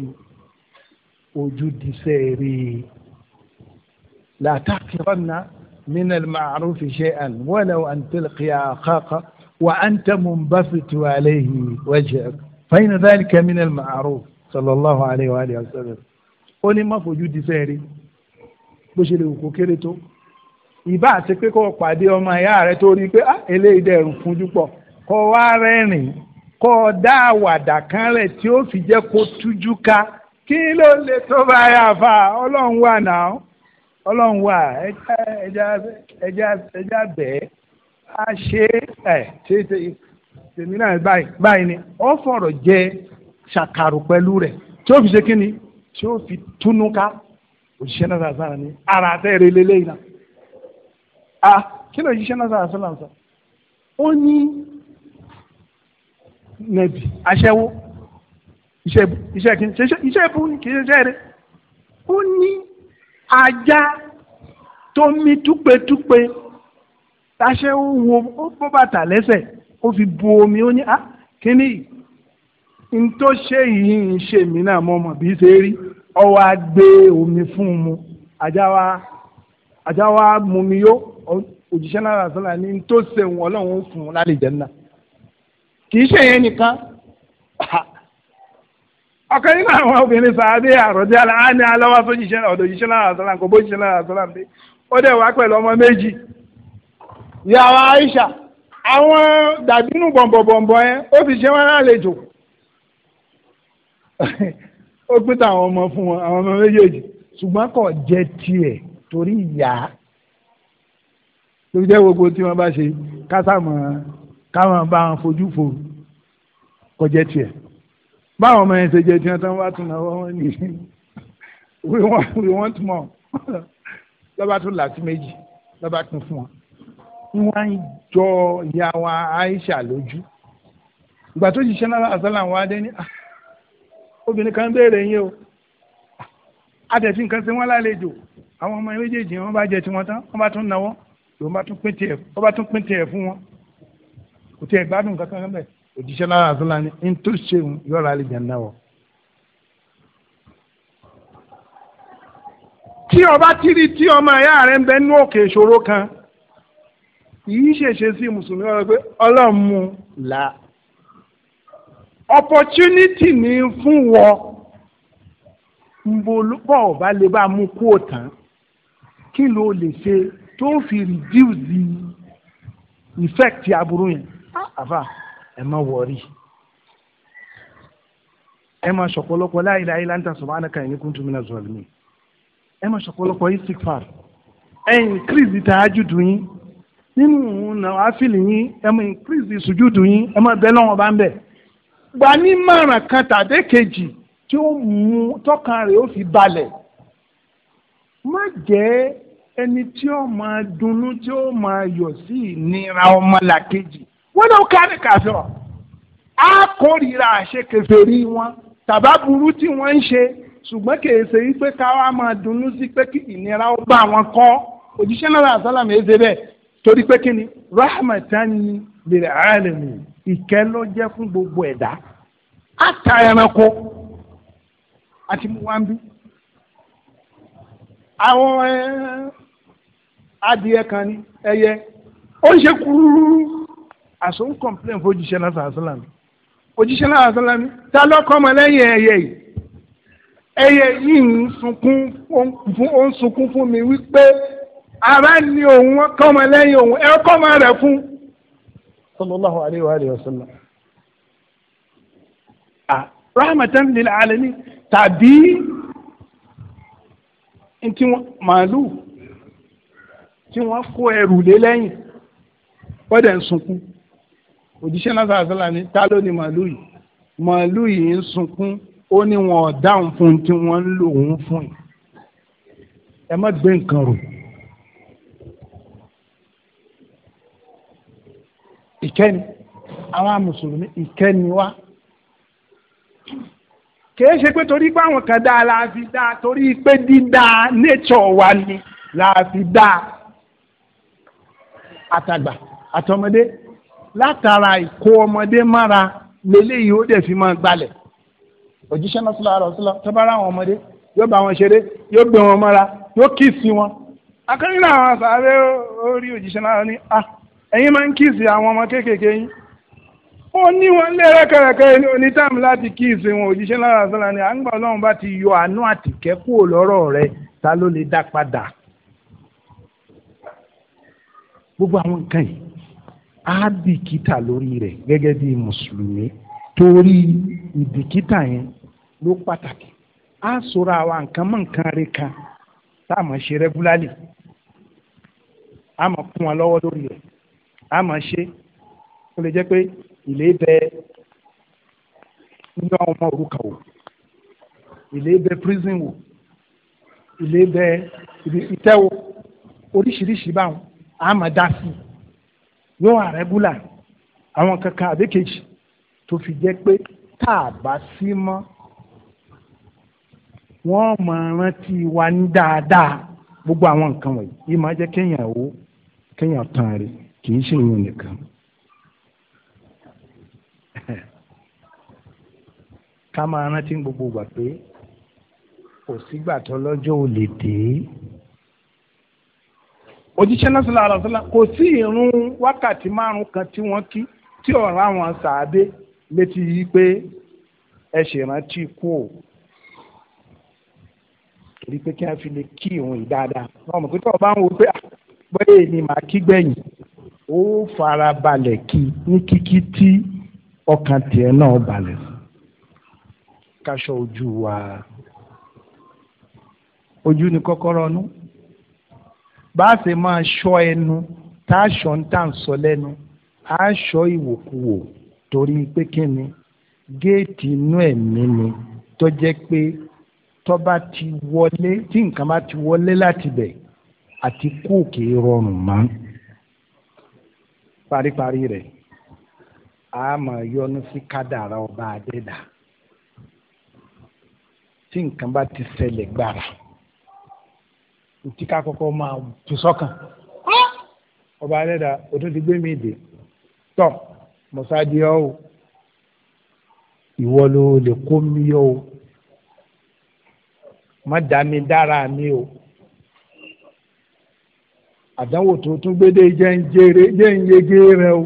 ojú di sẹ́ẹ̀rí لا تحقرن من المعروف شيئا ولو أن تلقي أخاك وأنت منبسط عليه وجهك فإن ذلك من المعروف صلى الله عليه وآله وسلم ó ní má fojú di sẹ́ẹ̀rí bó ṣe lè kó kéré tó ìbá àti pé kó pàdé ọmọ ìyá rẹ tó rí i pé ah, eléyìí dẹ̀rùn fúnjú pọ̀ kó wá rẹ́rìn kó dá àwàdà kan rẹ̀ tí ó fi jẹ́ kó tújú ká kí ló lè tó bá yà fà ọlọ́run wà náà ọlọ́run wà ẹja ẹja ẹja bẹ́ẹ̀ á ṣe ẹ̀ ṣe tèmi náà báyìí báyìí ni ó fọ̀rọ̀ jẹ ṣàkàrò pẹ̀lú rẹ̀ tí ó fi ṣe kíni tí ó fi túnú ká òṣìṣẹ́ náà sàṣà ni ara àtẹ̀rẹ̀ lélẹ́yìn náà a kí ló òṣìṣẹ́ náà sàṣà náà sọ ó ní nẹ̀bì aṣẹ́wó iṣẹ́ iṣẹ́ kí iṣẹ́ iṣẹ́ bú kì í ṣe iṣẹ́ rẹ̀ ó ní ajá tó mí túpetúpe táṣẹ́ ó wo ó bó bàtà lẹ́sẹ̀ ó fi bu omi ó ní á ah, kíní n tó ṣe yìí ń ṣe mí náà mo mọ̀ bí ṣe rí ọwọ́ á gbé omi fún un mu ajá wa ajá wa mú mi yó òjíṣẹ́ náà rà sọ́la ní n tó ṣe òun ọlọ́run fún un lálẹ́ jẹ́ kì í ṣe yẹn nìkan <laughs> ọ̀kan nínú àwọn obìnrin sàádé àròjẹ́ àlá ní aláwa tó jíṣẹ́ ọ̀dọ̀ jíṣẹ́ lára àtàlà kò bó jíṣẹ́ lára àtàlà ń dé ó dẹ̀ wá pẹ̀lú ọmọ méjì ìyàwó Aisha àwọn dàbínú bọ̀m̀bọ̀m̀bọ̀ yẹn ó fi ṣe wọn lálejò <laughs> ó pín tàwọn ọmọ fún wọn àwọn ọmọ méjèèjì ṣùgbọ́n kò jẹ́ tiẹ̀ torí ìyá tó jẹ́ gbogbo tí wọ́n bá ṣe kásámọ̀ káwọn bá wọn fojú fo kò jẹ́ tiẹ̀ báwọn ọmọ yẹn ṣe jẹ tí wọn tán wá tún náwó wọn ní we want we want more lọ́ba tún làtí méjì lọ́ba tún fún wọn. wọ́n jọ ìyá wa Aisha lójú ìgbà tó ṣiṣẹ́ náà àṣàlà àwọn adé ní ah, obìnrin kan béèrè yín o àtẹ̀sí nǹkan ṣe wọ́n lálejò àwọn ọmọ méjèèjì wọn bá jẹ tiwọn tán wọn bá tún náwó wọn bá tún pín tiẹ̀ fún wọn kò tiẹ̀ gbádùn kankan bẹ́ẹ̀ òjíṣẹ́ náà àtúnlá ní ní tó ṣeun yọ̀rọ̀ àlìjánnà wọ̀. tí ọba ti rí tí ọmọ ẹ̀yà rẹ̀ ń bẹ nínú òkè ìṣòro kan yìí ṣèṣe sí mùsùlùmí ọ̀rọ̀ pé ọlọ́run mú la opportunity ni fún wọ bọ́ ọba lè bá mú kú òtán kí ló lè ṣe tó fi reduce the effect aburú yẹn ah, àfà. Ah, ẹ má wọrí ẹ má ṣọ̀pọ̀lọpọ̀ la ilaha illa anta subhanaka inni kuntu minaz zalimin ẹ má ṣọ̀pọ̀lọpọ̀ istighfar ẹ increase tahajjudu yín nínú nàwáfíìlì yín ẹ má increase sùjúdù yín ẹ má bẹ lọ́wọ́ bá ń bẹ̀ gba ní márùn kan tàbí kejì tí ó mú tọ́kàn rẹ̀ ó fi balẹ̀ má jẹ́ ẹni tí ó máa dunnú tí ó máa yọ̀ sí ìnira ọmọlàkejì wọ́n náà kárí kàfírọ̀ á kórìíra àṣekèfèrí wọn tàbá burú tí wọ́n ń ṣe ṣùgbọ́n kì í ṣe wípé káwá máa dunnú sí pé kí ìnira ó bá wọn kọ́ òjíṣẹ́ náà àṣálàmù ẹ̀ ṣe bẹ́ẹ̀ torí pé kí ni rahmatan lil alamin ìkẹ́ ló jẹ́ fún gbogbo ẹ̀dá àtà ẹranko àti muwambi àwọn eh, adìẹ kan ni ẹyẹ ó ń ṣe kúrúrú àsùn complain fún òjíṣẹ́ náà sàásìlám òjíṣẹ́ náà sàásìlám ta lọ́kọ́ ọmọ lẹ́yìn ẹyẹ yìí ẹyẹ yìí ń sunkún fún ó ń sunkún fún mi wípé ara ni òun kọ́ ọmọ lẹ́yìn òun ẹ kọ́ ọmọ rẹ̀ fún. sallallahu alayhi wa alihi wa sallam. Ah, rahmatan lil alamin tàbí ntí màálù tí wọ́n kó ẹrù lé lẹ́yìn wọ́n dẹ̀ ń sunkún òjíṣẹ́ náà sàásàlà ni ta ló ni màálù yìí màálù yìí ń sunkún ó ní wọn ò dáhùn fún un tí wọ́n ń lò òun fún yìí ẹ má gbé nǹkan rò. ìkẹ́ni àwọn mùsùlùmí ìkẹ́ni wa kìí ṣe pé torí pé àwọn kan dáa la fi dáa torí pé dídá nature wa ni la fi dáa àtàgbà àtọmọdé látara ìkó ọmọdé mára lélẹ́yìí ó dẹ̀ fi máa gbalẹ̀ òjíṣẹ́ náà sọlá àrọ̀ sọlá tó bá rá àwọn ọmọdé yóò bá wọn ṣeré yóò gbé wọn mọ́ra yóò kíìsì wọn. akẹ́yìn náà àwọn sàárẹ̀ orí òjíṣẹ́ náà ní à ẹ̀yin máa ń kíìsì àwọn ọmọ kéékèèké yín. ó ní wọn lérè kẹrẹkẹrẹ ní onítàmù láti kíìsì wọn òjíṣẹ́ náà sọlá ní à ń gbà ọlọ́run bá ti yọ àánú àtìkẹ́ kúrò lọ́rọ̀ rẹ ta ló lè dá padà. gbogbo àwọn nǹkan yìí á bìkítà lórí rẹ̀ gẹ́gẹ́ bí mùsùlùmí torí ìbìkítà yẹn ló pàtàkì á sọ̀rọ̀ àwa nǹkan mọ̀ nǹkan rẹ̀ kan tá a mọ̀ ṣe rẹ́gúlálì á mọ̀ kún wọn lọ́wọ́ lórí rẹ̀ á mọ̀ ṣe ó lè jẹ́ pé ilé bẹ ilé ọmọ òrukàn wò ilé bẹ prison wò ilé bẹ ìtẹ́wò oríṣiríṣi báwọn á mọ̀ dá sí i yóò wà rẹ́gúlà àwọn kankan àbẹ́kejì tó fi jẹ́ pé tá a bá sí mọ́ wọ́n máa rántí wa ní dáadáa gbogbo àwọn nǹkan wọ̀nyí yìí máa jẹ́ kéèyàn ó kéèyàn tán rè kì í ṣe èèyàn nìkan. ká máa rántí gbogbo ìgbà pé kò sígbà tó lọ́jọ́ ò lè dé òjíṣẹ́ náà sọ̀rọ̀ àlọ́sọ́lá kò sí ìrun wákàtí márùn kan tí wọ́n kí tí ọ̀rọ̀ àwọn sàádé létí yìí pé ẹ ṣèrántí kú o torí pé kí wọ́n fi lè kí ìrun yìí dáadáa wọ́n mọ̀ pé tí wọ́n bá ń wo pé bẹ́ẹ̀ ni màá kí gbẹ̀yìn ó fara balẹ̀ kí ní kíkí tí ọkàn tiẹ̀ náà balẹ̀ káṣọ ojú wa ojú ni kọ́kọ́rọ́ ọ̀nù. No? bá a ṣe máa ṣọ́ ẹnu tá a ṣọ́ ń tà ń sọ lẹ́nu a ṣọ́ ìwòkuwò torí pé kí ni géètì inú ẹ̀mí ni tó jẹ́ pé tó bá ti wọlé tí nǹkan bá ti wọlé láti bẹ̀ àti kú òkè rọrùn mọ́ paríparí rẹ̀ a máa yọnu sí kádàrá ọba adẹ́dà tí nǹkan bá ti ṣẹlẹ̀ gbára tí ká kọ́kọ́ máa fi sọ́kàn ah! ọba alẹ́dà o tún ti gbé mi dè tọ́ mọ̀sáájú yọ o ìwọ ló lè kó mi yọ o má dá mi dára mi o àdánwò tó tún gbé jẹ́ ń jèrè jẹ́ ń yege rẹ o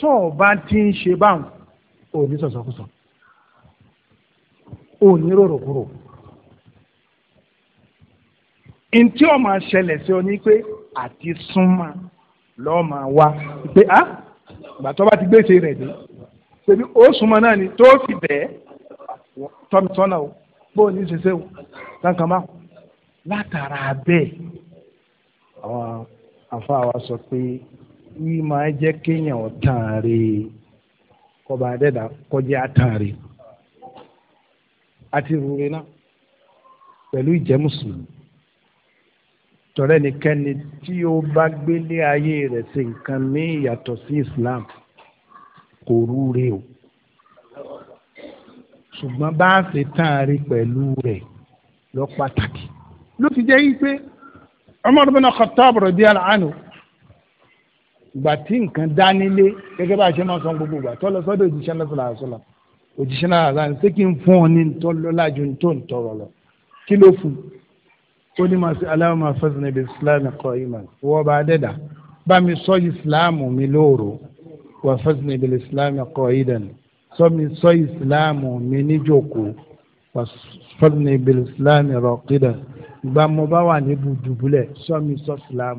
tó o bá ti ń ṣe báwọn ò ní sọ̀sọ̀kùsọ̀ ò ní roròkúrò ntí ọmọ ṣẹlẹ̀ sí ọ ní pé àti súnmọ́ lọ́ọ́ máa wá pé á ah, gbàtọ́ bá ti gbèsè rẹ̀ dé ṣèbí ó súnmọ́ náà ni tó fi bẹ́ẹ̀ tọ́mi tọ́nà o bó ní ṣe ṣe o kankan máa látara bẹ́ẹ̀ àwọn àfa wa sọ pé yìí máa jẹ́ kéèyàn tàn rí kọba adẹ́dà kọjá tàn rí àti rúre náà pẹ̀lú ìjẹ́ mùsùlùmí tọrẹ nìkẹ́ni tí ó bá gbélé ayé rẹ̀ ṣe nǹkan míì yàtọ̀ sí Islam kò rúre o ṣùgbọ́n bá a ṣe tán rí pẹ̀lú rẹ̀ lọ pàtàkì ló ti jẹ́ yìí pé Umar bin Khattab radiyallahu anhu ìgbà tí nǹkan dá nílé gẹ́gẹ́ bá a ṣe máa sọ gbogbo ìgbà tó lọ sọ́dọ̀ òjíṣẹ́ náà sọ̀rọ̀ àṣọlá òjíṣẹ́ náà àṣọlá ṣé kí n fún ọ ní ntọ́ lọ́lá ju ntọ́ ntọ́rọ̀ lọ kí ló fún un ó ní màá sí aláwọ̀mọ̀ fẹ́sìn ibi islam kọ ìmọ̀ wọ́n bá dẹ́dà bá mi sọ islam mi lóru wà fẹ́sìn ibi islam kọ ìdàn sọ mi sọ islam mi níjòkó wà fẹ́sìn ibi islam rọ ìdàn ìgbà mo bá wà ní dùbúlẹ̀ sọ mi sọ islam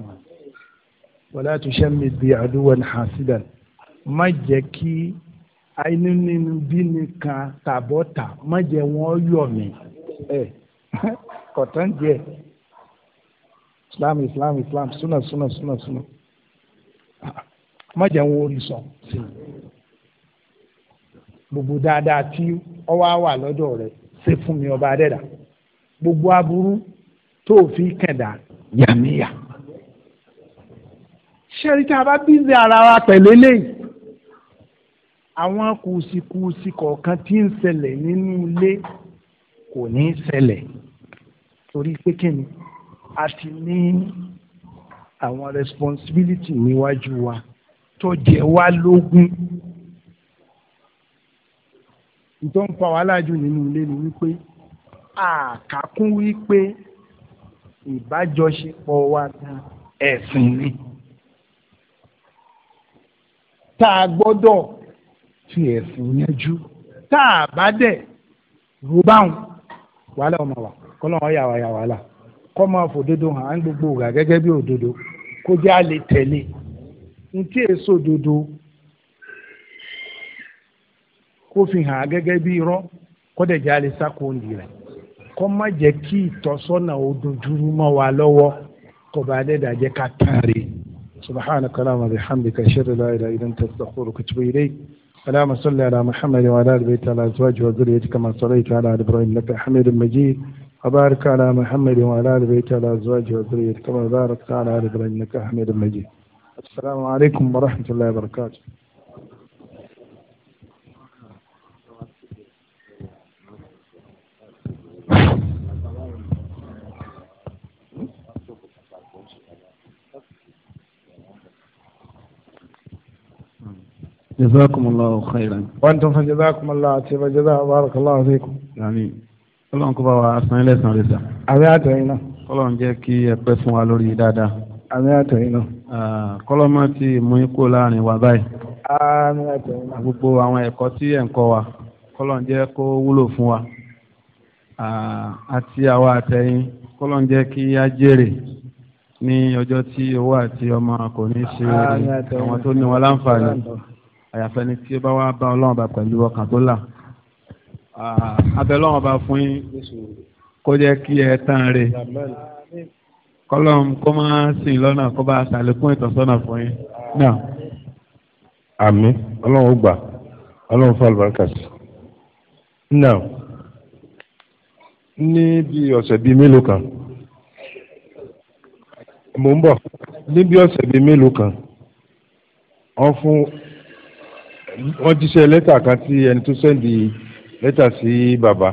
wọlé àtúnṣe mi bí àdúgbò ní hasidan má jẹ́ kí àìnínúbíni kan tàbọ̀tà má jẹ́ wọ́n yọ̀ mí kọ̀tán díẹ̀ islam islam islam súnà súnà súnà súnà má jẹ́ ń wórí sọ sí i gbogbo dáadáa tí ọwọ́ wà lọ́dọ̀ rẹ̀ ṣe fún mi ọba adẹ́dà gbogbo aburú tó fi kẹ̀dá yàmíyà ṣẹ́rí tá a bá bízi ara wa pẹ̀lú eléyìí àwọn kùsìkùsì kọ̀ọ̀kan tí ń ṣẹlẹ̀ nínú ilé kò ní í ṣẹlẹ̀ torí pé kí ni a ti ní àwọn responsibility níwájú wa tó jẹ wá lógún tó ń fa wàhálà jù nínú ilé ni wípé àkàkún wípé ìbájọṣepọ̀ wa gan ẹ̀sìn ni tá a gbọ́dọ̀ fi ẹ̀sìn yanjú tá a bá dẹ̀ rúbáwọn wàhálà ọmọ wa kọ́lọ́wọ́n yà wá yà wàhálà kọ́ máa fòdodo hàn án gbogbo ògà gẹ́gẹ́ bí òdodo kó jẹ́ a lè tẹ̀lé n tí èso òdodo kó fi hàn án gẹ́gẹ́ bí irọ́ kọ́dẹ̀ jẹ́ a lè ń di kọ́ má jẹ́ kí ìtọ́sọ́nà òdòdúró mọ́ wa lọ́wọ́ kọba adẹ́dà jẹ́ ká tán re subhanaka allahumma bihamdika ashhadu an la ilaha illa anta astaghfiruka wa atubu ilayk اللهم صل على محمد وعلى ال بيت على ازواجه وذريته كما صليت على ال ابراهيم حميد مجيد وبارك على محمد وعلى آل بيته وعلى أزواجه وذريته كما باركت على آل إبراهيم إنك حميد مجيد السلام عليكم ورحمة الله وبركاته جزاكم الله خيرا وأنتم فجزاكم الله خيرا جزاء بارك الله فيكم آمين ọlọ́run kó bá wa san ilé san rẹ̀ sà. àmì àtẹ̀yìn náà. kọ́lọ́run jẹ́ kí ẹ pẹ́ fún wa lórí dáadáa. àmì àtẹ̀yìn náà. kọ́lọ́mọ ti mú ikú láàrin wa báyìí. àmì àtẹ̀yìn náà. gbogbo àwọn ẹ̀kọ́ tí ẹ̀ ń kọ́ wa kọ́lọ́run jẹ́ kó wúlò fún wa. àti àwa àtẹ̀yìn kọ́lọ́run jẹ́ kí á jèrè ní ọjọ́ tí owó àti ọmọ kò ní ṣe àwọn tó ní wọn láǹfààní àyàfẹ́ni tí ó bá wá bá ọlọ́run bá pẹ̀lú ọkàn tó là abẹ́lọ́wọ́n ah, bá fún yín kó jẹ́ kí ẹ tán rè kọ́lọ́m kó máa sìn lọ́nà kó bá ṣàlékún ìtọ́sọ́nà fún yín náà. àmín ọlọ́run ó gbà ọlọ́run fún àlùbáríkà sí. now ní bí ọ̀sẹ̀ bíi mélòó kan mò ń bọ̀ ní bí ọ̀sẹ̀ bíi mélòó kan wọ́n fún wọ́n jíṣẹ́ lẹ́tà kan tí ẹni tó sẹ́ndì yìí lẹ́tà sí bàbá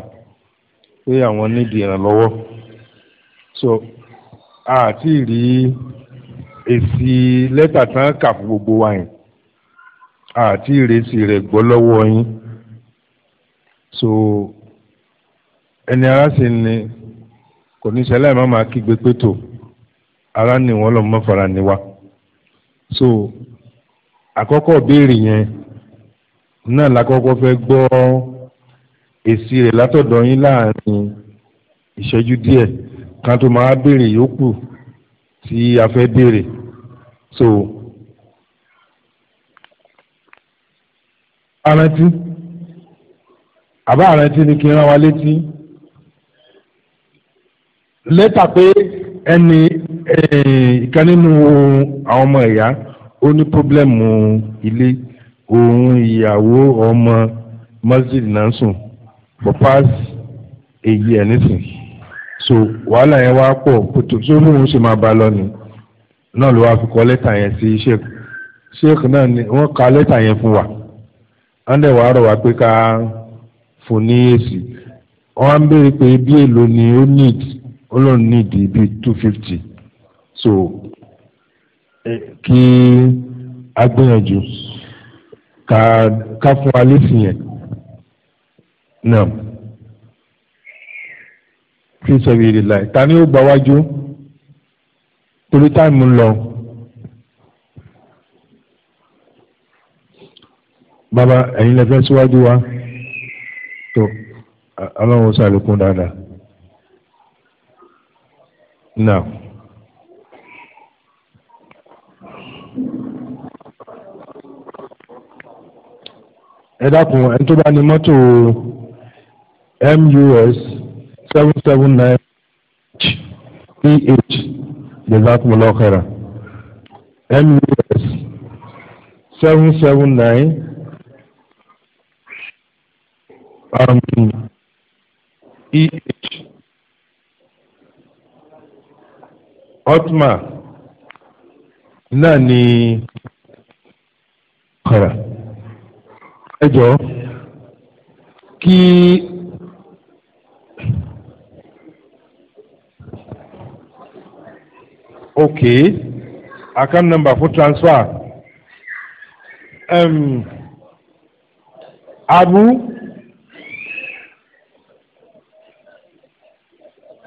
pé àwọn nídìí ìrànlọ́wọ́ so àti rí èsì lẹ́tà tán kà fún gbogbo wa yẹn àti ìrèsì rẹ̀ gbọ́ lọ́wọ́ yín so ẹni ara sì ni kò ní ṣẹlẹ̀ má máa kígbe pé tó ara ni wọ́n lọ́mọ fara ni wa so àkọ́kọ́ béèrè yẹn náà la kọ́kọ́ fẹ́ gbọ́ ọ́ èsì rẹ̀ látọ̀dọ̀ yín láàrin ìṣẹ́jú díẹ̀ kan tó máa béèrè yòókù tí a fẹ́ béèrè so arántí àbá arántí ni kí n rán wa létí lẹ́tà pé ẹni eh, ìkan nínú àwọn ọmọ ẹ̀yà ó ní pọ́blẹ́mù ilé òun ìyàwó ọmọ mọ́sídìí náà sùn for past a year nísìnyí so wàhálà yẹn wá pọ̀ kótó tó lóun ṣe máa ba lọ ni náà ló wá fi kọ lẹ́tà yẹn sí sheikh sheikh náà ni wọ́n ka lẹ́tà yẹn fún wa wọ́n dẹ̀ rọ̀ wá pé ká fún ní èsì wọ́n á béèrè pé bí èlò ni ó need ó lóun need bíi two fifty so kí a gbìyànjú ká ká fún wa lẹ́sìn yẹn náà fi sọ̀rọ̀ èrè láì ta ni ó gba wájú torí táìmù ń lọ. bàbá ẹ̀yin lè fẹ́ síwájú wa tó aláwọ̀ sàlékún dáadáa. náà. ẹ dákun ẹni tó bá ní mọ́tò MUS seven seven nine PH Jazakumullah Khaira MUS seven seven nine um, EH Otma náà ni Khaira ẹ kí. ok, account number for transfer um, abu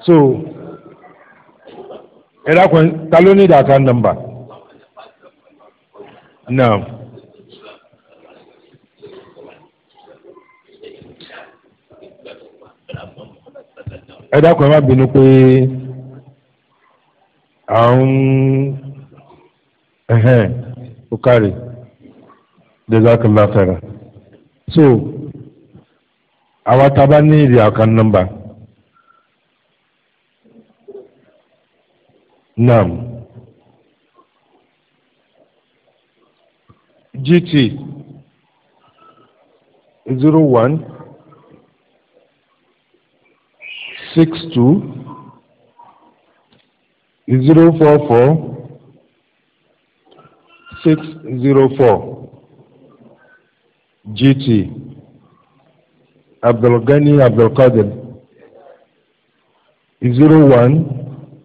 so ẹ dákun ta ló ní ìdá account number now. ẹ dákun ẹ má bínú pé àwọn ẹ̀hẹ́n bukari jazakallah khairan so àwa tá a bá ní ìdí àkàn nọ́mbà nam gt zero one six two zero four four six zero four GT Abdulgani Abdulkadir zero one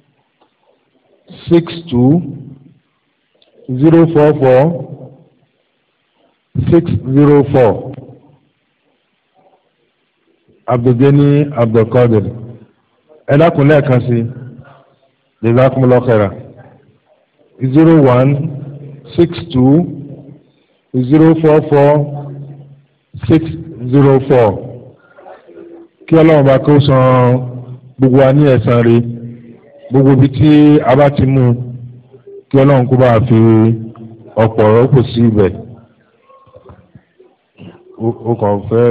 six two zero four four six zero four Abdulgani Abdulkadir ẹ dákun lẹ́ẹ̀kan sí i jazakumullahu khairan zero one six two zero four four six zero four kí ọlọ́run bá kó san gbogbo wa ní ẹ̀san rẹ̀ gbogbo ibi tí a bá ti mú kí ọlọ́run kó bá fi ọ̀pọ̀ ọ̀rọ̀ kò sí ibẹ̀ o kàn fẹ́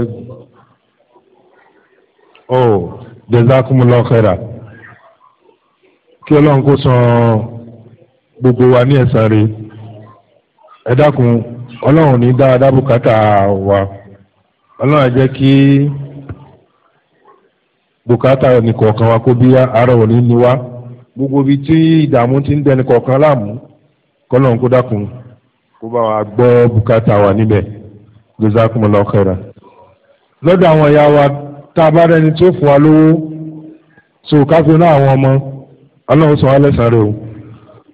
o oh, jazakumullahu khairan kí ọlọ́run kó san gbogbo wa ní ẹ̀san rẹ̀ ẹ dákun ọlọ́run ní dáadáa bùkátà wa ọlọ́run á jẹ́ kí bùkátà ẹnìkọ̀ọ̀kan wa kó bí ara òní ni wá gbogbo ibi tí ìdààmú ti ń dẹni kọ̀ọ̀kan láàmú kọ́lọ́run kó dákun kó bá wa gbọ́ bùkátà wa níbẹ̀ jazakumullahu khairan lọ́dọ̀ àwọn ìyá wa tá a bá rẹni tó fún wa lówó so ká fi ná àwọn ọmọ ọlọ́run sọ wálé sáré o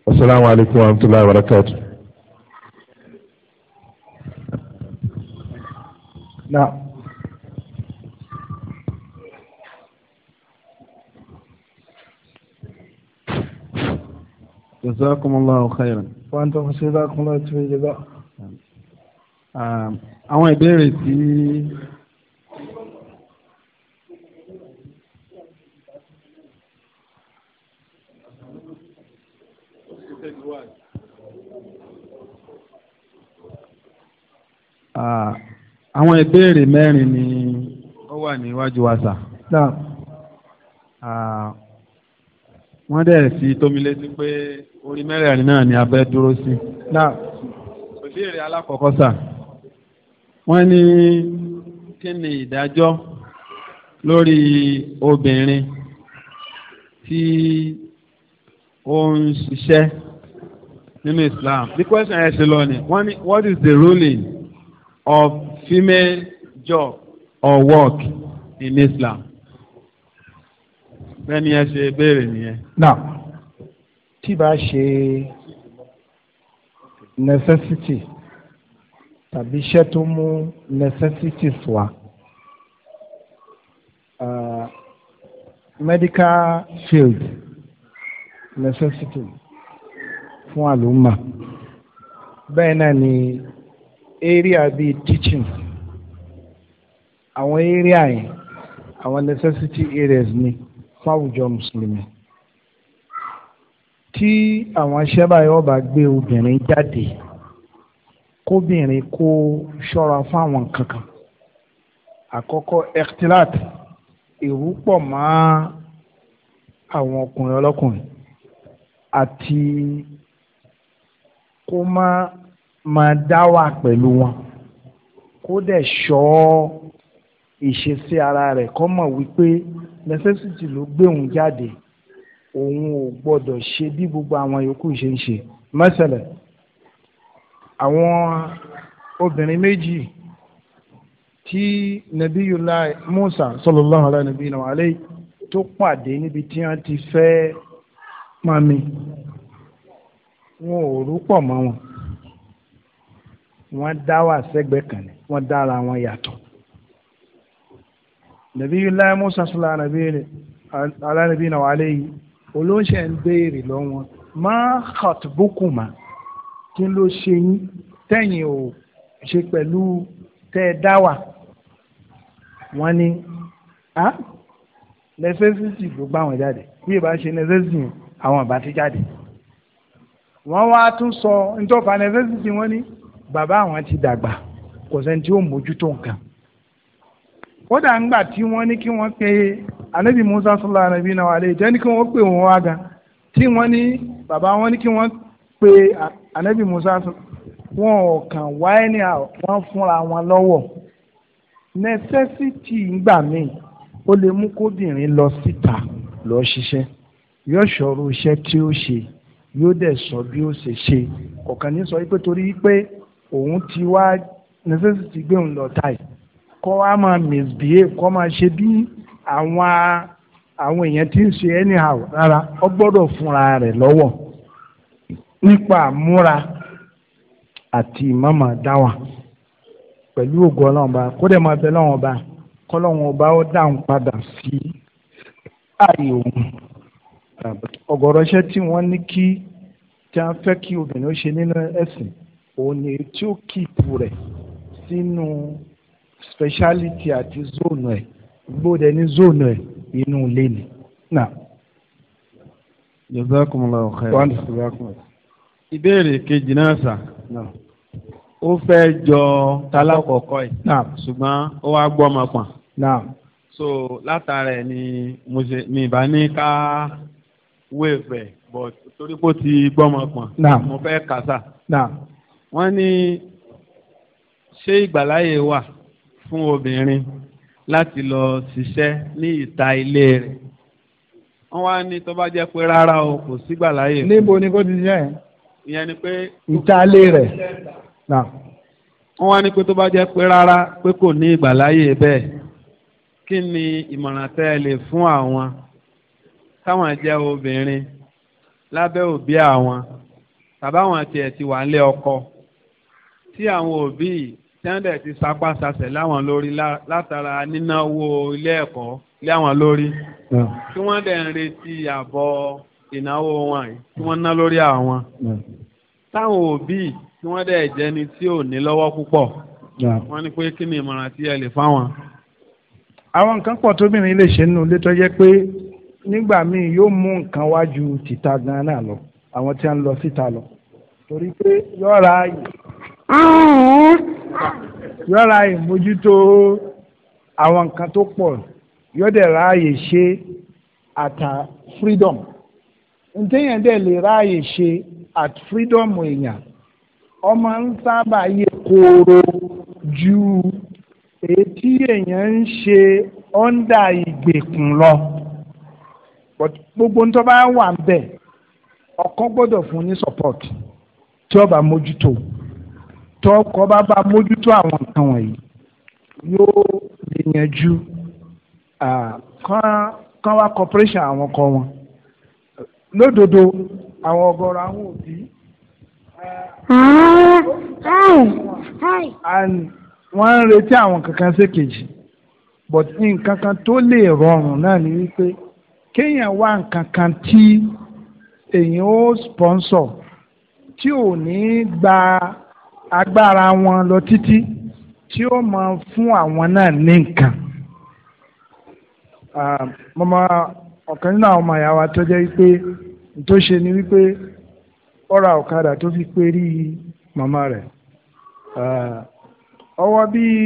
wasalaamu alaykum wa rahmatulahi wa barakatu. na. jazakumullahu khairan. wa n tọ́kọ̀ sí jazakumullahu khairan. Um, àwọn ìbéèrè mẹ́rin ni ó wà níwájú wa sà. wọ́n dẹ̀ fi tómi létí pé orí mẹ́rẹ̀ẹ̀rin náà ni a fẹ́ dúró sí. ìbéèrè alákọ̀ọ́kọ́ sà wọ́n ní kí ni ìdájọ́ lórí obìnrin tí ó ń ṣiṣẹ́ nínú Islam. the question ẹ̀ ṣe lọ ni what is the ruling? of female job or work in Islam? Bẹ́ẹ̀ni ẹ ṣe béèrè nìyẹn. Now, tí bá ṣe necessity tàbí iṣẹ́ tó mú necessities wá. Uh, medical field necessity fún àlùmọ̀ bẹ́ẹ̀ náà ni area bíi teaching àwọn area yẹn àwọn necessity areas ni fún àwùjọ mùsùlùmí tí àwọn aṣẹ́bàáyọ̀ bá gbé obìnrin jáde kóbìnrin kó ṣọ́ra fún àwọn kankan àkọ́kọ́ ectilat èrú pọ̀ mọ́ àwọn ọkùnrin ọlọ́kùnrin àti kó má máa dá wà pẹ̀lú wọn kó dẹ̀ ṣọ́ ìṣesí ara rẹ̀ kó mọ̀ wípé necessity ló gbé òun jáde òun ò gbọ́dọ̀ ṣe bí gbogbo àwọn yòókù ṣe ń ṣe mẹ́sẹ̀lẹ̀ àwọn obìnrin méjì tí nabiyula musa sallallahu alaihi nabiyina alay tó pàdé níbi tí wọ́n ti fẹ́ pọnmi wọn ò rú pọ̀ mọ́ wọn wọ́n dá wà sẹ́gbẹ̀ẹ́ kan ni wọ́n dára wọn yàtọ̀. nàbí ilá musa sọlá nàbí alánàbí náà wàlẹ́ yìí olóńṣẹ́ ń béèrè lọ́wọ́ máa kàtúbùkùmá kí ló ṣe yín tẹ̀yìn ò ṣe pẹ̀lú tẹ́ ẹ dá wà wọ́n ní a necessity ló gbá wọn jáde bí ìbá ṣe necessity àwọn ìbá ti jáde wọ́n wá tún sọ ntọ́fà necessity wọ́n ní bàbá àwọn ti dàgbà kò sẹ́ni tí ó mójútó nǹkan. kódà ńgbà tí wọ́n ní kí wọ́n pe anabi musa sọlá anabi náà wàlẹ́ ìjẹ́ ní kí wọ́n pè wọ́n wá gan tí wọ́n ní bàbá wọn ní kí wọ́n pe anabi musa wọn ò kàn wá ẹni àwọn fúnra wọn lọ́wọ́ necessity ńgbà míì ó lè mú kóbìnrin lọ síta lọ ṣiṣẹ́ yóò ṣòro iṣẹ́ tí ó ṣe yóò dẹ̀ sọ bí ó ṣe ṣe kọ̀ọ̀kan ní sọ pé torí pé òun ti wá necessity gbé òun lọ táì kọ́ wa máa misbehave kọ́ máa ṣe bí àwọn àwọn èèyàn ti ń ṣe anyhow rárá ọ gbọ́dọ̀ fúnra rẹ̀ lọ́wọ́ nípa àmúra àti ìmọ̀mọ̀ dáwà pẹ̀lú ògùn ọlọ́run ọba kó dẹ̀ máa bẹ lọ́wọ́n ọba kọ́lọ́run ọba ó dáhùn padà sí ààyè òun ọ̀gọ̀rọ̀ iṣẹ́ tí wọ́n ní kí tí a fẹ́ kí obìnrin ó ṣe nínú ẹ̀sìn òun ni tí ó kíìpù rẹ̀ sínú speciality àti zone ẹ̀ gbọ́dọ̀ ní zone ẹ̀ inú ilé ni. jazakumullahu khairan. ìbéèrè kejì náà sà ó fẹ́ jọ talákọ̀ọ́kọ́ yìí ṣùgbọ́n ó wá gbọ́ ọmọ pọ̀n so látara ẹ̀ ni mo ṣe mi ìbá ní ká wéèfẹ̀ bọ̀ torí pé ó ti gbọ́ ọmọ pọ̀n mo fẹ́ kà sà wọ́n ní ṣé ìgbàláyè wà fún obìnrin láti lọ ṣiṣẹ́ ní ìta ilé rẹ̀ wọ́n wá ní tó bá jẹ́ pé rárá o kò sí ìgbàláyè. níbo ni kò ti ṣe é. ìyẹn ni pé. ìta ilé rẹ̀ náà. wọ́n wá ní pé tó bá jẹ́ pé rárá pé kò ní ìgbàláyè bẹ́ẹ̀ kí ni ìmọ̀ràn tẹ́ ẹ lè fún àwọn táwọn jẹ́ obìnrin lábẹ́ òbí àwọn tàbáwọn tiẹ̀ ti wà ń lé ọkọ tí àwọn òbí tẹ́ńdẹ̀ ti sapá sasẹ̀ láwọn lórí látara nínáwó ilé ẹ̀kọ́ láwọn lórí tí wọ́n dẹ̀ ń retí àbọ̀ ìnáwó wọn yìí wọ́n ná lórí àwọn táwọn òbí tí wọ́n dẹ̀ jẹ́ ni tí ò ní lọ́wọ́ púpọ̀ wọ́n ní pé kí ni ìmọ̀ràn tí ẹ lè fáwọn. àwọn nǹkan pọ̀ tóbìnrin lè ṣe nínú ilé tó jẹ́ pé nígbà míì yóò mú nǹkan wájú tìta gan-an náà lọ àwọn tí wọ́n ń lọ síta lọ torí pé yóò ra Ah, eh. yọ́ra ìmójútó àwọn nǹkan tó pọ̀ yọ́dẹ̀ ráàyè ṣe àtà freedom ntẹ́yìn dẹ̀ lè ráàyè ṣe at freedom èèyàn ọmọ ń sábà yẹ kóró ju èyí tí èèyàn ń ṣe ọ́ndà ìgbèkùn lọ gbogbo ń tọ́ bá wà ń bẹ̀ ọkàn gbọ́dọ̀ fún ní support tí ó mójútó tọ́kọ bá bá mójútó àwọn nǹkan wọ̀nyí yóò lè yanjú kán wá corporation àwọn ọkọ wọn lódodo àwọn ọ̀gọ̀rọ̀ àwọn òbí. Ah, wọ́n ń retí àwọn kankan ṣèkejì but nǹkan kan tó lè rọrùn náà ni wípé kéèyàn wá nǹkan kan tí èèyàn ó sponsor tí ò ní gba. agbára wọn lọ títí tí ó máa fún àwọn náà ní nǹkan. mọ́mọ́ ọ̀kan nínú àwọn ọmọ ìyá wípé tó ṣe ni wípé ó ra ọ̀kadà tó fi pé rí màmá rẹ̀ ọwọ́ bíi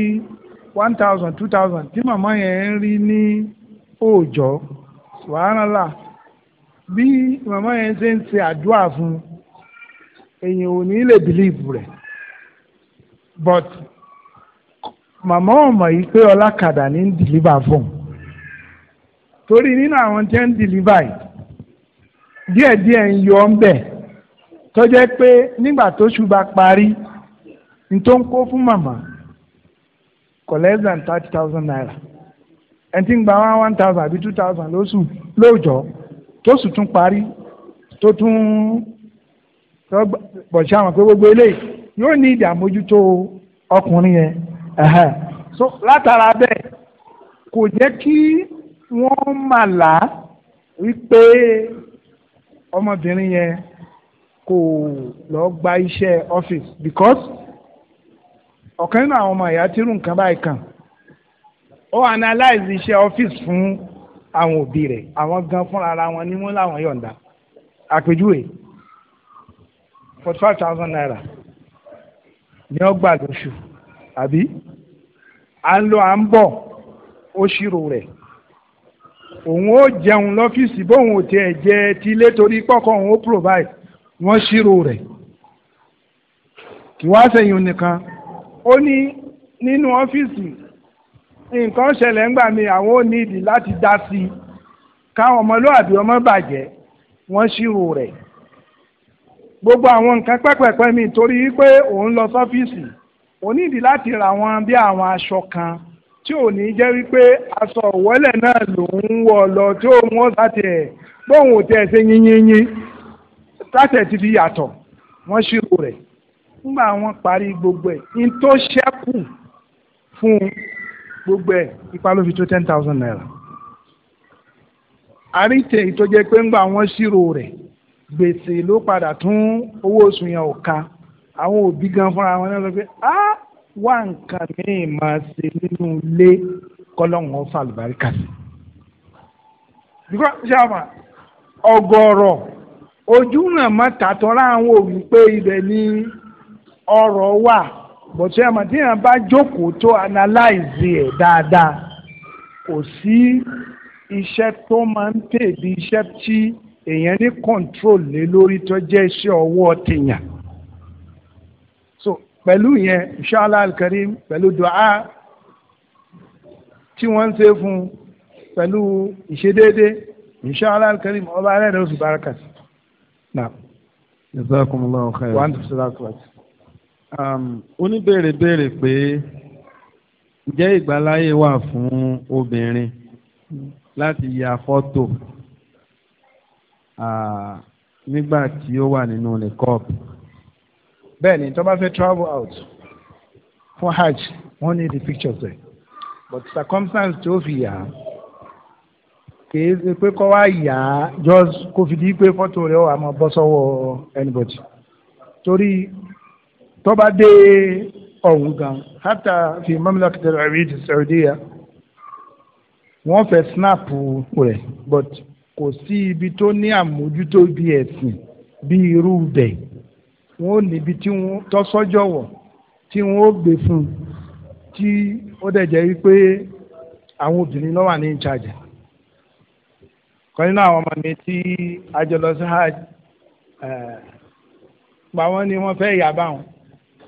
one thousand two thousand tí màmá yẹn ń rí ní òòjọ́ wàhálà bí màmá yẹn ṣe ń ṣe àdúrà fún but màmá ọmọ yìí pé ọlákadà ní ń dìlíbà fún un torí nínú àwọn tí ń dìlíbà yìí díẹ̀díẹ̀ ń yọ ọ́n bẹ̀ tó jẹ́ pé nígbà tó ṣùgbà parí n tó ń kó fún màmá kò less than thirty thousand naira ẹni tí ń gba one one thousand àbí two thousand lóṣù lóòjọ́ tó sì tún parí tó tún bọ̀ ṣe àwọn pé gbogbo eléyìí yóò ní ìdí àmójútó ọkùnrin yẹn so látara bẹ́ẹ̀ kò jẹ́ kí wọ́n máa là á wípé ọmọbìnrin yẹn kò lọ gba iṣẹ́ ọ́fíìsì because ọ̀kan nínú àwọn ọmọ ìyá tí irú nǹkan báyìí kàn ó analyze iṣẹ́ ọ́fíìsì fún àwọn òbí rẹ̀ àwọn gan fúnra ara wọn ni wọ́n láwọn yọ̀ǹda àpèjúwe forty five thousand naira ni ó gbà lóṣù àbí à ń lọ à ń bọ̀ ó ṣírò rẹ̀ òun ó jẹun lọ́fíìsì bóun ò tiẹ̀ jẹ tilé torí pọ́kọ́ òun ó provide wọ́n ṣírò rẹ̀ kì wá sẹ́yìn nìkan ó ní nínú ọ́fíìsì nǹkan ṣẹlẹ̀ ńgbà mi àwọn ò nídìí láti dá sí i káwọn ọmọlúwàbí ọmọ bàjẹ́ wọ́n ṣírò rẹ̀ gbogbo àwọn nǹkan pẹ́pẹ́pẹ́ mi torí pé òun lọ sọ́fíìsì òun nídi láti ra wọn bí àwọn aṣọ kan tí ò ní jẹ́ wípé aṣọ ìwọ́lẹ̀ náà lòun ń wọ̀ lọ tí ó mú ọ́sà tiẹ̀ bóun ò ṣe yínyínyín ti fi yàtọ̀ wọ́n ṣírò rẹ̀ nígbà wọn parí gbogbo ẹ̀ in tó ṣẹ́kù fún gbogbo ẹ̀ ipa ló fi tó ten thousand naira pé wọn ṣírò rẹ̀ gbèsè ló padà tún owó oṣù yẹn ò ka àwọn òbí gan fúnra wọn náà lọ pé á wá nǹkan míì máa ṣe nínú ilé kọlọ́hún ọ̀fà àlùbáríkà sí. bíkọ́ ṣé àwọn ọgọ́rọ̀ ojú náà má tàtọ́ra àwọn òbí pé ibẹ̀ ni ọrọ̀ wà bọ̀tún ẹ̀mọ̀ tí yẹn bá jókòó tó analyze ẹ̀ dáadáa kò sí iṣẹ́ tó máa ń tèbi iṣẹ́ tí èèyàn ní control lé lórí tó jẹ́ iṣẹ́ ọwọ́ tèèyàn so pẹ̀lú yẹn inṣàlá alkarim pẹ̀lú dua tí wọ́n ń ṣe fún pẹ̀lú ìṣedéédé inṣàlá alkarim ọba alẹ́ rẹ̀ oṣù barakat náà. jazakumullahu khairan. wa antum wa um, oníbèrè béèrè pé ǹjẹ́ ìgbàláyè wà fún obìnrin láti ya fọ́tò nígbà tí ó wà nínú nìkọ́b cup. ni tó bá fẹ́ travel out fún hajj wọ́n ní the pictures ẹ̀ but circumstance tó fi yà á kìí ṣe pé kọ́ wá yà á just kó fi di pé fọ́tò rẹ̀ wà máa bọ́ sọ́wọ́ anybody torí tó bá dé ọ̀hún gan hátà fi mamlakatul Arabia Saudiya wọ́n fẹ́ snap rẹ̀ but. kò sí ibi tó ní àmójútó bí ẹ̀sìn bí irú bẹ̀ wọn ò níbi tí wọn tọ́sọ́jọ̀wọ̀ tí wọn ó gbé fún un tí ó dẹ̀ jẹ́ wípé àwọn obìnrin ló wà ní ìjàjà kan nínú àwọn ọmọ mi tí ajọlọsí ha pa eh, wọ́n ni wọ́n fẹ́ yà bá wọn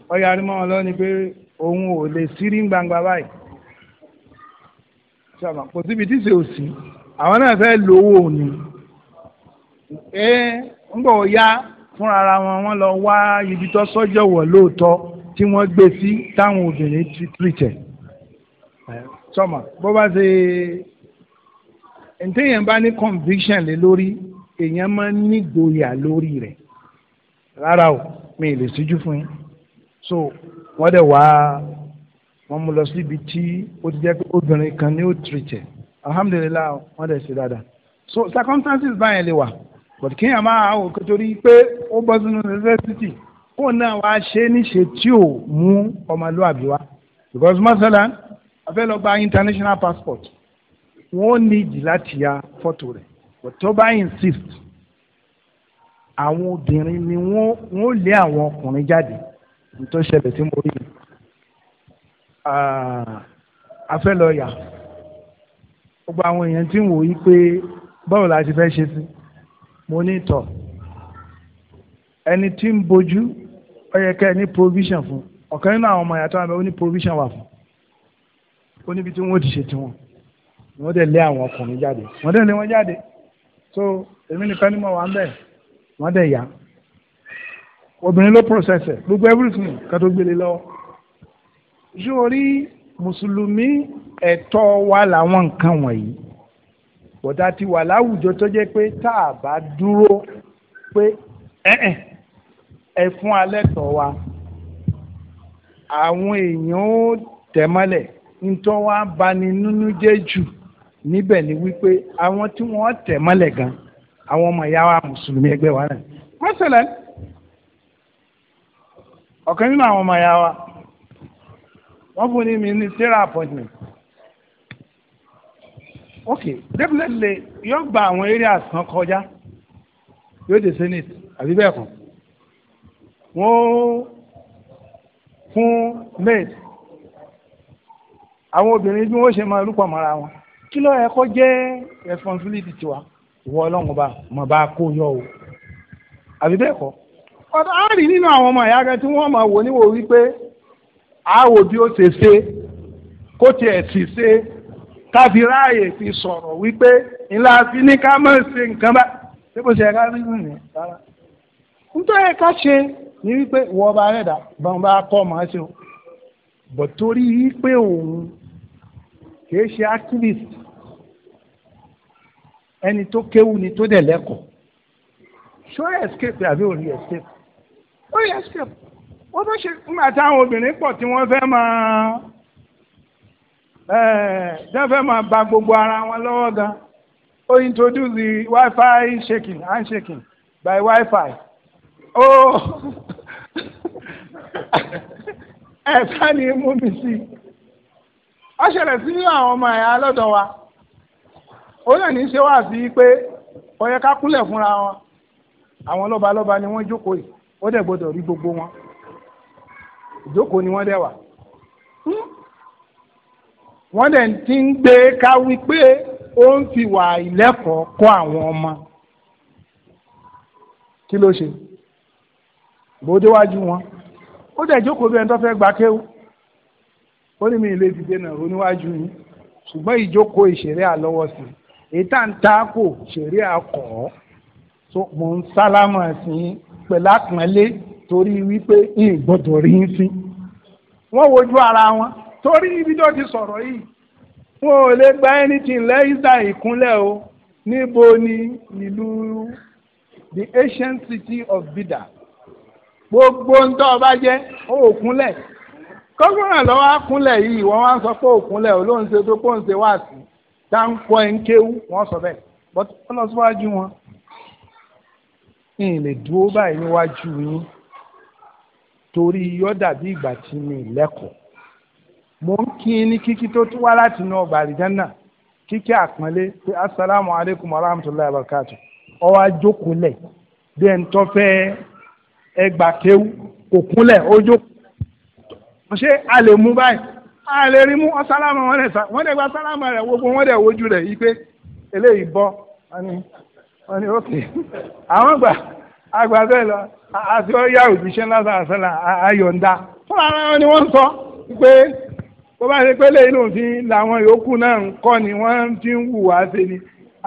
ó yarí mọ́ wọn lọ́ni pé òun ò lè sírí gbangba báyìí kò síbi tí ṣe ò sí àwọn náà fẹ́ lówó ni ẹ ń gbọ́ ya fúnra ara wọn wọ́n lọ wá ibi tó sọ́jọ́ wọ̀ lóòótọ́ tí wọ́n gbé sí táwọn obìnrin ti tìrìtẹ̀ sọmọ bó bá ṣe ntẹ́yìn bá ní conviction lé lórí èèyàn máa ń nígboyà lórí rẹ̀ rárá o mi ì lè síjú fún yín so wọ́n dẹ̀ wá wọ́n mú lọ síbi tí ó ti jẹ́ pé obìnrin kan ni ó tìrìtẹ̀ alhamdulilayi wọ́n dẹ̀ ṣe dáadáa so circumstances báyẹn lè wà but kéèyàn máa wò torí pé ó bọ́ sínú necessity kó náà wàá ṣe níṣe tí ò mú ọmọlúwàbí wá because mọ́sálà afẹ́ lọ gba international passport wọ́n ní ìdí láti ya fọ́tò rẹ̀ but tó bá insist àwọn obìnrin ni wọ́n lé àwọn ọkùnrin jáde ní tó ṣẹlẹ̀ tí mo rí afẹ́ ah, lọ yà gbogbo àwọn èèyàn tí ń wò yí pé báwo la ṣe fẹ́ ṣe sí mo ní tọ̀ ẹni tí ń bojú ó yẹ kẹ́ ẹ ní provision fún ọ̀kan nínú àwọn ọmọ yàtọ̀ àbẹ̀ ní provision wà fún ó níbi tí wọ́n ti ṣe tiwọn wọ́n dẹ̀ lé àwọn ọkùnrin jáde wọ́n dẹ̀ lé wọn jáde so èmi nìkan ni mo wà ń bẹ̀ wọ́n dẹ̀ yá obìnrin ló process ẹ̀ gbogbo everything kan gbélé lọ́wọ́ ṣé o rí mùsùlùmí ẹ̀tọ́ wa làwọn nǹkan wọ̀nyí bọ̀dá ti wà láwùjọ tó jẹ́ pé tá a bá dúró pé ẹ fún alẹ́ tọ̀ wa àwọn èèyàn ó tẹ̀mọ́lẹ̀ ntọ́ wa bani nínú jẹ́ jù níbẹ̀ ni wípé àwọn tí wọ́n tẹ̀mọ́lẹ̀ gan àwọn ọmọ ìyá wa mùsùlùmí ẹgbẹ́ wa náà mọ́sálẹ̀ ọ̀kan nínú àwọn ọmọ ìyá wa wọ́n fún ní ministerial appointment ok definitely yóò gba àwọn areas kan kọjá yóò dé senate àbí bẹ́ẹ̀ kan wọ́n fún maid àwọn obìnrin bí wọ́n ṣe máa lúpọ̀ mọ́ra wọn kí ló yẹ kó jẹ́ responsibility tiwa ìwọ ọlọ́run bá mọ̀ bá kó yọ o àbí bẹ́ẹ̀ kọ́ ọ̀dọ̀ á rí nínú àwọn ọmọ ìyá rẹ tí wọ́n máa wò níwò wípé àwò bí ó ṣe ṣe kó tiẹ̀ sì ṣe káfí ráàyè fi sọ̀rọ̀ wípé ńlá fi ní ká mọ̀ ṣe nǹkan bá ṣé bó ṣe ká rí nìyẹn rárá. nítorí ká ṣe ni wípé ìwọ ọba rẹ̀ dà bọ́n bá kọ́ ọmọ ṣe o bọ̀ torí wípé òun kìí ṣe activist ẹni tó kéwu ni tó dẹ̀ lẹ́kọ̀ọ́ ṣó escape àbí ò rí escape ó rí escape wọ́n tó ṣe nígbà táwọn obìnrin pọ̀ tí wọ́n fẹ́ máa jẹ́ fẹ́ máa ba gbogbo ara wọn lọ́wọ́ gan ó introduce the wifi shaking handshaking by wifi ó <laughs> ẹ̀ka ni mú mi sí ó ṣẹlẹ̀ sí àwọn ọmọ ẹ̀yà lọ́dọ̀ wa ó lè ní ṣe wá sí pé ó yẹ ká kúnlẹ̀ fúnra wọn àwọn lọ́balọ́ba ni wọ́n jókòó yìí ó dẹ̀ gbọ́dọ̀ rí gbogbo wọn ìjókòó ni wọ́n dẹ̀ wà hmm? wọ́n dẹ̀ ti ń gbé ká wípé ó ń fi wà ìlẹ́kọ̀ọ́ kọ́ àwọn ọmọ kí ló ṣe bòdéwájú wọn ó dẹ̀ jókòó bí ẹni tó fẹ́ gba kéwú ó ní mi ìlú ìdíje náà roníwájú yín ṣùgbọ́n ìjókòó ìṣeré àlọ́wọ́ sí èyí tá ń ta kò ṣeré àkọ́ tó ń sálámà sí pẹ̀lú àpọ́nlé torí wípé ìgbọ́dọ̀ rí ń sí wọ́n wojú ara wọn torí ibi tó ti sọ̀rọ̀ yìí wọn ò lè gba anything lẹ́yìnsà ìkúnlẹ̀ o níbo ni ìlú the ancient city of Bida gbogbo ń tọ́ ọba jẹ́ òkúnlẹ̀ kọ́kọ́rọ́ lọ́wọ́ akúnlẹ̀ yìí wọ́n wá ń sọ pé òkúnlẹ̀ ò ló ń ṣe tó kó ń ṣe wá sí dáńkọ́ ẹ̀ ń kéwú wọ́n sọ bẹ́ẹ̀ bọ́t ọlọ́síwájú wọn ìyìn lè dúró báyìí níwájú yín torí yọ dàbí ìgbà tí mi lẹ́kọ̀ọ́ mo ń kí ní kíkí tó tún wá láti inú ọgbà àlìjánà kíkí àpọ́nlé pé asalaamu alaykum wa rahmatulahi wa barakatu ọwọ́ ajókòólẹ̀ bí ẹni tó fẹ́ ẹgbà kéwú kò kúnlẹ̀ ó jókòó ṣé a lè mú báyìí a lè rí mú asalaamu wọn lè sa wọn lè gba asalaamu rẹ gbogbo wọn lè wojú rẹ yí pé eléyìí bọ́ wọn ni wọn ni ókè <laughs> àwọn gbà agbábẹ́ lọ àti ọ̀yà òjíṣẹ́ lásàásàlà ayọ̀ǹda fún ara wọn ni wọ́n sọ pé bó bá ṣe pé lẹ́yìn lòun ti làwọn yòókù náà ń kọ́ ni wọ́n ti ń hùwà ṣe ni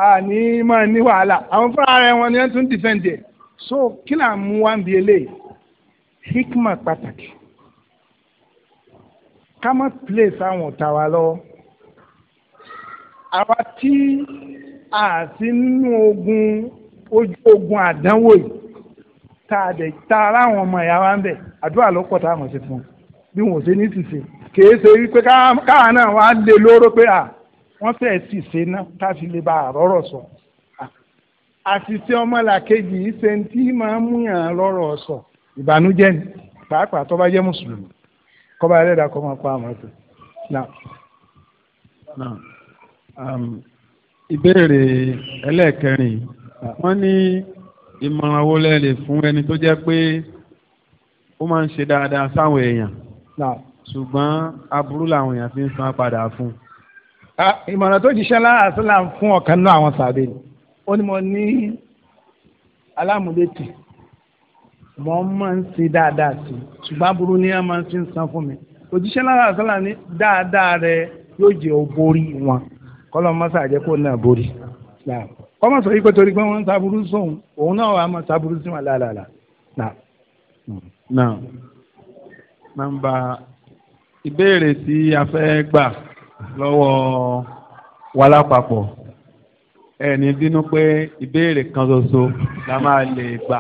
àní máa ní wàhálà àwọn fúnra rẹ̀ wọn ni wọ́n tún dìfẹ́ǹdì ẹ̀ so kí là ń mú wá ń bi eléyìí hikma pàtàkì ká má place àwọn ọ̀tá wa lọ́wọ́ àwa tí a sí nínú ogun ojú ogun àdánwò yìí tá a dẹ̀ tá a láwọn ọmọ ìyá wa ń bẹ̀ àdúrà ló pọ̀ táwọn ṣe fún un bí wọn ò ṣe ní ṣìṣe kìí ṣe wípé káà náà wàá lé lóró pé à wọ́n fẹ́ẹ́ ṣìṣe náà káfí lè ba àrọ́rọ̀ sọ àṣìṣe ọmọlàkejì yìí ṣe ń tí máa ń múyàn lọ́rọ̀ sọ ìbànújẹ́ ni pàápàá tó bá jẹ́ mùsùlùmí kọ́ba ẹlẹ́dàá kọ́ máa pa àmọ́ tó. ìbéèrè ẹlẹ́ẹ̀kẹrin wọ́n ní ìmọ̀ràn wo lẹ lè fún ẹni tó jẹ́ pé ó máa ń ṣe dáadáa sáwọn èèyàn ṣùgbọ́n aburú làwọn èèyàn fi ń san padà fún un. ìmọ̀ràn tó jíṣẹ́ láàásílà fún ọ̀kan náà àwọn sàbẹ̀ ni ó ní mo ní alámúlétì mo máa ń ṣe dáadáa sí i ṣùgbọ́n aburú ni wọ́n máa ń fi ń san fún mi òjíṣẹ́ láàásílà ní dáadáa rẹ yóò jẹ́ ó borí wọn kọ́lọ́ mọ́sàájẹ́ kó náà borí kọ́ mọ̀ sọ yìí pé torí pé wọ́n ń saburú sóhun òun náà wàá mọ̀ saburú sí wọn lálàlà náà. náà nàmbà ìbéèrè tí a fẹ́ gbà lọ́wọ́ wa lápapọ̀ ẹni bínú pé ìbéèrè kan ṣoṣo la máa lè gbà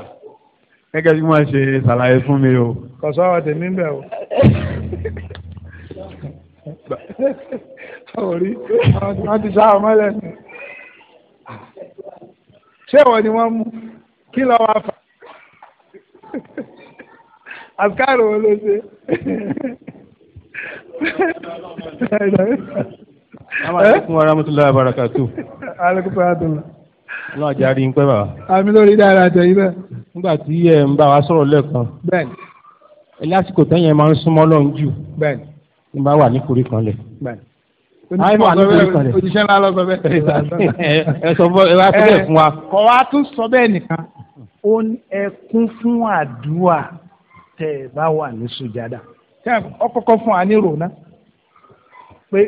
gẹ́gẹ́ bí wọ́n ṣe ṣàlàyé fún mi o. kò sọ́wọ́ tèmi bẹ̀ o. àwọn orí àwọn ti sáwọn mọ́lẹ̀ nù ṣé ìwọ ni wọ́n mú kí lọ́ wá fà àsìkárò wo ló ṣe. Àwọn arámọ́tòlá àbárakàtò. Alẹ́kùnfà àdùnnà. Náà jáde ń pẹ́ bàbá. Àmì lórí dára àtẹ̀yìn náà. Nígbà tí ẹ ń bá wa sọ̀rọ̀ lẹ́ẹ̀kan. Bẹ́ẹ̀ni. Ẹ lásìkò tẹ́yìn ẹ máa ń súnmọ́ lọ́n jù. Bẹ́ẹ̀ni. Ní bá wà ní kórìkan lẹ̀. Bẹ́ẹ̀ni àìmọ̀ àlọ́bẹ̀rẹ̀ òjíṣẹ́ ńlá lọ sọ bẹ́ẹ̀. ẹ sọ fún <laughs> ẹ wá sọ bẹ́ẹ̀ fún wa. kọ̀ wá tún sọ bẹ́ẹ̀ nìkan ó ẹ kún fún àdúrà tẹ ẹ bá wà ní sùjádà. ọ kọ́kọ́ fún wa ní ròná pé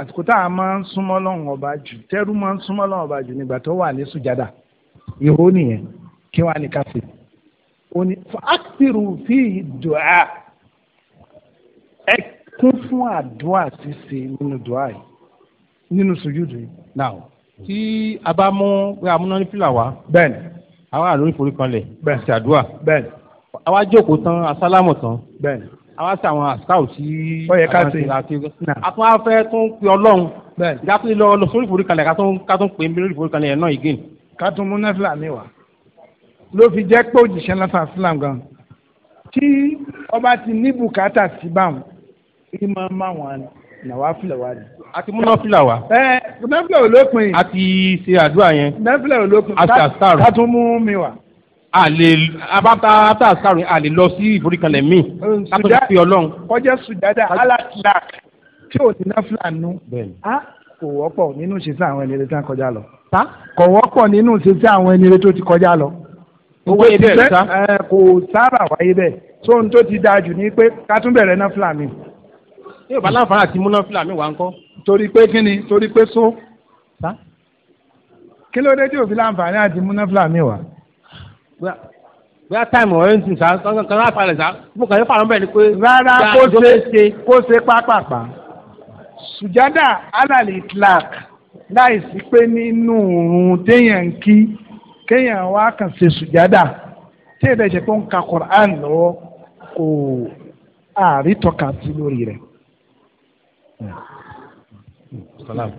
àsìkò tá a máa ń súnmọ́ lọ́hùn ọba jù tẹ́rù máa ń súnmọ́ lọ́hùn ọba jù nígbà tó wà ní sùjádà ìhó nìyẹn kí wàá ní káfí. ó ní fàákìrù fi dùá ẹ kún fún àdúrà ṣíṣe nínú dùá yìí nínú sùjúdù yìí náà. tí a bá mú amúnánífìlà wá. bẹ́ẹ̀ni. àwa àlórí forí kanlẹ̀. bẹ́ẹ̀ni ṣe àdúrà. bẹ́ẹ̀ni. àwa jókòó tán asálámù tán. bẹ́ẹ̀ni. àwa ṣe àwọn àṣàwò tí. ó yẹ ká ṣe a tún wá fẹ́ tún pe ọlọ́run. bẹ́ẹ̀ni. ìjà tún lọ lọ sórí forí kanlẹ̀ ká tún ká tún pè é lórí forí kanlẹ̀ yẹn náà again. ká tún mú náfìlà mi wá ló fi jẹ́ pé òjìṣẹ́ kí máa má wọn nàwa fìlàwà ni. àti múná fìlàwà. ẹ nàfìlà ò lópin. a ti ṣe àdúrà yẹn. nàfìlà ò lópin. a ti àṣàrò. ká tún mú mi wá. a lè abáta tá a ṣàrò a lè lọ sí ìforíkalẹ̀ míì. kátó ti fi ọlọ́run. kọjá sùdádà alákìlá tí ò ní nàfìlà nù. bẹ́ẹ̀ni. a kò wọ́pọ̀ nínú ìṣesí àwọn ẹni rẹ tó ń kọjá lọ. ta kò wọ́pọ̀ nínú ìṣesí àwọn ẹni rẹ tó ti kọjá lọ. owó ibẹ̀ rẹ ta. kò sábà wáyé bẹ́ẹ̀ so ohun tó ti dáa jù ni pé ká tún bẹ̀rẹ̀ náà fúlàní tí yóò bá láǹfààní àti múnáfílà mi wà ń kọ́. torí pé kí ni torí pé só. kí ló dé tí òfin láǹfààní àti múnáfílà mi wà. bóyá táìmù ọ̀rẹ́ ń sìn sá kankan kan láǹfà rẹ̀ sá mo kàn yín fà lọ́nbẹ̀ ni pé. rárá kó ṣe kó ṣe pápápá. sùjádà alàlè tlak láìsí pé nínú òun téèyàn ń kí kéèyàn wá kàn ṣe sùjádà tí èdè ìṣẹ̀kọ́ ń ka Qur'an lọ́wọ́ kò àrítọ́ka sí lórí rẹ̀. سلام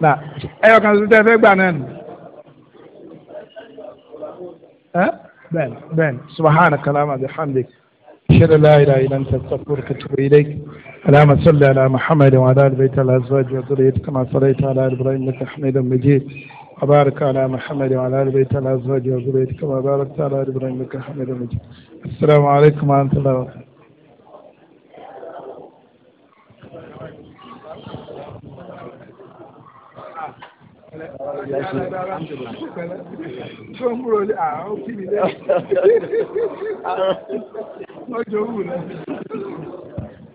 لا ايوه كان زيد فيك بعدين ها بن بن سبحانك اللهم بحمدك اشهد ان لا اله الا انت استغفرك واتوب اليك اللهم صل على محمد وعلى ال بيت الازواج وذريتك كما صليت على ابراهيم انك حميد مجيد وبارك على محمد وعلى ال بيت الازواج وذريته كما باركت على ال ابراهيم انك حميد مجيد السلام عليكم ورحمه الله وبركاته Alhamdulillah. <laughs>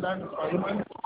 Thank you.